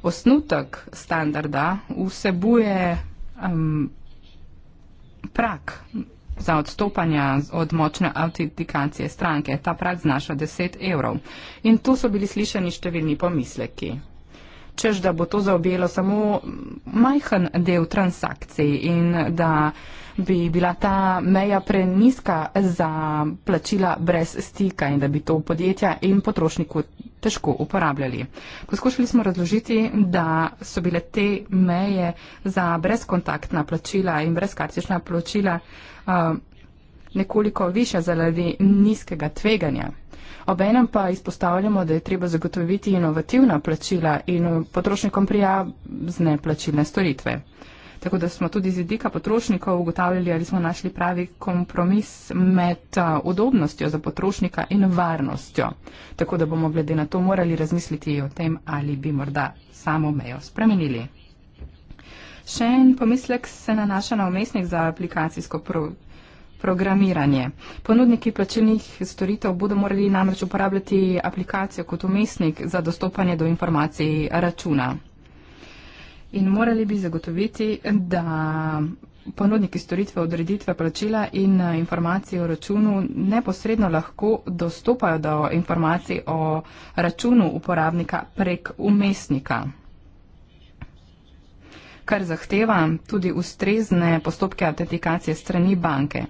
Osnutek standarda vsebuje um, prak za odstopanja od močne autentikacije stranke. Ta prak znaša 10 evrov. In tu so bili slišani številni pomisleki. Čež, da bo to zaobjelo samo majhen del transakcij in da bi bila ta meja preniska za plačila brez stika in da bi to podjetja in potrošniku težko uporabljali. Poskušali smo razložiti, da so bile te meje za brezkontaktna plačila in brezkartična plačila uh, nekoliko više zaradi nizkega tveganja. Obenem pa izpostavljamo, da je treba zagotoviti inovativna plačila in potrošnikom prija zne plačilne storitve. Uh, Tako da smo tudi z vidika potrošnikov ugotavljali, ali smo našli pravi kompromis med udobnostjo za potrošnika in varnostjo. Tako da bomo glede na to morali razmisliti o tem, ali bi morda samo mejo spremenili. Še en pomislek se nanaša na omestnik za aplikacijsko pro programiranje. Ponudniki plačilnih storitev bodo morali namreč uporabljati aplikacijo kot omestnik za dostopanje do informacij računa in morali bi zagotoviti, da ponudniki storitve odreditve plačila in eh, informacij o računu neposredno lahko dostopajo do informacij o računu uporabnika prek umestnika kar zahteva tudi ustrezne postopke autentikacije strani banke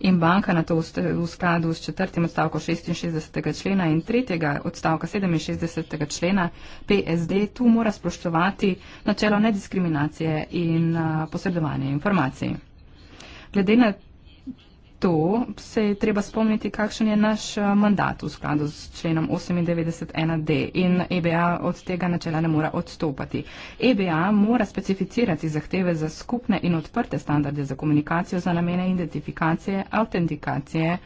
in banka na to v skladu s četrtim odstavkom 66. člena in tretjega odstavka 67. člena PSD tu mora spoštovati načelo nediskriminacije in posredovanje informacij. Glede na to se je treba spomniti, kakšen je naš eh, mandat v skladu s členom 98.1.d. in EBA od tega načela ne mora odstopati. EBA mora specificirati zahteve za skupne in odprte standarde za komunikacijo za namene identifikacije, autentikacije,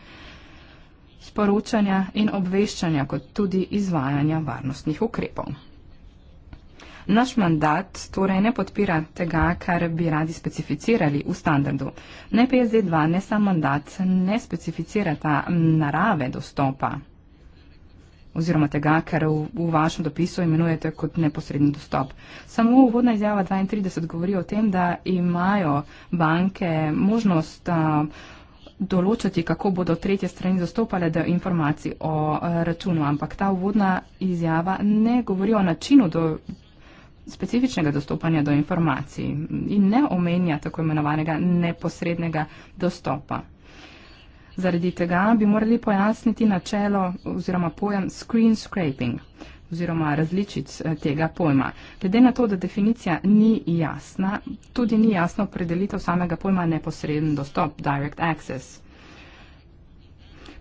sporočanja in obveščanja, kot tudi izvajanja varnostnih ukrepov. Naš mandat torej ne podpira tega, kar bi radi specificirali v standardu. Ne PSD2, ne sam mandat ne specificirata narave dostopa oziroma tega, kar v, v vašem dopisu imenujete kot neposredni dostop. Samo uvodna izjava 32 govori o tem, da imajo banke možnost a, določati, kako bodo tretje strani zastopale do informacij o a, računu, ampak ta uvodna izjava ne govori o načinu do specifičnega dostopanja do informacij in ne omenja tako imenovanega neposrednega dostopa. Zaradi tega bi morali pojasniti načelo oziroma pojem screen scraping oziroma različic eh, tega pojma. Glede na to, da definicija ni jasna, tudi ni jasno opredelitev samega pojma neposreden dostop, direct access.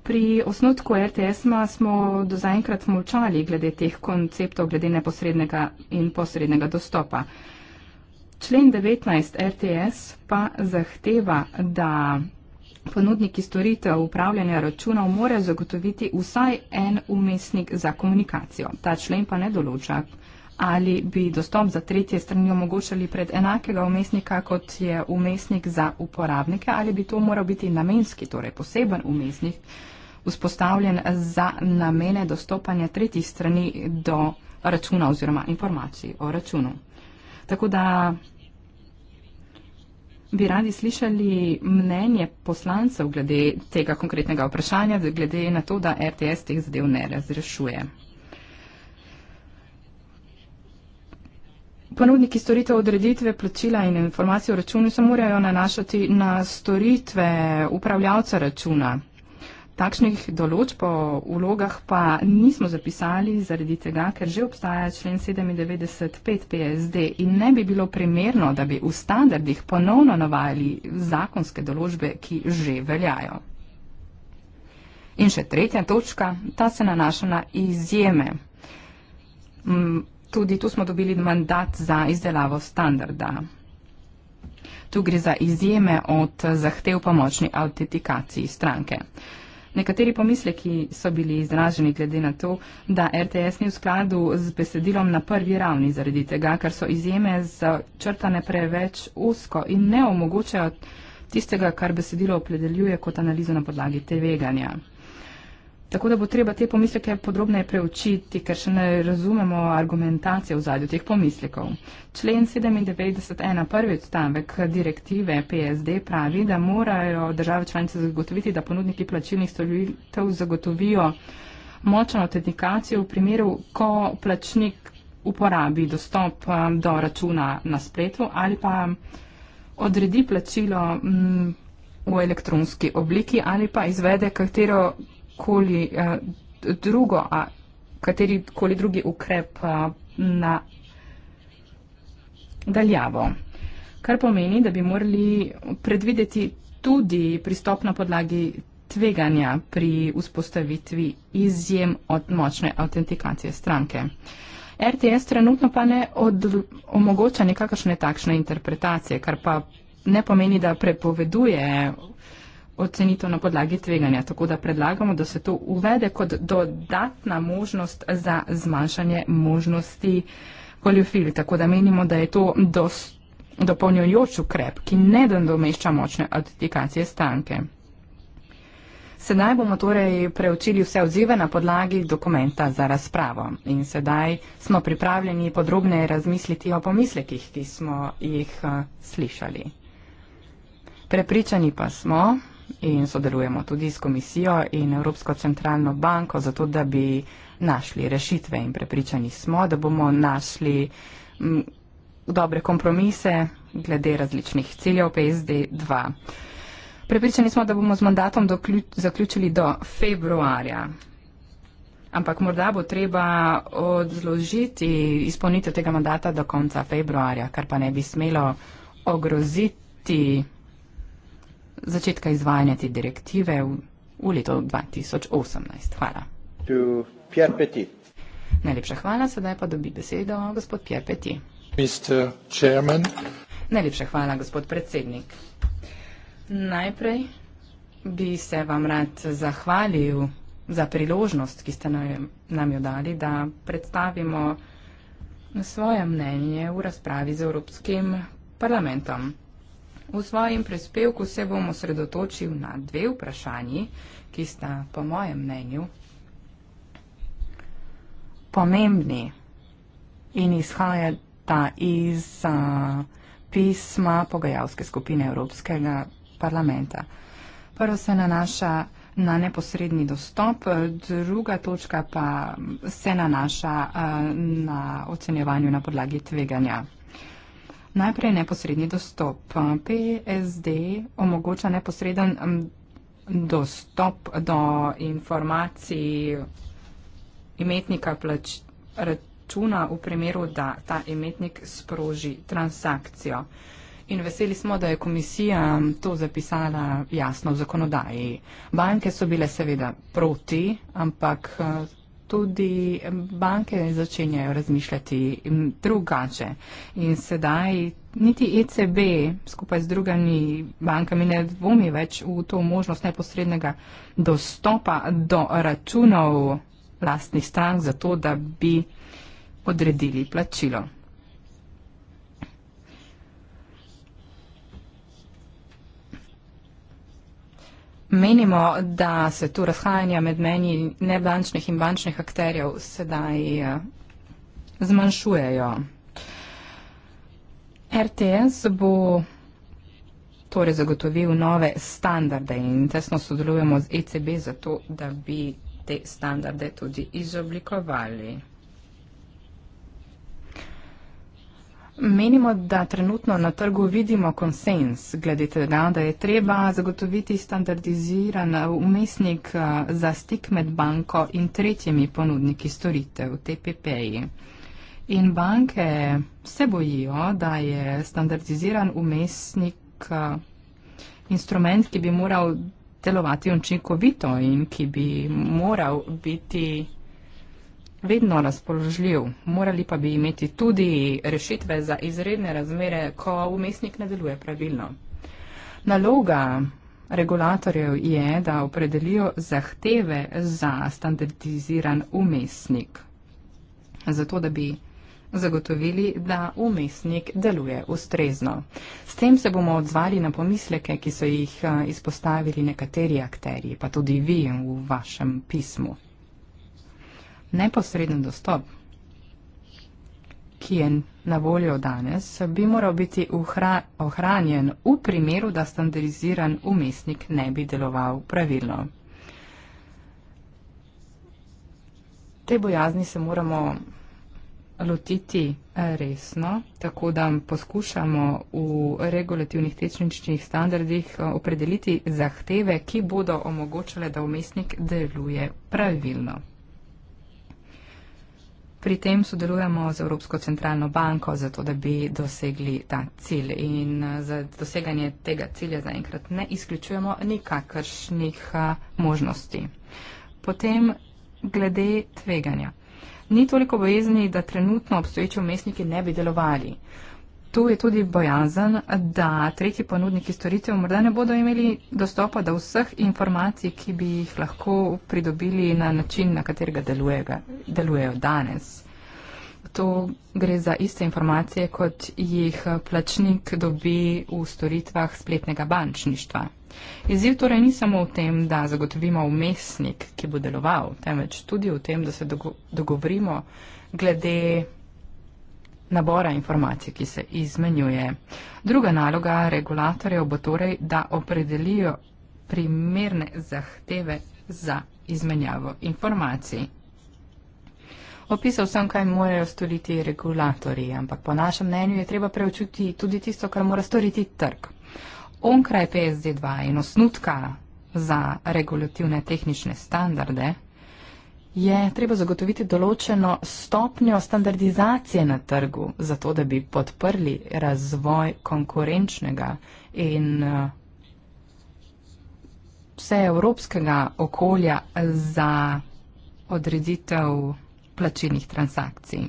Pri osnutku RTS-a smo do zaenkrat molčali glede teh konceptov, glede neposrednega in posrednega dostopa. Člen 19 RTS pa zahteva, da ponudniki storitev upravljanja računov morajo zagotoviti vsaj en umestnik za komunikacijo. Ta člen pa ne določa, ali bi dostop za tretje strani omogočali pred enakega umestnika, kot je umestnik za uporabnike, ali bi to moral biti namenski, torej poseben umestnik vzpostavljen za namene dostopanja tretjih strani do računa oziroma informacij o računu. Tako da bi radi slišali mnenje poslancev glede tega konkretnega vprašanja, glede na to, da RTS teh zadev ne razrešuje. Ponudniki storitev odreditve plačila in informacij o računu se morajo nanašati na storitve upravljavca računa. Takšnih določb o vlogah pa nismo zapisali zaradi tega, ker že obstaja člen 975 PSD in ne bi bilo primerno, da bi v standardih ponovno navajali zakonske določbe, ki že veljajo. In še tretja točka, ta se nanaša na izjeme. Mm, tudi tu smo dobili mandat za izdelavo standarda. Tu gre za izjeme od zahtev pomočni autentikaciji stranke. Nekateri pomisleki so bili izraženi glede na to, da RTS ni v skladu z besedilom na prvi ravni zaradi tega, ker so izjeme črtane preveč usko in ne omogočajo tistega, kar besedilo opredeljuje kot analizo na podlagi teveganja. Tako da bo treba te pomisleke podrobneje preučiti, ker še ne razumemo argumentacije v zadju teh pomislekov. Člen 97.1. prvi odstavek direktive PSD pravi, da morajo države članice zagotoviti, da ponudniki plačilnih storitev zagotovijo močno autentikacijo v primeru, ko plačnik uporabi dostop um, do računa na spletu ali pa odredi plačilo mm, v elektronski obliki ali pa izvede katero koli eh, drugo, kateri koli drugi ukrep eh, na daljavo. Kar pomeni, da bi morali predvideti tudi pristop na podlagi tveganja pri vzpostavitvi izjem od močne autentikacije stranke. RTS trenutno pa ne omogoča nekakšne takšne interpretacije, kar pa ne pomeni, da prepoveduje ocenitev na podlagi tveganja. Tako da predlagamo, da se to uvede kot dodatna možnost za zmanjšanje možnosti koliofil. Tako da menimo, da je to dopolnjujoč ukrep, ki ne domešča močne autentikacije stranke. Sedaj bomo torej preučili vse odzive na podlagi dokumenta za razpravo in sedaj smo pripravljeni podrobneje razmisliti o pomislekih, ki smo jih eh, slišali. Prepričani pa smo, in sodelujemo tudi s komisijo in Evropsko centralno banko, zato da bi našli rešitve in prepričani smo, da bomo našli m, dobre kompromise glede različnih ciljev PSD 2. Prepričani smo, da bomo z mandatom doklju, zaključili do februarja. Ampak morda bo treba odložiti izpolnitev tega mandata do konca februarja, kar pa ne bi smelo ogroziti začetka izvajanja te direktive v, v letu 2018. Hvala. Najlepša hvala, sedaj pa dobi besedo gospod Pierre Peti. Najlepša hvala, gospod predsednik. Najprej bi se vam rad zahvalil za priložnost, ki ste nam jo dali, da predstavimo svoje mnenje v razpravi z Evropskim parlamentom. V svojem prispevku se bom osredotočil na dve vprašanji, ki sta po mojem mnenju pomembni in izhajata iz a, pisma pogajalske skupine Evropskega parlamenta. Prvo se nanaša na neposredni dostop, druga točka pa se nanaša a, eh, na ocenjevanju na podlagi tveganja. Najprej neposredni dostop. PSD omogoča neposreden dostop do informacij imetnika plač, računa v primeru, da ta imetnik sproži transakcijo. In veseli smo, da je komisija to zapisala jasno v zakonodaji. Banke so bile seveda proti, ampak tudi banke začenjajo razmišljati drugače. In sedaj niti ECB skupaj z drugimi bankami ne dvomi več v to možnost neposrednega dostopa do računov lastnih strank, zato da bi odredili plačilo. Menimo, da se tu razhajanja med meni nebančnih in bančnih akterjev sedaj eh, zmanjšujejo. RTS bo torej zagotovil nove standarde in tesno sodelujemo z ECB za to, da bi te standarde tudi izoblikovali. Menimo, da trenutno na trgu vidimo konsens glede tega, da je treba zagotoviti standardiziran uh, umestnik uh, za stik med banko in tretjimi ponudniki storitev, TPP-ji. In banke se bojijo, da je standardiziran umestnik uh, instrument, ki bi moral delovati učinkovito in ki bi moral biti vedno razpoložljiv, morali pa bi imeti tudi rešitve za izredne razmere, ko umestnik ne deluje pravilno. Naloga regulatorjev je, da opredelijo zahteve za standardiziran umestnik, zato da bi zagotovili, da umestnik deluje ustrezno. S tem se bomo odzvali na pomisleke, ki so jih eh, izpostavili nekateri akteri, pa tudi vi v vašem pismu neposreden dostop, ki je na voljo danes, bi moral biti uhra, ohranjen v primeru, da standardiziran umestnik ne bi deloval pravilno. Te bojazni se moramo lotiti eh, resno, tako da poskušamo v regulativnih tehničnih standardih eh, opredeliti zahteve, ki bodo omogočale, da umestnik deluje pravilno. Pri tem sodelujemo z Evropsko centralno banko, zato da bi dosegli ta cilj. In eh, za doseganje tega cilja zaenkrat ne izključujemo nikakršnih eh, možnosti. Potem glede tveganja. Ni toliko bojezni, da trenutno obstoječi umestniki ne bi delovali tu je tudi bojazen, da tretji ponudniki storitev morda ne bodo imeli dostopa do vseh informacij, ki bi jih lahko pridobili na način, na katerega delujega, delujejo danes. To gre za iste informacije, kot jih plačnik dobi v storitvah spletnega bančništva. Izziv torej ni samo v tem, da zagotovimo umestnik, ki bo deloval, temveč tudi v tem, da se dogo dogovorimo glede nabora informacij, ki se izmenjuje. Druga naloga regulatorjev bo torej, da opredelijo primerne zahteve za izmenjavo informacij. Opisal sem, kaj morajo storiti regulatori, ampak po našem mnenju je treba preučiti tudi tisto, kar mora storiti trg. Onkraj PSD2 in osnutka za regulativne tehnične standarde je treba zagotoviti določeno stopnjo standardizacije na trgu, zato da bi podprli razvoj konkurenčnega in eh, vseevropskega okolja za odreditev plačilnih transakcij.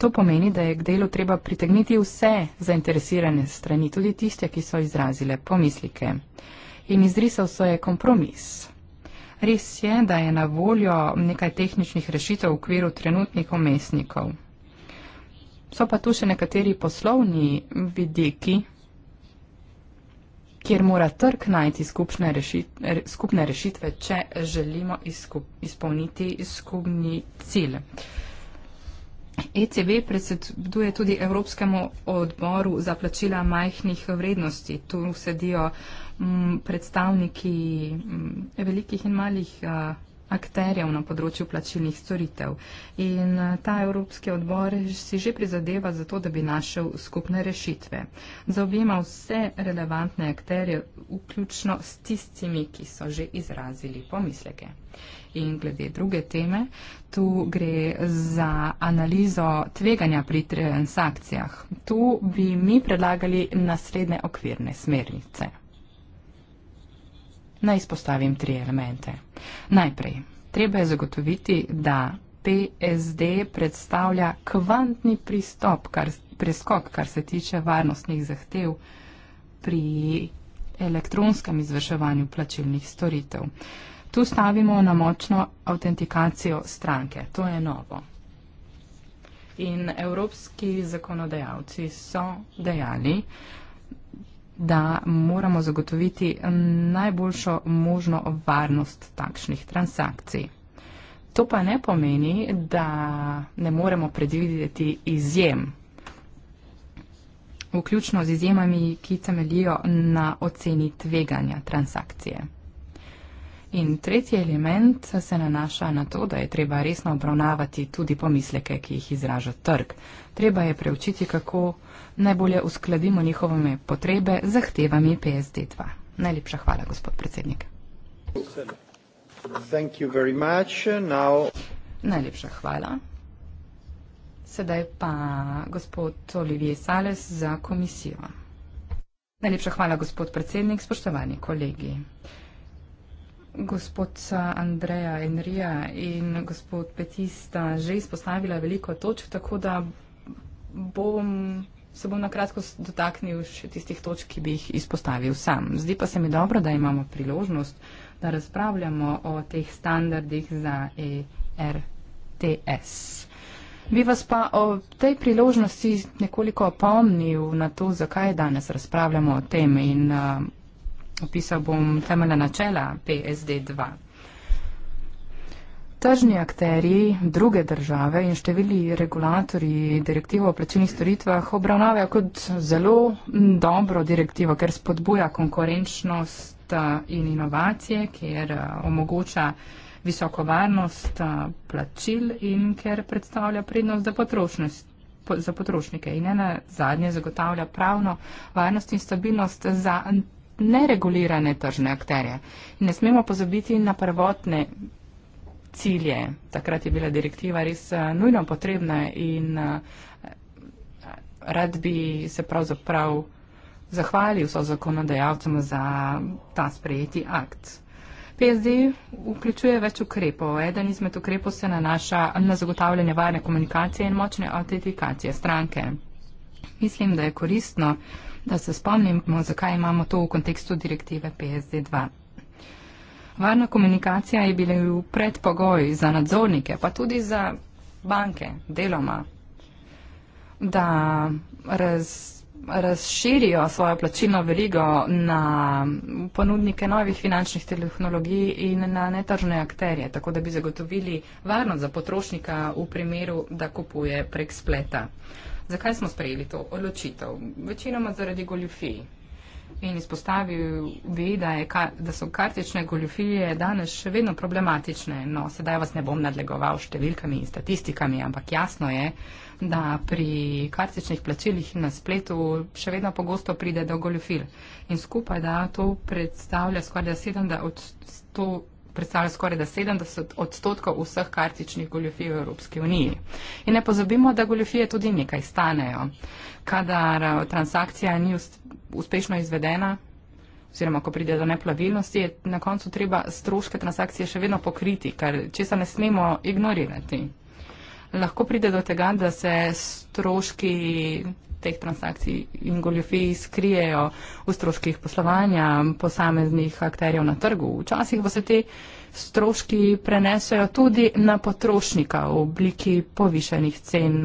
To pomeni, da je k delu treba pritegniti vse zainteresirane strani, tudi tiste, ki so izrazile pomislike. In izrisal so je kompromis. Res je, da je na voljo nekaj tehničnih rešitev v okviru trenutnih omestnikov. So pa tu še nekateri poslovni vidiki, kjer mora trg najti skupne, rešit, re, skupne rešitve, če želimo izkup, izpolniti skupni cilj. ECB predseduje tudi Evropskemu odboru za plačila majhnih vrednosti. Tu sedijo uh, predstavniki velikih in malih akterjev na področju plačilnih storitev. In ta Evropski odbor si že prizadeva za to, da bi našel skupne rešitve. Zaobjema vse relevantne akterje, vključno s tistimi, ki so že izrazili pomisleke. In glede druge teme, tu gre za analizo tveganja pri transakcijah. Tu bi mi predlagali naslednje okvirne smernice naj izpostavim tri elemente. Najprej, treba je zagotoviti, da PSD predstavlja kvantni pristop, kar, preskok, kar se tiče varnostnih zahtev pri elektronskem izvrševanju plačilnih storitev. Tu stavimo na močno autentikacijo stranke. To je novo. In evropski zakonodajalci so dejali, da moramo zagotoviti najboljšo možno varnost takšnih transakcij. To pa ne pomeni, da ne moremo predvideti izjem, vključno z izjemami, ki temeljijo na oceni tveganja transakcije. In tretji element se nanaša na to, da je treba resno obravnavati tudi pomisleke, ki jih izraža trg treba je preučiti, kako najbolje uskladimo njihovimi potrebe z zahtevami PSD2. Najlepša hvala, gospod predsednik. Now... Najlepša hvala. Sedaj pa gospod Olivier Sales za komisijo. Najlepša hvala, gospod predsednik, spoštovani kolegi. Gospod Andreja Enrija in gospod Petista že izpostavila veliko točk, tako da bom, se bom na kratko dotaknil še tistih točk, ki bi jih izpostavil sam. Zdi pa se mi dobro, da imamo priložnost, da razpravljamo o teh standardih za ERTS. Bi vas pa o tej priložnosti nekoliko opomnil na to, zakaj danes razpravljamo o tem in uh, opisal bom temeljna načela PSD 2. Tržni akteriji, druge države in številni regulatori direktivo o plačilnih storitvah obravnavajo kot zelo dobro direktivo, ker spodbuja konkurenčnost eh, in inovacije, ker eh, omogoča visoko varnost eh, plačil in ker predstavlja prednost za, za potrošnike in ena zadnje zagotavlja pravno varnost in stabilnost za neregulirane tržne akterje. Ne smemo pozabiti na prvotne cilje. Takrat je bila direktiva res eh, nujno potrebna in eh, rad bi se pravzaprav zahvalil so zakonodajalcem za ta sprejeti akt. PSD vključuje več ukrepov. Eden izmed ukrepov se nanaša na zagotavljanje varne komunikacije in močne autentifikacije stranke. Mislim, da je koristno, da se spomnimo, zakaj imamo to v kontekstu direktive PSD 2. Varna komunikacija je bila v predpogoj za nadzornike, pa tudi za banke, deloma, da raz, razširijo svojo plačilno verigo na ponudnike novih finančnih tehnologij in na netržne akterje, tako da bi zagotovili varnost za potrošnika v primeru, da kupuje prek spleta. Zakaj smo sprejeli to odločitev? Večinoma zaradi goljufij in izpostavil bi, da, je, da so kartične goljofilije danes še vedno problematične. No, sedaj vas ne bom nadlegoval številkami in statistikami, ampak jasno je, da pri kartičnih plačilih na spletu še vedno pogosto pride do goljofil. In skupaj, da to predstavlja skoraj, da 70, od sto, predstavlja skoraj da 70 odstotkov vseh kartičnih goljofij v Evropski uniji. In ne pozabimo, da goljofije tudi nekaj stanejo. Kadar eh, transakcija ni ustvarjena, uspešno izvedena, oziroma ko pride do nepravilnosti, je na koncu treba stroške transakcije še vedno pokriti, kar česa ne smemo ignorirati. Lahko pride do tega, da se stroški teh transakcij in goljofij skrijejo v stroških poslovanja posameznih akterjev na trgu. Včasih pa se te stroški prenesejo tudi na potrošnika v obliki povišenih cen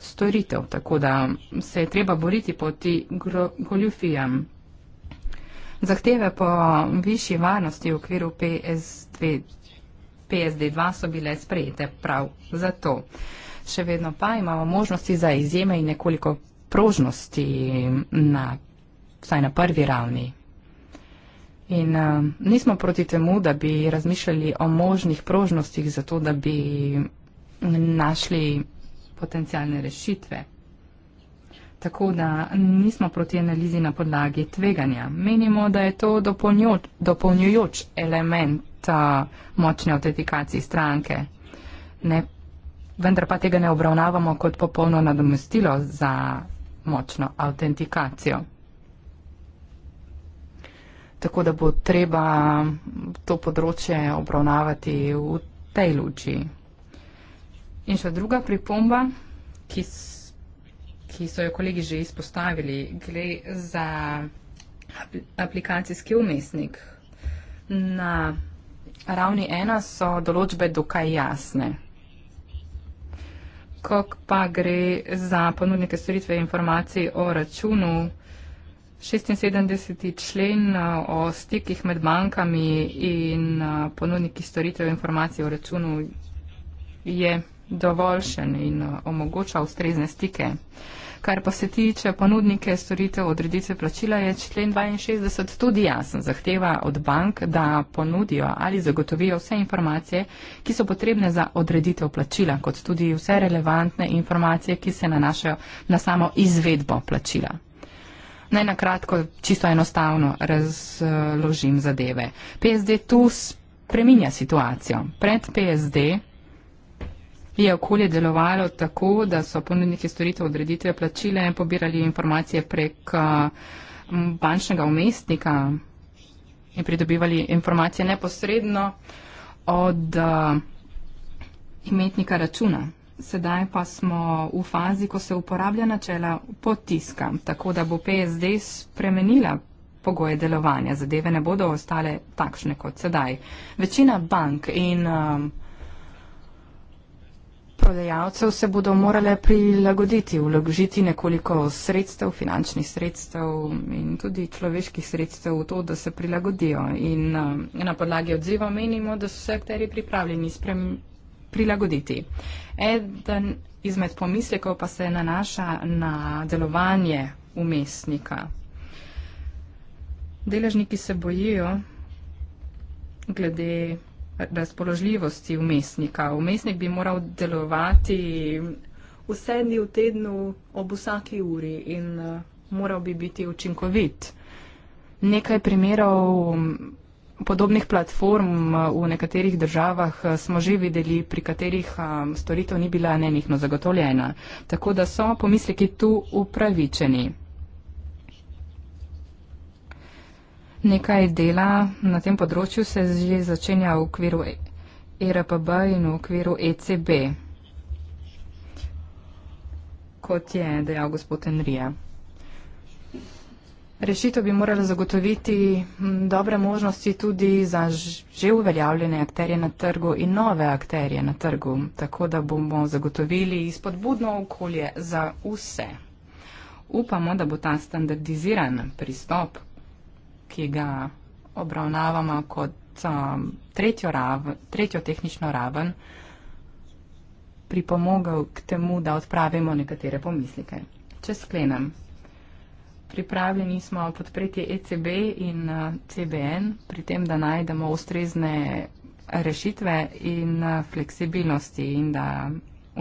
storitev. Tako da se je treba boriti proti goljufijam. Zahteve po višji varnosti v okviru PS2, PSD2 so bile sprejete prav zato. Še vedno pa imamo možnosti za izjeme in nekoliko prožnosti na, vsaj na prvi ravni. In uh, nismo proti temu, da bi razmišljali o možnih prožnostih za to, da bi našli potencijalne rešitve. Tako da nismo proti analizi na podlagi tveganja. Menimo, da je to dopolnjoč, dopolnjujoč element močne autentikacije stranke. Ne, vendar pa tega ne obravnavamo kot popolno nadomestilo za močno autentikacijo. Tako da bo treba to področje obravnavati v tej luči. In še druga pripomba, ki, s, ki so jo kolegi že izpostavili, gre za aplikacijski umestnik. Na ravni ena so določbe dokaj jasne. Ko pa gre za ponudnike storitve informacij o računu, 76. člen o stikih med bankami in ponudniki storitev informacij o računu je dovoljšen in eh, omogoča ustrezne stike. Kar pa se tiče ponudnike storitev odreditve plačila, je člen 62 tudi jasen. Zahteva od bank, da ponudijo ali zagotovijo vse informacije, ki so potrebne za odreditev plačila, kot tudi vse relevantne informacije, ki se nanašajo na samo izvedbo plačila. Naj na kratko, čisto enostavno razložim zadeve. PSD tu spreminja situacijo. Pred PSD je okolje delovalo tako, da so ponudniki storitev odreditve plačile in pobirali informacije prek eh, bančnega umestnika in pridobivali informacije neposredno od eh, imetnika računa. Sedaj pa smo v fazi, ko se uporablja načela potiska, tako da bo PSD spremenila pogoje delovanja. Zadeve ne bodo ostale takšne kot sedaj. Večina bank in um, prodajalcev se bodo morale prilagoditi, vložiti nekoliko sredstev, finančnih sredstev in tudi človeških sredstev v to, da se prilagodijo. In eh, na podlagi odziva menimo, da so se akteri pripravljeni sprem, prilagoditi. Eden izmed pomislekov pa se nanaša na delovanje umestnika. Deležniki se bojijo glede razpoložljivosti umestnika. Umestnik bi moral delovati vse dni v tednu ob vsaki uri in eh, moral bi biti učinkovit. Nekaj primerov mm, podobnih platform eh, v nekaterih državah eh, smo že videli, pri katerih storitev ni bila nenehno zagotovljena. Tako da so pomisleki tu upravičeni. Nekaj dela na tem področju se že začenja v okviru ERPB in v okviru ECB, kot je dejal gospod Enrije. Rešitev bi morala zagotoviti hm, dobre možnosti tudi za že uveljavljene akterje na trgu in nove akterje na trgu, tako da bomo zagotovili spodbudno okolje za vse. Upamo, da bo ta standardiziran pristop ki ga obravnavamo kot um, tretjo, tretjo tehnično raven, pripomogel k temu, da odpravimo nekatere pomislike. Če sklenem, pripravljeni smo podpreti ECB in uh, CBN pri tem, da najdemo ustrezne rešitve in uh, fleksibilnosti in da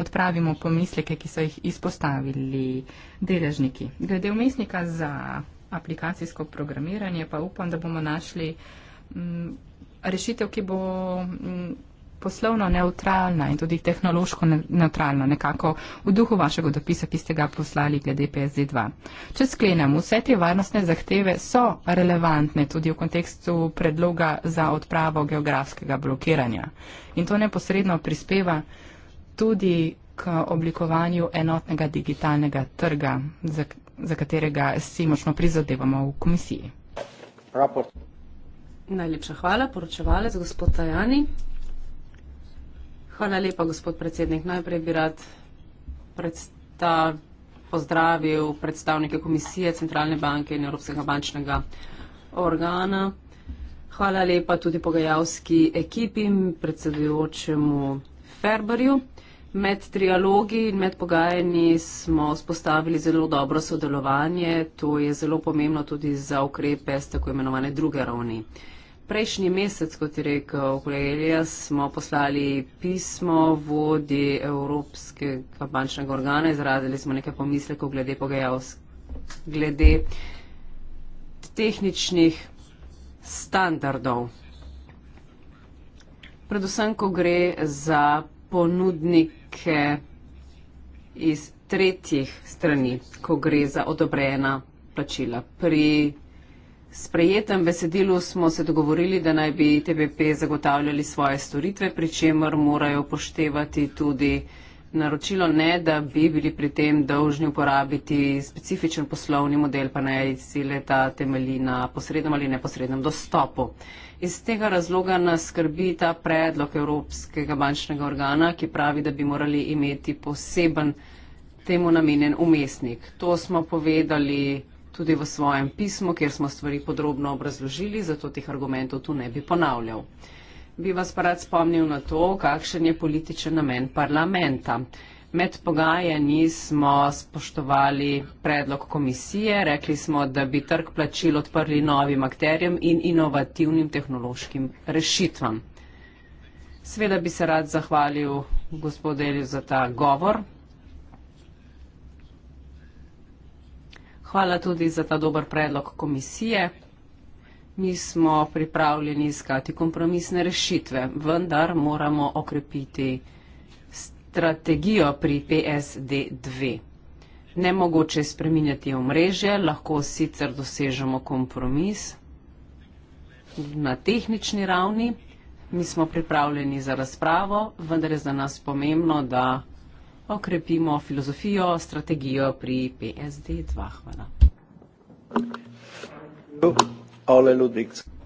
odpravimo pomislike, ki so jih izpostavili deležniki. Glede umestnika za aplikacijsko programiranje, pa upam, da bomo našli m, mm, rešitev, ki bo m, mm, poslovno neutralna in tudi tehnološko neutralna, nekako v duhu vašega dopisa, ki ste ga poslali glede PSD2. Če sklenem, vse te varnostne zahteve so relevantne tudi v kontekstu predloga za odpravo geografskega blokiranja in to neposredno prispeva tudi k oblikovanju enotnega digitalnega trga, za katerega si močno prizadevamo v komisiji. Raport. Najlepša hvala, poročevalec, gospod Tajani. Hvala lepa, gospod predsednik. Najprej bi rad predsta, pozdravil predstavnike komisije Centralne banke in Evropskega bančnega organa. Hvala lepa tudi pogajalski ekipi, predsedujočemu Ferberju. Med trialogi in med pogajanji smo spostavili zelo dobro sodelovanje. To je zelo pomembno tudi za ukrepe z tako imenovane druge ravni. Prejšnji mesec, kot je rekel kolega Elias, smo poslali pismo vodi Evropskega bančnega organa, izrazili smo nekaj pomislekov glede pogajalskih, glede tehničnih standardov. Predvsem, ko gre za ponudnik kritike iz tretjih strani, ko gre za odobrena plačila. Pri sprejetem besedilu smo se dogovorili, da naj bi TBP zagotavljali svoje storitve, pri čemer morajo poštevati tudi naročilo, ne da bi bili pri tem dolžni uporabiti specifičen poslovni model, pa naj si leta temelji na posrednem ali neposrednem dostopu. Iz tega razloga nas skrbi ta predlog Evropskega bančnega organa, ki pravi, da bi morali imeti poseben temu namenjen umestnik. To smo povedali tudi v svojem pismu, kjer smo stvari podrobno obrazložili, zato teh argumentov tu ne bi ponavljal. Bi vas pa rad spomnil na to, kakšen je političen namen parlamenta. Med pogajanji smo spoštovali predlog komisije, rekli smo, da bi trg plačil odprli novim akterjem in inovativnim tehnološkim rešitvam. Sveda bi se rad zahvalil gospodelju za ta govor. Hvala tudi za ta dober predlog komisije. Mi smo pripravljeni iskati kompromisne rešitve, vendar moramo okrepiti strategijo pri PSD2. Nemogoče je spreminjati omrežje, lahko sicer dosežemo kompromis na tehnični ravni. Mi smo pripravljeni za razpravo, vendar je za nas pomembno, da okrepimo filozofijo, strategijo pri PSD2. Hvala.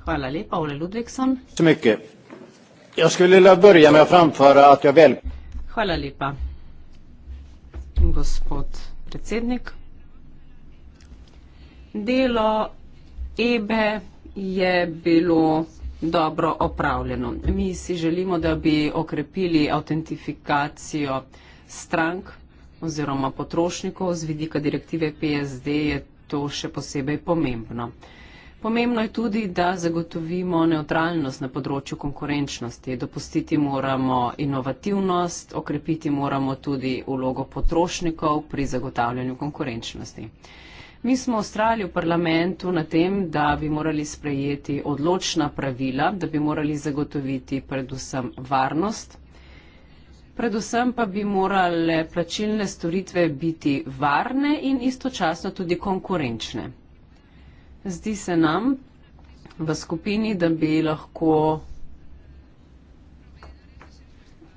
Hvala lepa, Ole Ludvigson. Jaz bi želela začeti, da vam predstavim, da jaz veliko. Hvala lepa. Gospod predsednik. Delo EBE je bilo dobro opravljeno. Mi si želimo, da bi okrepili autentifikacijo strank oziroma potrošnikov z vidika direktive PSD je to še posebej pomembno. Pomembno je tudi, da zagotovimo neutralnost na področju konkurenčnosti. Dopustiti moramo inovativnost, okrepiti moramo tudi ulogo potrošnikov pri zagotavljanju konkurenčnosti. Mi smo ostrali v parlamentu na tem, da bi morali sprejeti odločna pravila, da bi morali zagotoviti predvsem varnost. Predvsem pa bi morale plačilne storitve biti varne in istočasno tudi konkurenčne. Zdi se nam v skupini, da bi lahko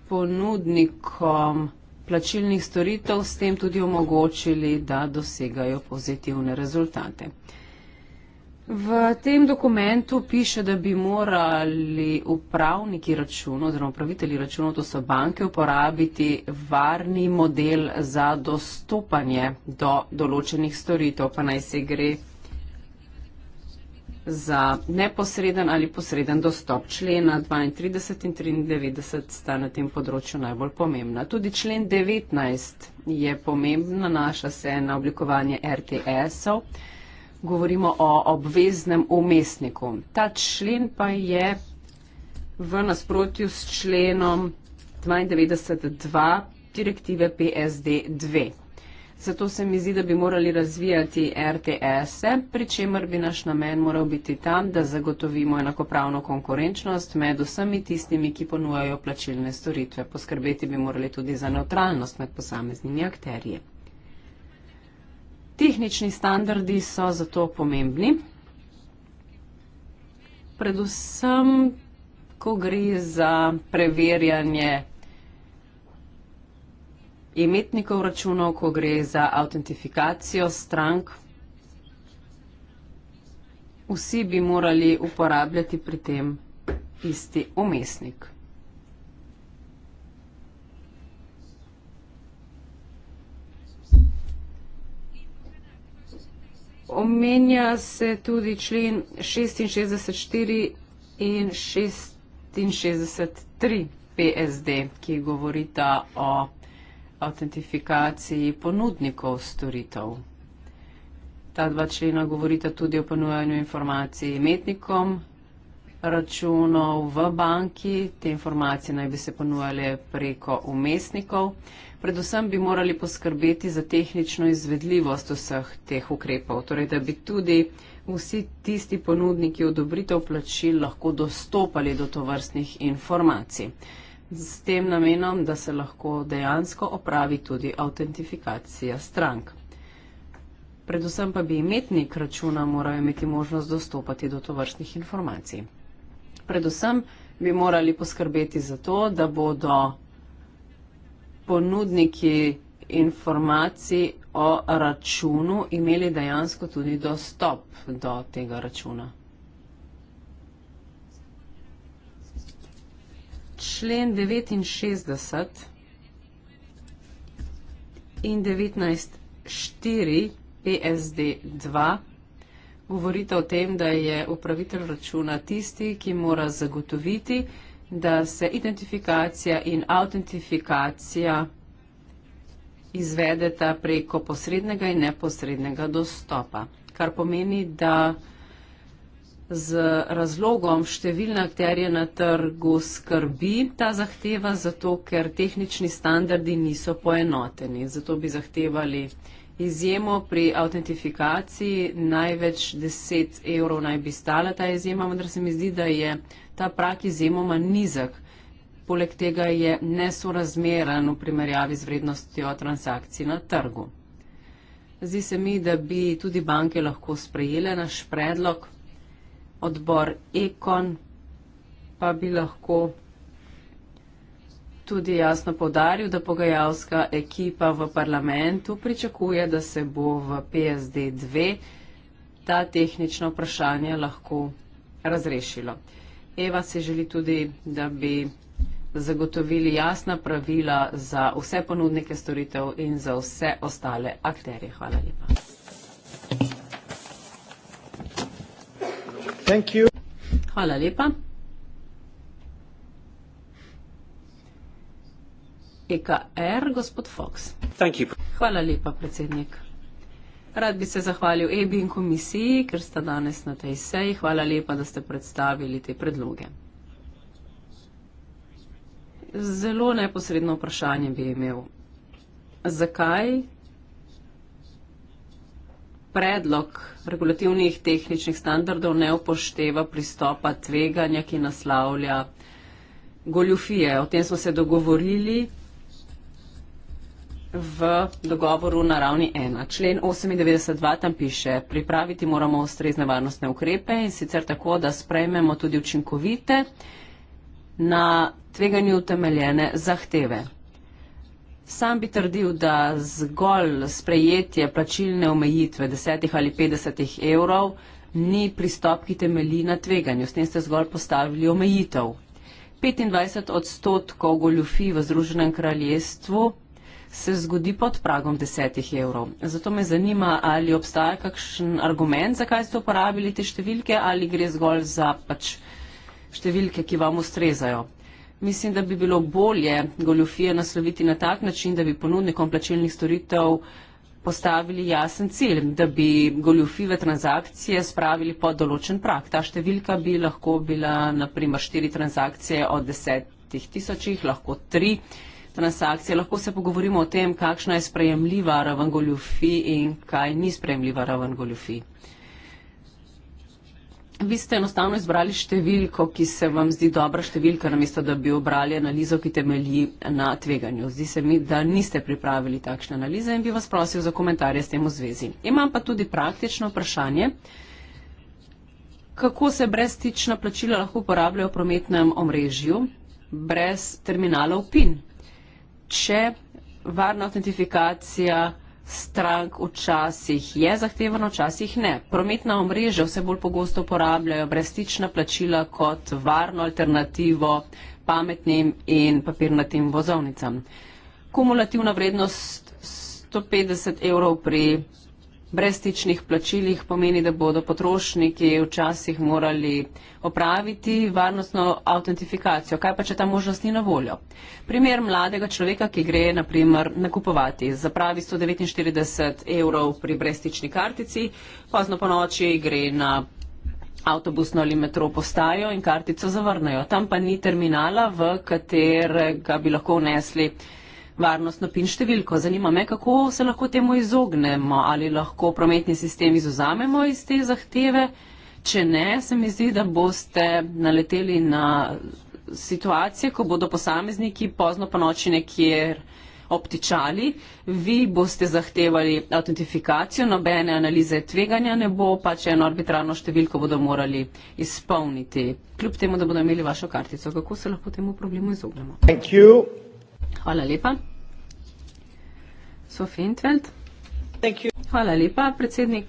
ponudnikom plačilnih storitev s tem tudi omogočili, da dosegajo pozitivne rezultate. V tem dokumentu piše, da bi morali upravniki računov oziroma upravitelji računov, to so banke, uporabiti varni model za dostopanje do določenih storitev, pa naj se gre za neposreden ali posreden dostop. Člena 32 in 93 sta na tem področju najbolj pomembna. Tudi člen 19 je pomemben, nanaša se na oblikovanje RTS-ov. Govorimo o obveznem umestniku. Ta člen pa je v nasprotju s členom 92.2 direktive PSD 2. Zato se mi zdi, da bi morali razvijati RTS, -e, pri čemer bi naš namen moral biti tam, da zagotovimo enakopravno konkurenčnost med vsemi tistimi, ki ponujajo plačilne storitve. Poskrbeti bi morali tudi za neutralnost med posameznimi akterji. Tehnični standardi so zato pomembni. Predvsem, ko gre za preverjanje imetnikov računov, ko gre za autentifikacijo strank. Vsi bi morali uporabljati pri tem isti omesnik. Omenja se tudi člen 66.4 in 66.3 PSD, ki govorita o autentifikaciji ponudnikov storitev. Ta dva člena govorita tudi o ponujanju informacij imetnikom računov v banki. Te informacije naj bi se ponujale preko umestnikov. Predvsem bi morali poskrbeti za tehnično izvedljivost vseh teh ukrepov, torej da bi tudi vsi tisti ponudniki odobritev plačil lahko dostopali do tovrstnih informacij s tem namenom, da se lahko dejansko opravi tudi autentifikacija strank. Predvsem pa bi imetnik računa moral imeti možnost dostopati do tovrstnih informacij. Predvsem bi morali poskrbeti za to, da bodo ponudniki informacij o računu imeli dejansko tudi dostop do tega računa. člen 69 in 19.4 PSD 2 govorita o tem, da je upravitelj računa tisti, ki mora zagotoviti, da se identifikacija in autentifikacija izvedeta preko posrednega in neposrednega dostopa. Kar pomeni, da z razlogom številne akterje na trgu skrbi ta zahteva, zato ker tehnični standardi niso poenoteni. Zato bi zahtevali izjemo pri autentifikaciji, največ 10 evrov naj bi stala ta izjema, vendar se mi zdi, da je ta prak izjemoma nizek. Poleg tega je nesorazmeren v primerjavi z vrednostjo transakcij na trgu. Zdi se mi, da bi tudi banke lahko sprejele naš predlog odbor Ekon, pa bi lahko tudi jasno podaril, da pogajalska ekipa v parlamentu pričakuje, da se bo v PSD 2 ta tehnično vprašanje lahko razrešilo. Eva se želi tudi, da bi zagotovili jasna pravila za vse ponudnike storitev in za vse ostale akterje. Hvala lepa. Thank you. Hvala lepa. EKR, er, gospod Fox. Thank you. Hvala lepa, predsednik. Rad bi se zahvalil EBI in komisiji, ker sta danes na tej seji. Hvala lepa, da ste predstavili te predloge. Zelo neposredno vprašanje bi imel. Zakaj predlog regulativnih tehničnih standardov ne upošteva pristopa tveganja, ki naslavlja goljufije. O tem smo se dogovorili v dogovoru na ravni 1. Člen 98.2 tam piše, pripraviti moramo ustrezne varnostne ukrepe in sicer tako, da sprejmemo tudi učinkovite na tveganju utemeljene zahteve. Sam bi trdil, da zgolj sprejetje plačilne omejitve 10 ali 50 evrov ni pristop, ki temelji na tveganju. S tem ste zgolj postavili omejitev. 25 odstotkov goljufij v Združenem kraljestvu se zgodi pod pragom 10 evrov. Zato me zanima, ali obstaja kakšen argument, zakaj ste uporabili te številke, ali gre zgolj za pač, številke, ki vam ustrezajo. Mislim, da bi bilo bolje goljofije nasloviti na tak način, da bi ponudnikom plačilnih storitev postavili jasen cilj, da bi goljofive transakcije spravili pod določen prak. Ta številka bi lahko bila naprimer štiri transakcije od desetih tisočih, lahko tri transakcije. Lahko se pogovorimo o tem, kakšna je sprejemljiva raven goljofi in kaj ni sprejemljiva raven goljofi. Vi ste enostavno izbrali številko, ki se vam zdi dobra številka, namesto da bi obrali analizo, ki temelji na tveganju. Zdi se mi, da niste pripravili takšne analize in bi vas prosil za komentarje s tem v zvezi. Imam pa tudi praktično vprašanje, kako se brezstična plačila lahko uporabljajo v prometnem omrežju brez terminalov PIN, če varna autentifikacija strank včasih je zahtevano, včasih ne. Prometna omrežja vse bolj pogosto uporabljajo brezstična plačila kot varno alternativo pametnim in papirnatim vozovnicam. Kumulativna vrednost 150 evrov pri brezstičnih plačilih pomeni, da bodo potrošniki včasih morali opraviti varnostno autentifikacijo. Kaj pa, če ta možnost ni na voljo? Primer mladega človeka, ki gre naprimer nakupovati, zapravi 149 evrov pri brezstični kartici, pozno po noči gre na avtobusno ali metro postajo in kartico zavrnejo. Tam pa ni terminala, v katerega bi lahko vnesli varnostno pin številko. Zanima me, kako se lahko temu izognemo, ali lahko prometni sistem izuzamemo iz te zahteve. Če ne, se mi zdi, da boste naleteli na situacije, ko bodo posamezniki pozno po noči nekjer optičali, vi boste zahtevali autentifikacijo, nobene analize tveganja ne bo, pa če eno arbitrarno številko bodo morali izpolniti, kljub temu, da bodo imeli vašo kartico. Kako se lahko temu problemu izognemo? Hvala. Hvala lepa. Sofi Intveld. Hvala lepa, predsednik.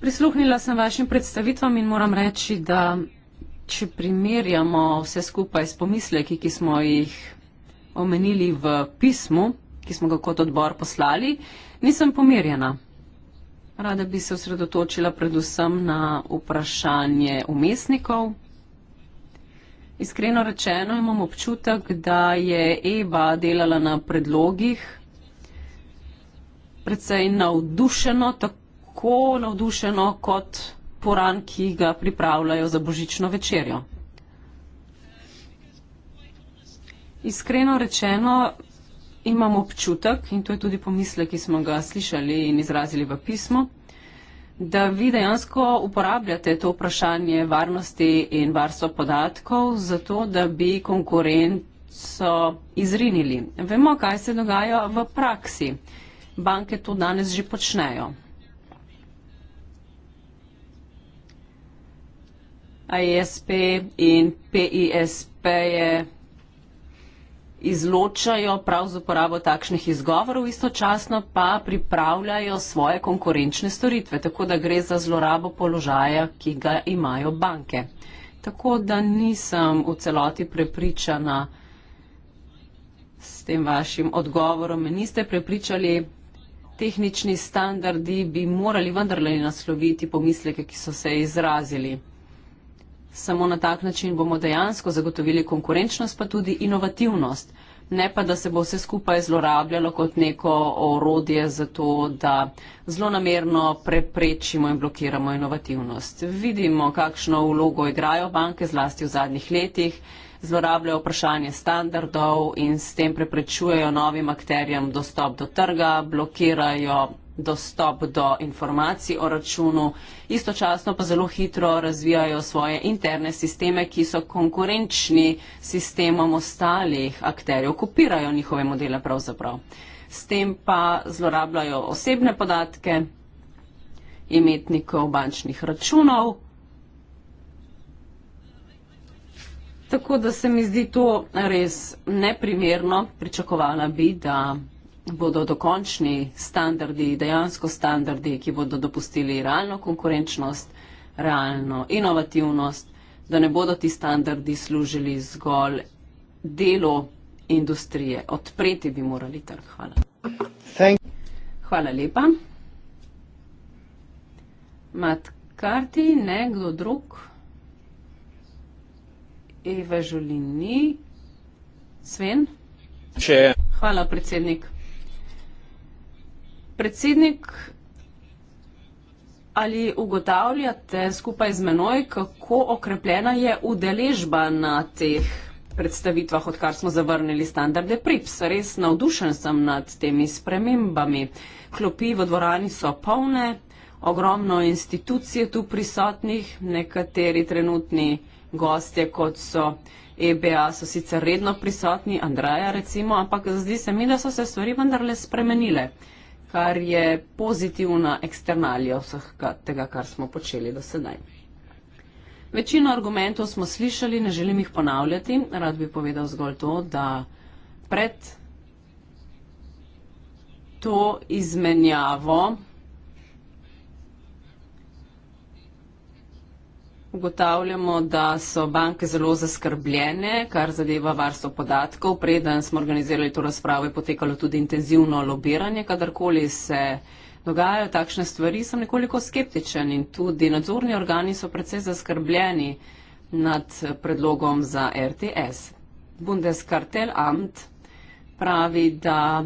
Prisluhnila sem vašim predstavitvam in moram reči, da če primerjamo vse skupaj s pomisleki, ki smo jih omenili v pismu, ki smo ga kot odbor poslali, nisem pomirjena. Rada bi se osredotočila predvsem na vprašanje umestnikov, Iskreno rečeno imam občutek, da je Eva delala na predlogih predvsej navdušeno, tako navdušeno kot poran, ki ga pripravljajo za božično večerjo. Iskreno rečeno imam občutek, in to je tudi pomislek, ki smo ga slišali in izrazili v pismu, da vi dejansko uporabljate to vprašanje varnosti in varstva podatkov za to, da bi konkurenco izrinili. Vemo, kaj se dogaja v praksi. Banke to danes že počnejo. ISP e in PISP je izločajo prav z uporabo takšnih izgovorov, istočasno pa pripravljajo svoje konkurenčne storitve, tako da gre za zlorabo položaja, ki ga imajo banke. Tako da nisem v celoti prepričana s tem vašim odgovorom. Niste prepričali, tehnični standardi bi morali vendarle nasloviti pomisleke, ki so se izrazili. Samo na tak način bomo dejansko zagotovili konkurenčnost, pa tudi inovativnost. Ne pa, da se bo vse skupaj zlorabljalo kot neko orodje za to, da zlonamerno preprečimo in blokiramo inovativnost. Vidimo, kakšno vlogo igrajo banke, zlasti v zadnjih letih, zlorabljajo vprašanje standardov in s tem preprečujejo novim akterjem dostop do trga, blokirajo dostop do informacij o računu. Istočasno pa zelo hitro razvijajo svoje interne sisteme, ki so konkurenčni sistemom ostalih akterjev, kopirajo njihove modele pravzaprav. S tem pa zlorabljajo osebne podatke imetnikov bančnih računov. Tako da se mi zdi to res neprimerno, pričakovala bi, da bodo dokončni standardi, dejansko standardi, ki bodo dopustili realno konkurenčnost, realno inovativnost, da ne bodo ti standardi služili zgolj delu industrije. Odpreti bi morali trg. Hvala. Thank Hvala lepa. Mat Karti, nekdo drug? Eva Žolini? Sven? Če. Hvala, predsednik predsednik, ali ugotavljate skupaj z menoj, kako okrepljena je udeležba na teh predstavitvah, odkar smo zavrnili standarde PRIPS. Res navdušen sem nad temi spremembami. Klopi v dvorani so polne, ogromno institucije tu prisotnih, nekateri trenutni gostje, kot so EBA, so sicer redno prisotni, Andraja recimo, ampak zdi se mi, da so se stvari vendarle spremenile kar je pozitivna eksternalija vseh tega, kar smo počeli do sedaj. Večino argumentov smo slišali, ne želim jih ponavljati, rad bi povedal zgolj to, da pred to izmenjavo ugotavljamo, da so banke zelo zaskrbljene, kar zadeva varstvo podatkov. Preden smo organizirali to razpravo, je potekalo tudi intenzivno lobiranje. Kadarkoli se dogajajo takšne stvari, sem nekoliko skeptičen in tudi nadzorni organi so precej zaskrbljeni nad predlogom za RTS. Bundeskartel Amt pravi, da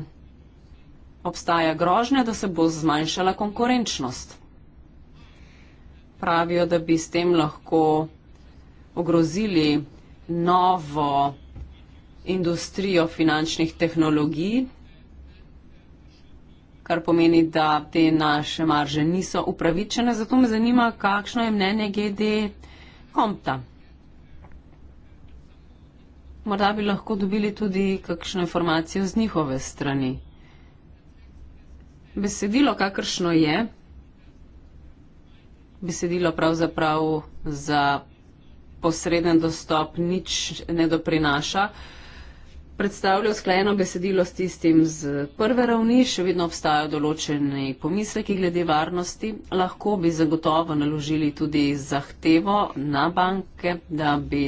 obstaja grožnja, da se bo zmanjšala konkurenčnost pravijo, da bi s tem lahko ogrozili novo industrijo finančnih tehnologij, kar pomeni, da te naše marže niso upravičene. Zato me zanima, kakšno je mnenje GD Komta. Morda bi lahko dobili tudi kakšno informacijo z njihove strani. Besedilo, kakršno je, besedilo pravzaprav za posreden dostop nič ne doprinaša. Predstavlja sklajeno besedilo s tistim z prve ravni, še vedno obstajajo določeni pomisleki glede varnosti. Lahko bi zagotovo naložili tudi zahtevo na banke, da bi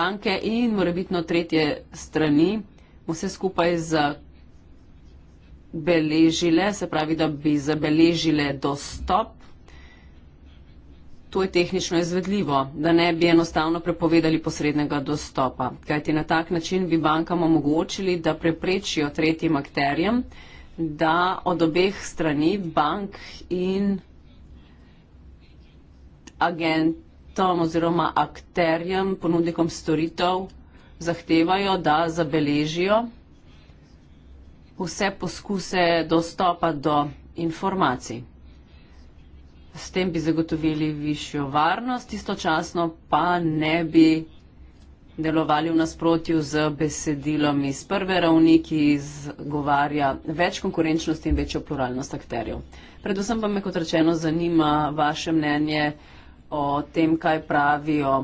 banke in morebitno tretje strani vse skupaj zabeležile, se pravi, da bi zabeležile dostop To je tehnično izvedljivo, da ne bi enostavno prepovedali posrednega dostopa, kajti na tak način bi bankam omogočili, da preprečijo tretjim akterjem, da od obeh strani bank in agentom oziroma akterjem, ponudnikom storitev zahtevajo, da zabeležijo vse poskuse dostopa do informacij s tem bi zagotovili višjo varnost, istočasno pa ne bi delovali v nasprotju z besedilom iz prve ravni, ki izgovarja več konkurenčnosti in večjo pluralnost akterjev. Predvsem pa me, kot rečeno, zanima vaše mnenje o tem, kaj pravijo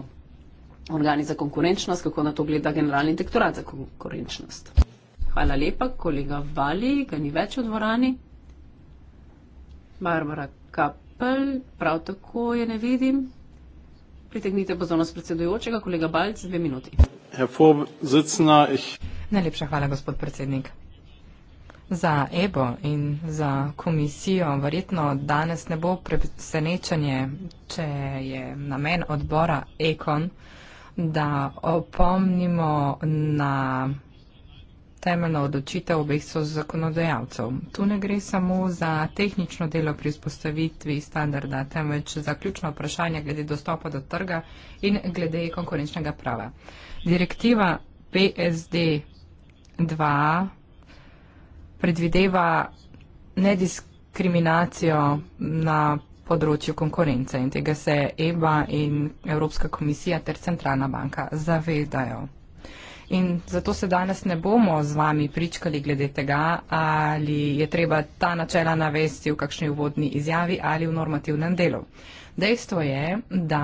organi za konkurenčnost, kako na to gleda generalni dektorat za konkurenčnost. Hvala lepa, kolega Vali, ga ni več v dvorani. Barbara Kap. Apple, prav tako je ne vidim. Pritegnite pozornost predsedujočega, kolega Balc, dve minuti. Najlepša hvala, gospod predsednik. Za EBO in za komisijo verjetno danes ne bo presenečenje, če je namen odbora EKON, da opomnimo na temeljna odločitev obeh sozakonodajalcev. Tu ne gre samo za tehnično delo pri vzpostavitvi standarda, temveč za ključno vprašanje glede dostopa do trga in glede konkurenčnega prava. Direktiva PSD 2 predvideva nediskriminacijo na področju konkurence in tega se EBA in Evropska komisija ter Centralna banka zavedajo. In zato se danes ne bomo z vami pričkali glede tega, ali je treba ta načela navesti v kakšni uvodni izjavi ali v normativnem delu. Dejstvo je, da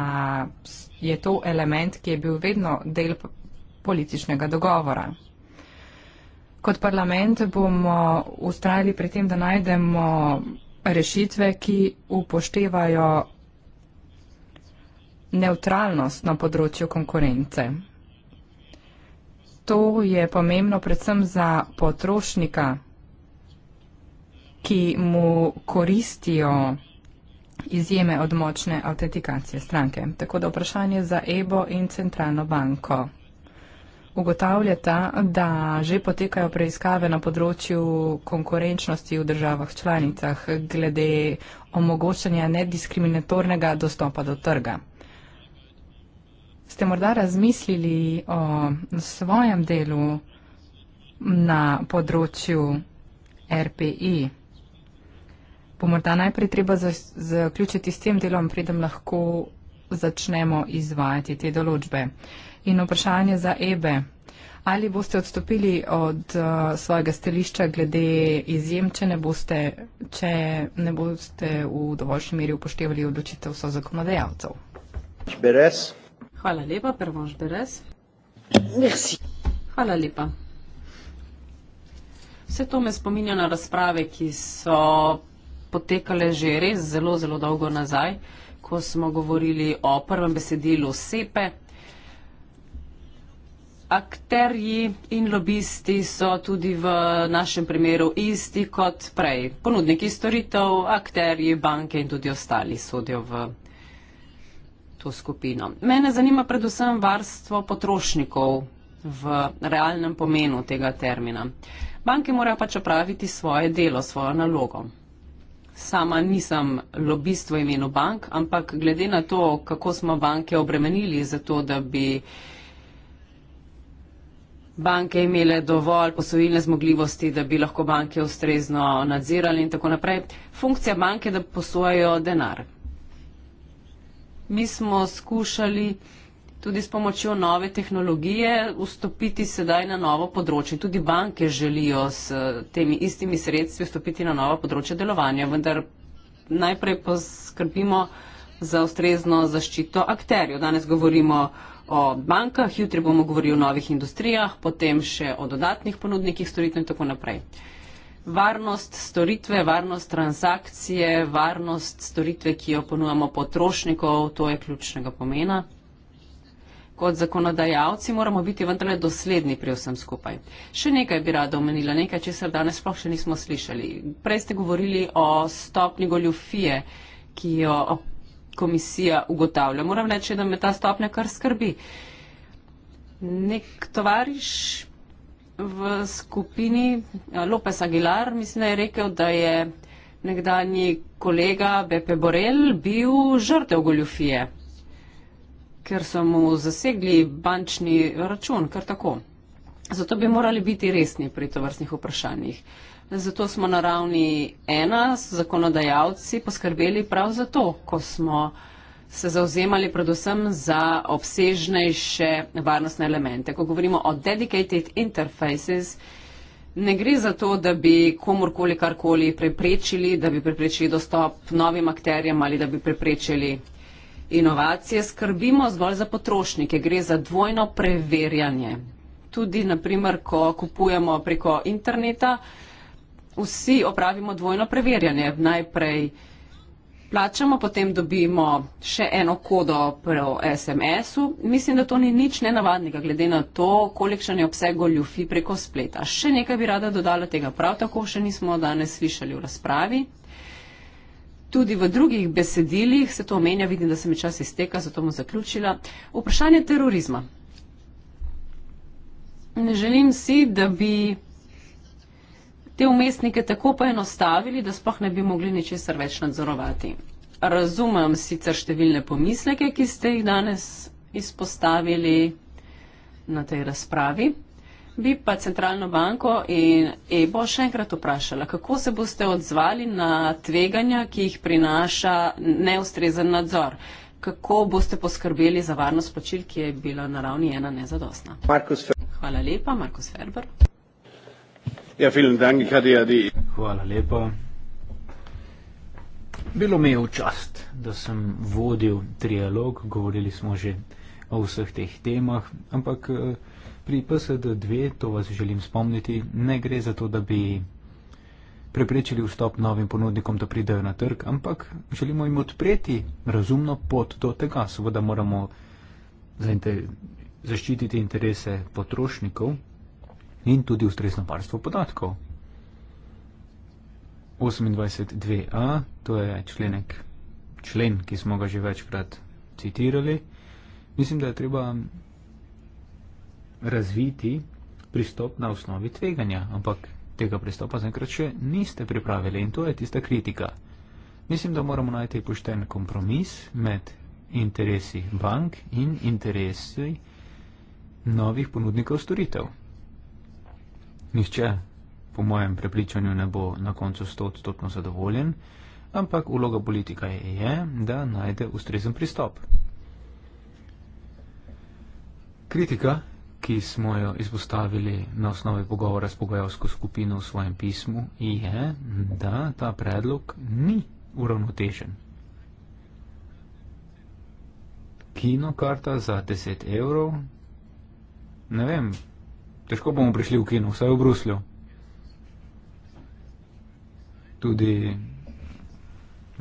je to element, ki je bil vedno del političnega dogovora. Kot parlament bomo ustrajali pri tem, da najdemo rešitve, ki upoštevajo neutralnost na področju konkurence to je pomembno predvsem za potrošnika, ki mu koristijo izjeme od močne autentikacije stranke. Tako da vprašanje za EBO in centralno banko. Ugotavljata, da že potekajo preiskave na področju konkurenčnosti v državah članicah glede omogočanja nediskriminatornega dostopa do trga ste morda razmislili o svojem delu na področju RPI? Bo morda najprej treba zaključiti s tem delom, predem lahko začnemo izvajati te določbe. In vprašanje za Ebe. Ali boste odstopili od uh, svojega stališča glede izjem, če ne boste, če ne boste v dovoljšnji meri upoštevali odločitev so zakonodajalcev? Hvala lepa, Pervonš Berez. Merci. Hvala lepa. Vse to me spominja na razprave, ki so potekale že res zelo, zelo dolgo nazaj, ko smo govorili o prvem besedilu SEPE. Akterji in lobisti so tudi v našem primeru isti kot prej. Ponudniki storitev, akterji, banke in tudi ostali sodijo v to skupino. Mene zanima predvsem varstvo potrošnikov v realnem pomenu tega termina. Banke morajo pač opraviti svoje delo, svojo nalogo. Sama nisem lobist v imenu bank, ampak glede na to, kako smo banke obremenili za to, da bi banke imele dovolj posojilne zmogljivosti, da bi lahko banke ustrezno nadzirali in tako naprej. Funkcija banke je, da posojajo denar. Mi smo skušali tudi s pomočjo nove tehnologije vstopiti sedaj na novo področje. Tudi banke želijo s eh, temi istimi sredstvi vstopiti na novo področje delovanja, vendar najprej poskrbimo za ustrezno zaščito akterjev. Danes govorimo o bankah, jutri bomo govorili o novih industrijah, potem še o dodatnih ponudnikih storitev in tako naprej. Uh, varnost storitve, varnost transakcije, varnost storitve, ki jo ponujamo potrošnikov, to je ključnega pomena. Kot zakonodajalci moramo biti vendarle dosledni pri vsem skupaj. Še nekaj bi rada omenila, nekaj, česar danes sploh še nismo slišali. Prej ste govorili o stopni goljufije, ki jo komisija ugotavlja. Moram reči, da me ta stopnja kar skrbi. Nek tovariš v skupini eh, Lopes Aguilar, mislim, da je rekel, da je nekdanji kolega Bepe Borel bil žrtev goljufije, ker so mu zasegli bančni račun, kar tako. Zato bi morali biti resni pri tovrstnih vprašanjih. Zato smo na ravni ena, zakonodajalci, poskrbeli prav za to, ko smo se zauzemali predvsem za obsežnejše varnostne elemente. Ko govorimo o dedicated interfaces, ne gre za to, da bi komorkoli karkoli preprečili, da bi preprečili dostop novim akterjem ali da bi preprečili inovacije. Skrbimo zgolj za potrošnike, gre za dvojno preverjanje. Tudi, naprimer, ko kupujemo preko interneta, vsi opravimo dvojno preverjanje. Najprej plačamo, potem dobimo še eno kodo po SMS-u. Mislim, da to ni nič nenavadnega, glede na to, kolikšen je obseg goljufi preko spleta. Še nekaj bi rada dodala tega, prav tako še nismo danes slišali v razpravi. Tudi v drugih besedilih se to omenja, vidim, da se mi čas izteka, zato bom zaključila. Vprašanje terorizma. Ne želim si, da bi te umestnike tako poenostavili, da sploh ne bi mogli ničesar več nadzorovati. Razumem sicer številne pomisleke, ki ste jih danes izpostavili na tej razpravi. Bi pa centralno banko in EBO še enkrat vprašala, kako se boste odzvali na tveganja, ki jih prinaša neustrezen nadzor. Kako boste poskrbeli za varnost plačil, ki je bila na ravni ena nezadostna? Hvala lepa, Markus Ferber. Ja, vielen Dank, ich hatte ja die. Hvala lepa. Bilo mi je v čast, da sem vodil trialog, govorili smo že o vseh teh temah, ampak eh, pri PSD2, to vas želim spomniti, ne gre za to, da bi preprečili vstop novim ponudnikom, da pridejo na trg, ampak želimo jim odpreti razumno pot do tega. Seveda moramo zainter zaščititi interese potrošnikov, in tudi ustrezno varstvo podatkov. 28.2a, to je členek, člen, ki smo ga že večkrat citirali, mislim, da je treba razviti pristop na osnovi tveganja, ampak tega pristopa zaenkrat še niste pripravili in to je tista kritika. Mislim, da moramo najti pošten kompromis med interesi bank in interesi novih ponudnikov storitev. 28.3 nihče, po mojem prepričanju, ne bo na koncu stotno zadovoljen, ampak uloga politika je, da najde ustrezen pristop. Kritika, ki smo jo izpostavili na osnovi pogovora s pogajalsko skupino v svojem pismu, je, da ta predlog ni uravnotežen. Kino karta za 10 evrov, ne vem, težko bomo prišli v kino, vsaj v Bruslju. Tudi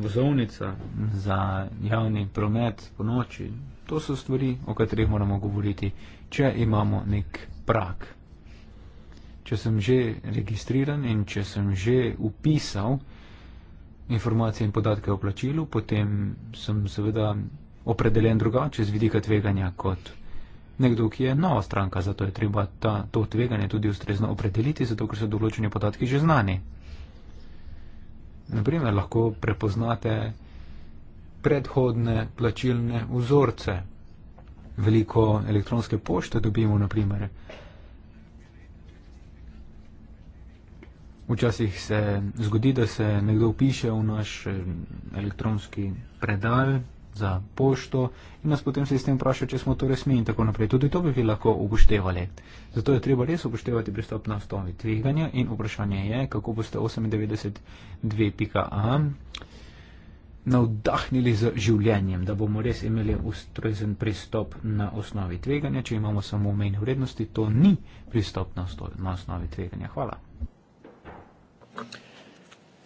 vozovnica za javni promet po noči, to so stvari, o katerih moramo govoriti, če imamo nek prak. Če sem že registriran in če sem že upisal informacije in podatke o plačilu, potem sem seveda opredeljen drugače z vidika tveganja kot nekdo, ki je nova stranka, zato je treba ta, to tveganje tudi ustrezno opredeliti, zato ker so določeni podatki že znani. Naprimer, lahko prepoznate predhodne plačilne vzorce. Veliko elektronske pošte dobimo, naprimer. Včasih se zgodi, da se nekdo piše v naš eh, elektronski predal, za pošto in nas potem sistem vpraša, če smo to res mi in tako naprej. Tudi to bi vi lahko upoštevali. Zato je treba res upoštevati pristopno osnovi tveganja in vprašanje je, kako boste 98.2.a navdahnili z življenjem, da bomo res imeli ustrezen pristop na osnovi tveganja. Če imamo samo omejne vrednosti, to ni pristop na, osto, na osnovi tveganja. Hvala.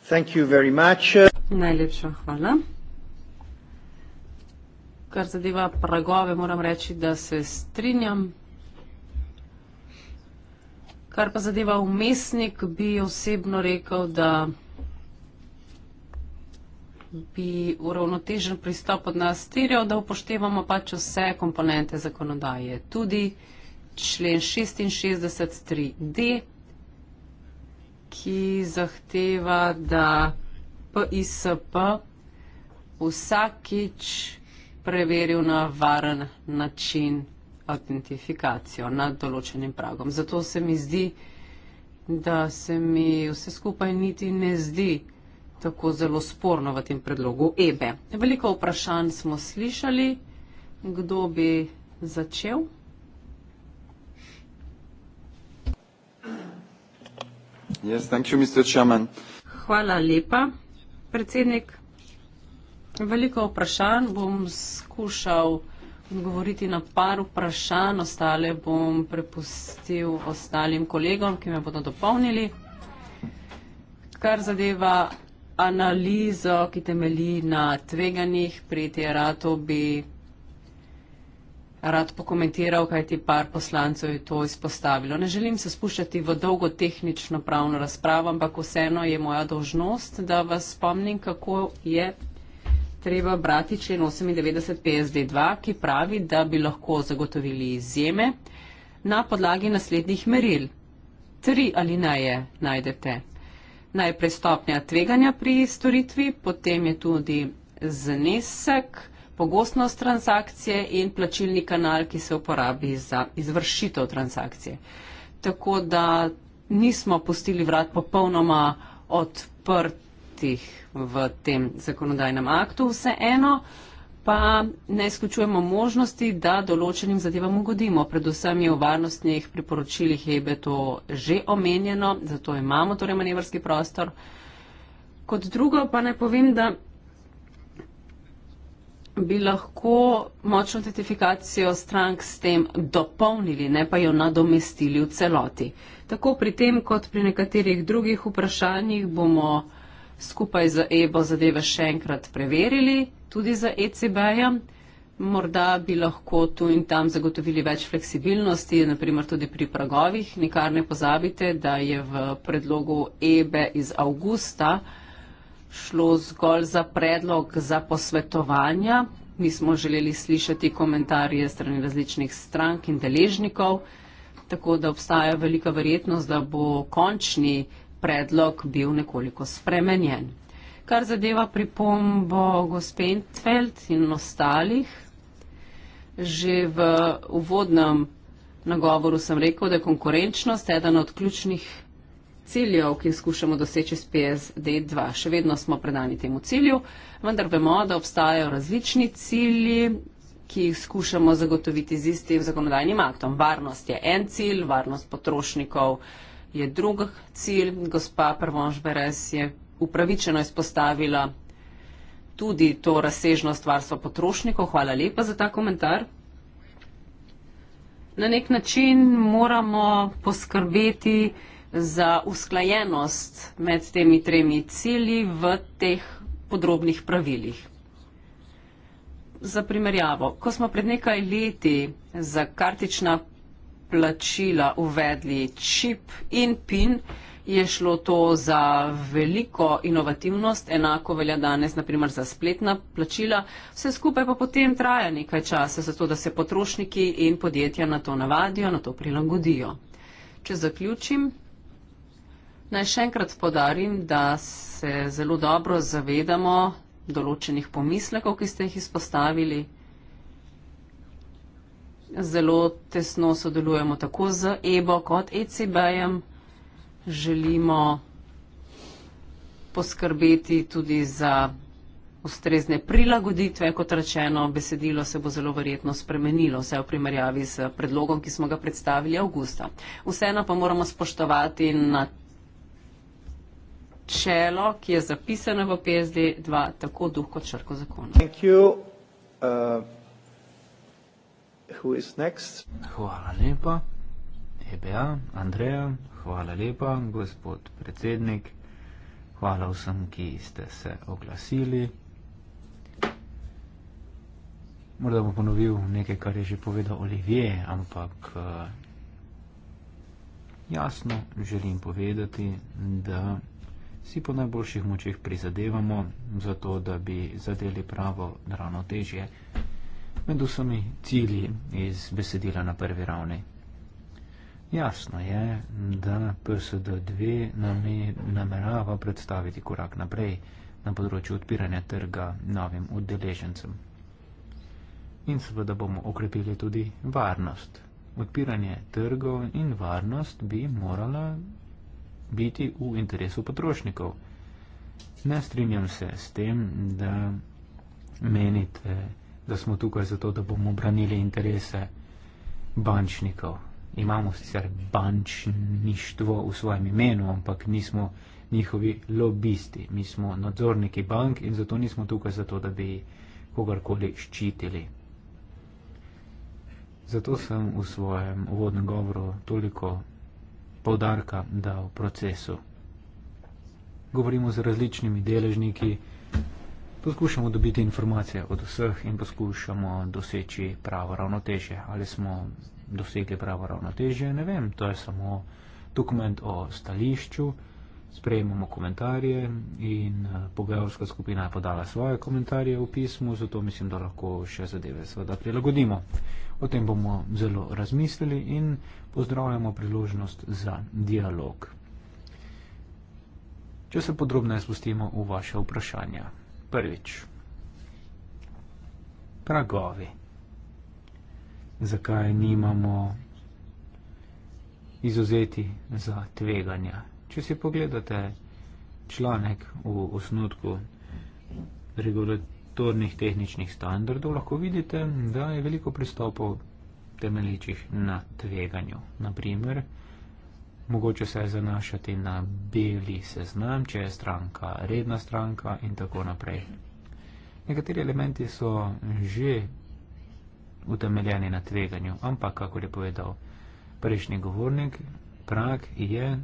Thank you very much. Najlepša hvala kar zadeva pragove, moram reči, da se strinjam. Kar pa zadeva umestnik, bi osebno rekel, da bi uravnotežen pristop od nas tirjal, da upoštevamo pač vse komponente zakonodaje. Tudi člen 66.3d, ki zahteva, da PISP vsakič preveril na varen način autentifikacijo nad določenim pragom. Zato se mi zdi, da se mi vse skupaj niti ne zdi tako zelo sporno v tem predlogu EBE. Veliko vprašanj smo slišali, kdo bi začel. Yes, thank you, Mr. Chairman. Hvala lepa, predsednik. Veliko vprašanj bom skušal odgovoriti na par vprašanj, ostale bom prepustil ostalim kolegom, ki me bodo dopolnili. Kar zadeva analizo, ki temelji na tveganjih, pri tej rato bi rad pokomentiral, kaj ti par poslancev je to izpostavilo. Ne želim se spuščati v dolgo tehnično pravno razpravo, ampak vseeno je moja dožnost, da vas spomnim, kako je treba brati člen 98 PSD2, ki pravi, da bi lahko zagotovili izjeme na podlagi naslednjih meril. Tri ali naje najdete. Najprej stopnja tveganja pri storitvi, potem je tudi znesek, pogostnost transakcije in plačilni kanal, ki se uporabi za izvršitev transakcije. Tako da nismo pustili vrat popolnoma odprt tistih v tem zakonodajnem aktu. Vseeno pa ne izključujemo možnosti, da določenim zadevam ugodimo. Predvsem je v varnostnih priporočilih Hebe to že omenjeno, zato imamo torej manevrski prostor. Kot drugo pa naj povem, da bi lahko močno identifikacijo strank s tem dopolnili, ne pa jo nadomestili v celoti. Tako pri tem, kot pri nekaterih drugih vprašanjih bomo skupaj z EBO zadeve še enkrat preverili, tudi z ECB-jem. Morda bi lahko tu in tam zagotovili več fleksibilnosti, naprimer tudi pri pragovih. Nikar ne pozabite, da je v predlogu EBE iz avgusta šlo zgolj za predlog za posvetovanja. Mi smo želeli slišati komentarje strani različnih strank in deležnikov, tako da obstaja velika verjetnost, da bo končni predlog predlog bil nekoliko spremenjen. Kar zadeva pripombo gospe Entfeld in ostalih, že v uvodnem nagovoru sem rekel, da je konkurenčnost eden od ključnih ciljev, ki jih skušamo doseči s PSD2. Še vedno smo predani temu cilju, vendar vemo, da obstajajo različni cilji, ki jih skušamo zagotoviti z istim zakonodajnim aktom. Varnost je en cilj, varnost potrošnikov je drug cilj. Gospa Prvonž Beres je upravičeno izpostavila tudi to razsežnost varstva potrošnikov. Hvala lepa za ta komentar. Na nek način moramo poskrbeti za usklajenost med temi tremi cilji v teh podrobnih pravilih. Za primerjavo, ko smo pred nekaj leti za kartična plačila uvedli čip in pin, je šlo to za veliko inovativnost, enako velja danes naprimer za spletna plačila. Vse skupaj pa potem traja nekaj časa, zato da se potrošniki in podjetja na to navadijo, na to prilagodijo. Če zaključim, naj še enkrat podarim, da se zelo dobro zavedamo določenih pomislekov, ki ste jih izpostavili zelo tesno sodelujemo tako z EBO kot ECB-jem. Želimo poskrbeti tudi za ustrezne prilagoditve. Kot rečeno, besedilo se bo zelo verjetno spremenilo, vse v primerjavi s predlogom, ki smo ga predstavili avgusta. Vseeno pa moramo spoštovati na čelo, ki je zapisano v PSD 2, tako duh kot črko zakona. Thank you. Uh who is next. Hvala lepa, EBA, Andreja, hvala lepa, gospod predsednik, hvala vsem, ki ste se oglasili. Morda bom ponovil nekaj, kar je že povedal Olivier, ampak eh, jasno želim povedati, da si po najboljših močeh prizadevamo za to, da bi zadeli pravo ravnotežje med vsemi cilji iz besedila na prvi ravni. Jasno je, da PSD2 namerava predstaviti korak naprej na področju odpiranja trga novim udeležencem. In seveda bomo okrepili tudi varnost. Odpiranje trgov in varnost bi morala biti v interesu potrošnikov. Ne strinjam se s tem, da menite, da smo tukaj zato, da bomo branili interese bančnikov. Imamo sicer bančništvo v svojem imenu, ampak nismo njihovi lobisti, mi smo nadzorniki bank in zato nismo tukaj zato, da bi kogarkoli ščitili. Zato sem v svojem uvodnem govoru toliko povdarka dal procesu. Govorimo z različnimi deležniki, Poskušamo dobiti informacije od vseh in poskušamo doseči pravo ravnotežje. Ali smo dosegli pravo ravnotežje, ne vem. To je samo dokument o stališču, sprejemamo komentarje in eh, pogajalska skupina je podala svoje komentarje v pismu, zato mislim, da lahko še zadeve seveda prilagodimo. O tem bomo zelo razmislili in pozdravljamo priložnost za dialog. Če se podrobneje spustimo v vaše vprašanja prvič. Pragovi. Zakaj nimamo izuzeti za tveganja? Če si pogledate članek v osnutku regulatornih tehničnih standardov, lahko vidite, da je veliko pristopov temeljičih na tveganju. Naprimer, mogoče se zanašati na beli seznam, če je stranka redna stranka in tako naprej. Nekateri elementi so že utemeljeni na tveganju, ampak, kako je povedal prejšnji govornik, prak je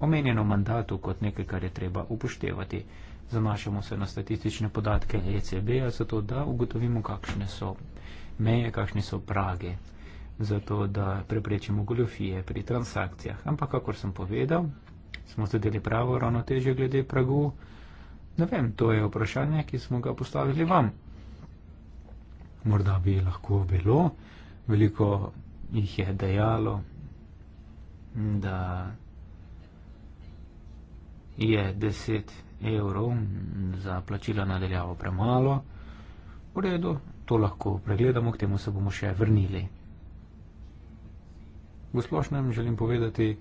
omenjeno mandatu kot nekaj, kar je treba upoštevati. Zanašamo se na statistične podatke ECB, zato da ugotovimo, kakšne so meje, kakšne so prage zato da preprečimo goljofije pri transakcijah. Ampak, kakor sem povedal, smo zadeli pravo ravnotežje glede pragu. Ne vem, to je vprašanje, ki smo ga postavili vam. Morda bi lahko bilo, veliko jih je dejalo, da je 10 evrov za plačila nadaljavo premalo. V redu, to lahko pregledamo, k temu se bomo še vrnili. V splošnem želim povedati,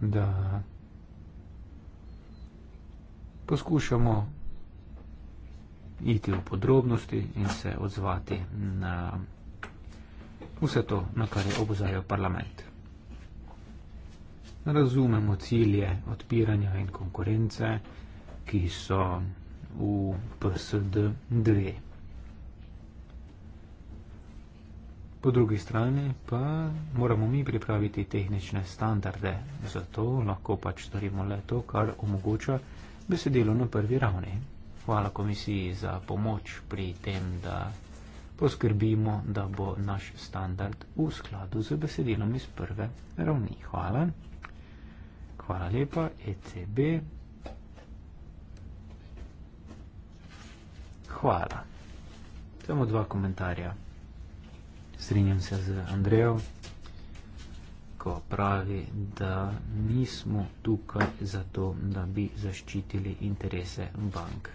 da poskušamo iti v podrobnosti in se odzvati na vse to, na kar je obozajal parlament. Razumemo cilje odpiranja in konkurence, ki so v PSD 2. Po drugi strani pa moramo mi pripraviti tehnične standarde, zato lahko pač storimo le to, kar omogoča besedilo na prvi ravni. Hvala komisiji za pomoč pri tem, da poskrbimo, da bo naš standard v skladu z besedilom iz prve ravni. Hvala. Hvala lepa, ECB. Hvala. Samo dva komentarja strinjam se z Andrejo, ko pravi, da nismo tukaj zato, da bi zaščitili interese bank.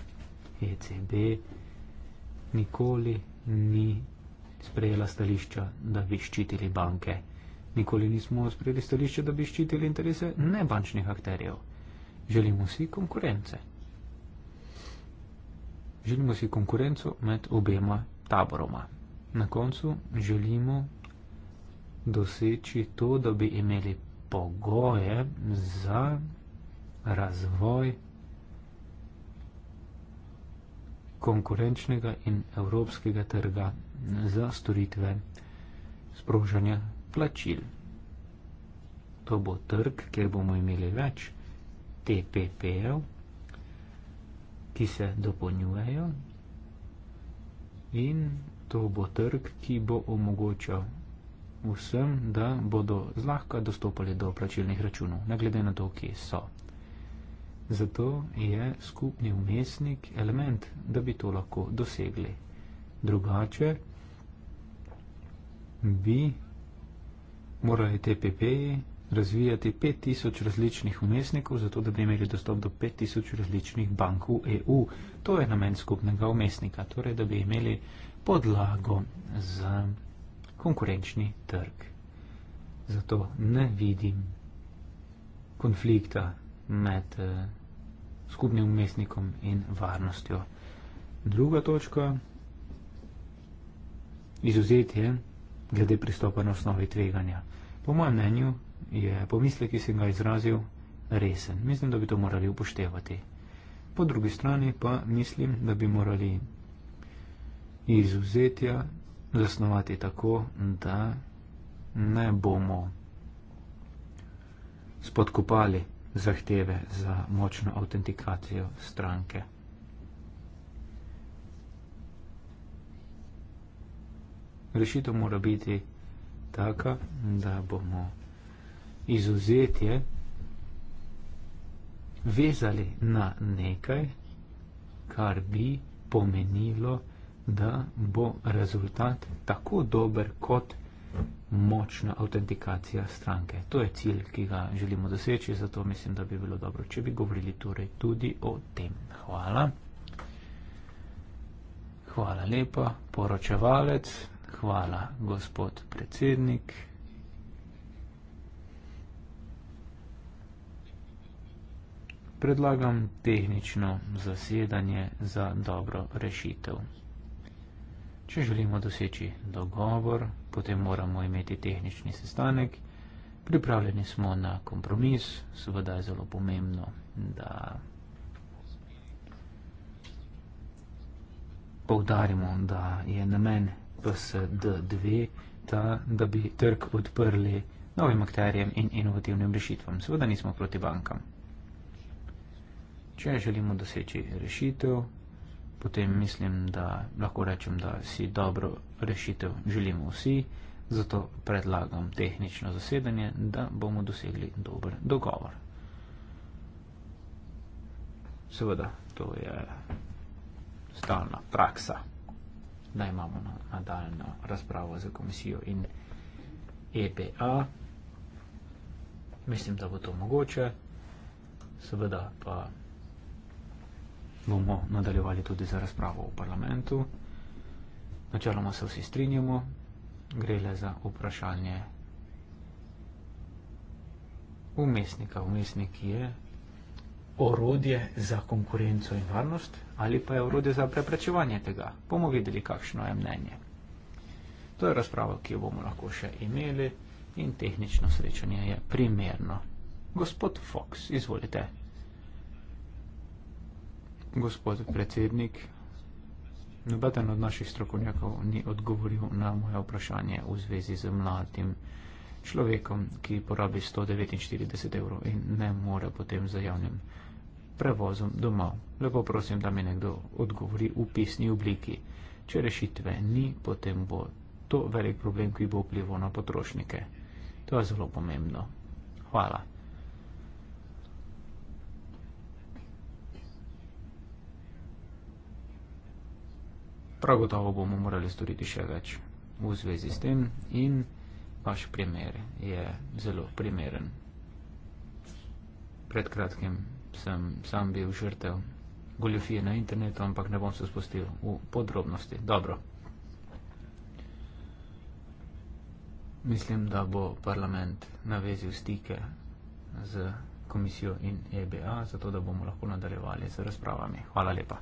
ECB nikoli ni sprejela stališča, da bi ščitili banke. Nikoli nismo sprejeli stališča, da bi ščitili interese nebančnih akterjev. Želimo si konkurence. Želimo si konkurenco med obema taboroma. Na koncu želimo doseči to, da bi imeli pogoje za razvoj konkurenčnega in evropskega trga za storitve sprožanja plačil. To bo trg, kjer bomo imeli več TPP-ev, ki se dopolnjujejo in to bo trg, ki bo omogočal vsem, da bodo zlahka dostopali do plačilnih računov, ne glede na to, kje so. Zato je skupni umestnik element, da bi to lahko dosegli. Drugače bi morali TPP razvijati 5000 različnih umestnikov, zato da bi imeli dostop do 5000 različnih bank v EU. To je namen skupnega umestnika, torej da bi imeli podlago za konkurenčni trg. Zato ne vidim konflikta med eh, skupnim umestnikom in varnostjo. Druga točka, izuzetje glede pristopa na osnovi tveganja. Po mojem mnenju je pomislek, ki sem ga izrazil, resen. Mislim, da bi to morali upoštevati. Po drugi strani pa mislim, da bi morali izuzetja zasnovati tako, da ne bomo spodkopali zahteve za močno autentikacijo stranke. Rešitev mora biti taka, da bomo izuzetje vezali na nekaj, kar bi pomenilo, da bomo da bo rezultat tako dober kot močna autentikacija stranke. To je cilj, ki ga želimo doseči, zato mislim, da bi bilo dobro, če bi govorili torej tudi o tem. Hvala. Hvala lepa, poročevalec. Hvala, gospod predsednik. Predlagam tehnično zasedanje za dobro rešitev. Če želimo doseči dogovor, potem moramo imeti tehnični sestanek, pripravljeni smo na kompromis, seveda je zelo pomembno, da poudarimo, da je namen PSD2 ta, da bi trg odprli novim akterjem in inovativnim rešitvam. Seveda nismo proti bankam. Če želimo doseči rešitev, potem mislim, da lahko rečem, da si dobro rešitev želimo vsi, zato predlagam tehnično zasedanje, da bomo dosegli dober dogovor. Seveda, to je stalna praksa, da imamo nadaljno razpravo za komisijo in EPA. Mislim, da bo to mogoče. Seveda pa bomo nadaljevali tudi za razpravo v parlamentu. Načeloma se vsi strinjamo, gre le za vprašanje umestnika. Umestnik je orodje za konkurenco in varnost ali pa je orodje za preprečevanje tega. Bomo videli, kakšno je mnenje. To je razprava, ki jo bomo lahko še imeli in tehnično srečanje je primerno. Gospod Fox, izvolite gospod predsednik, nobeden od naših strokovnjakov ni odgovoril na moje vprašanje v zvezi z mladim človekom, ki porabi 149 evrov in ne more potem za javnim prevozom domov. Lepo prosim, da mi nekdo odgovori v pisni obliki. Če rešitve ni, potem bo to velik problem, ki bo vplival na potrošnike. To je zelo pomembno. Hvala. prav gotovo bomo morali storiti še več v zvezi s tem in vaš primer je zelo primeren. Pred kratkim sem sam bil žrtev goljofije na internetu, ampak ne bom se spustil v podrobnosti. Dobro. Mislim, da bo parlament navezil stike z komisijo in EBA, zato da bomo lahko nadaljevali z razpravami. Hvala lepa.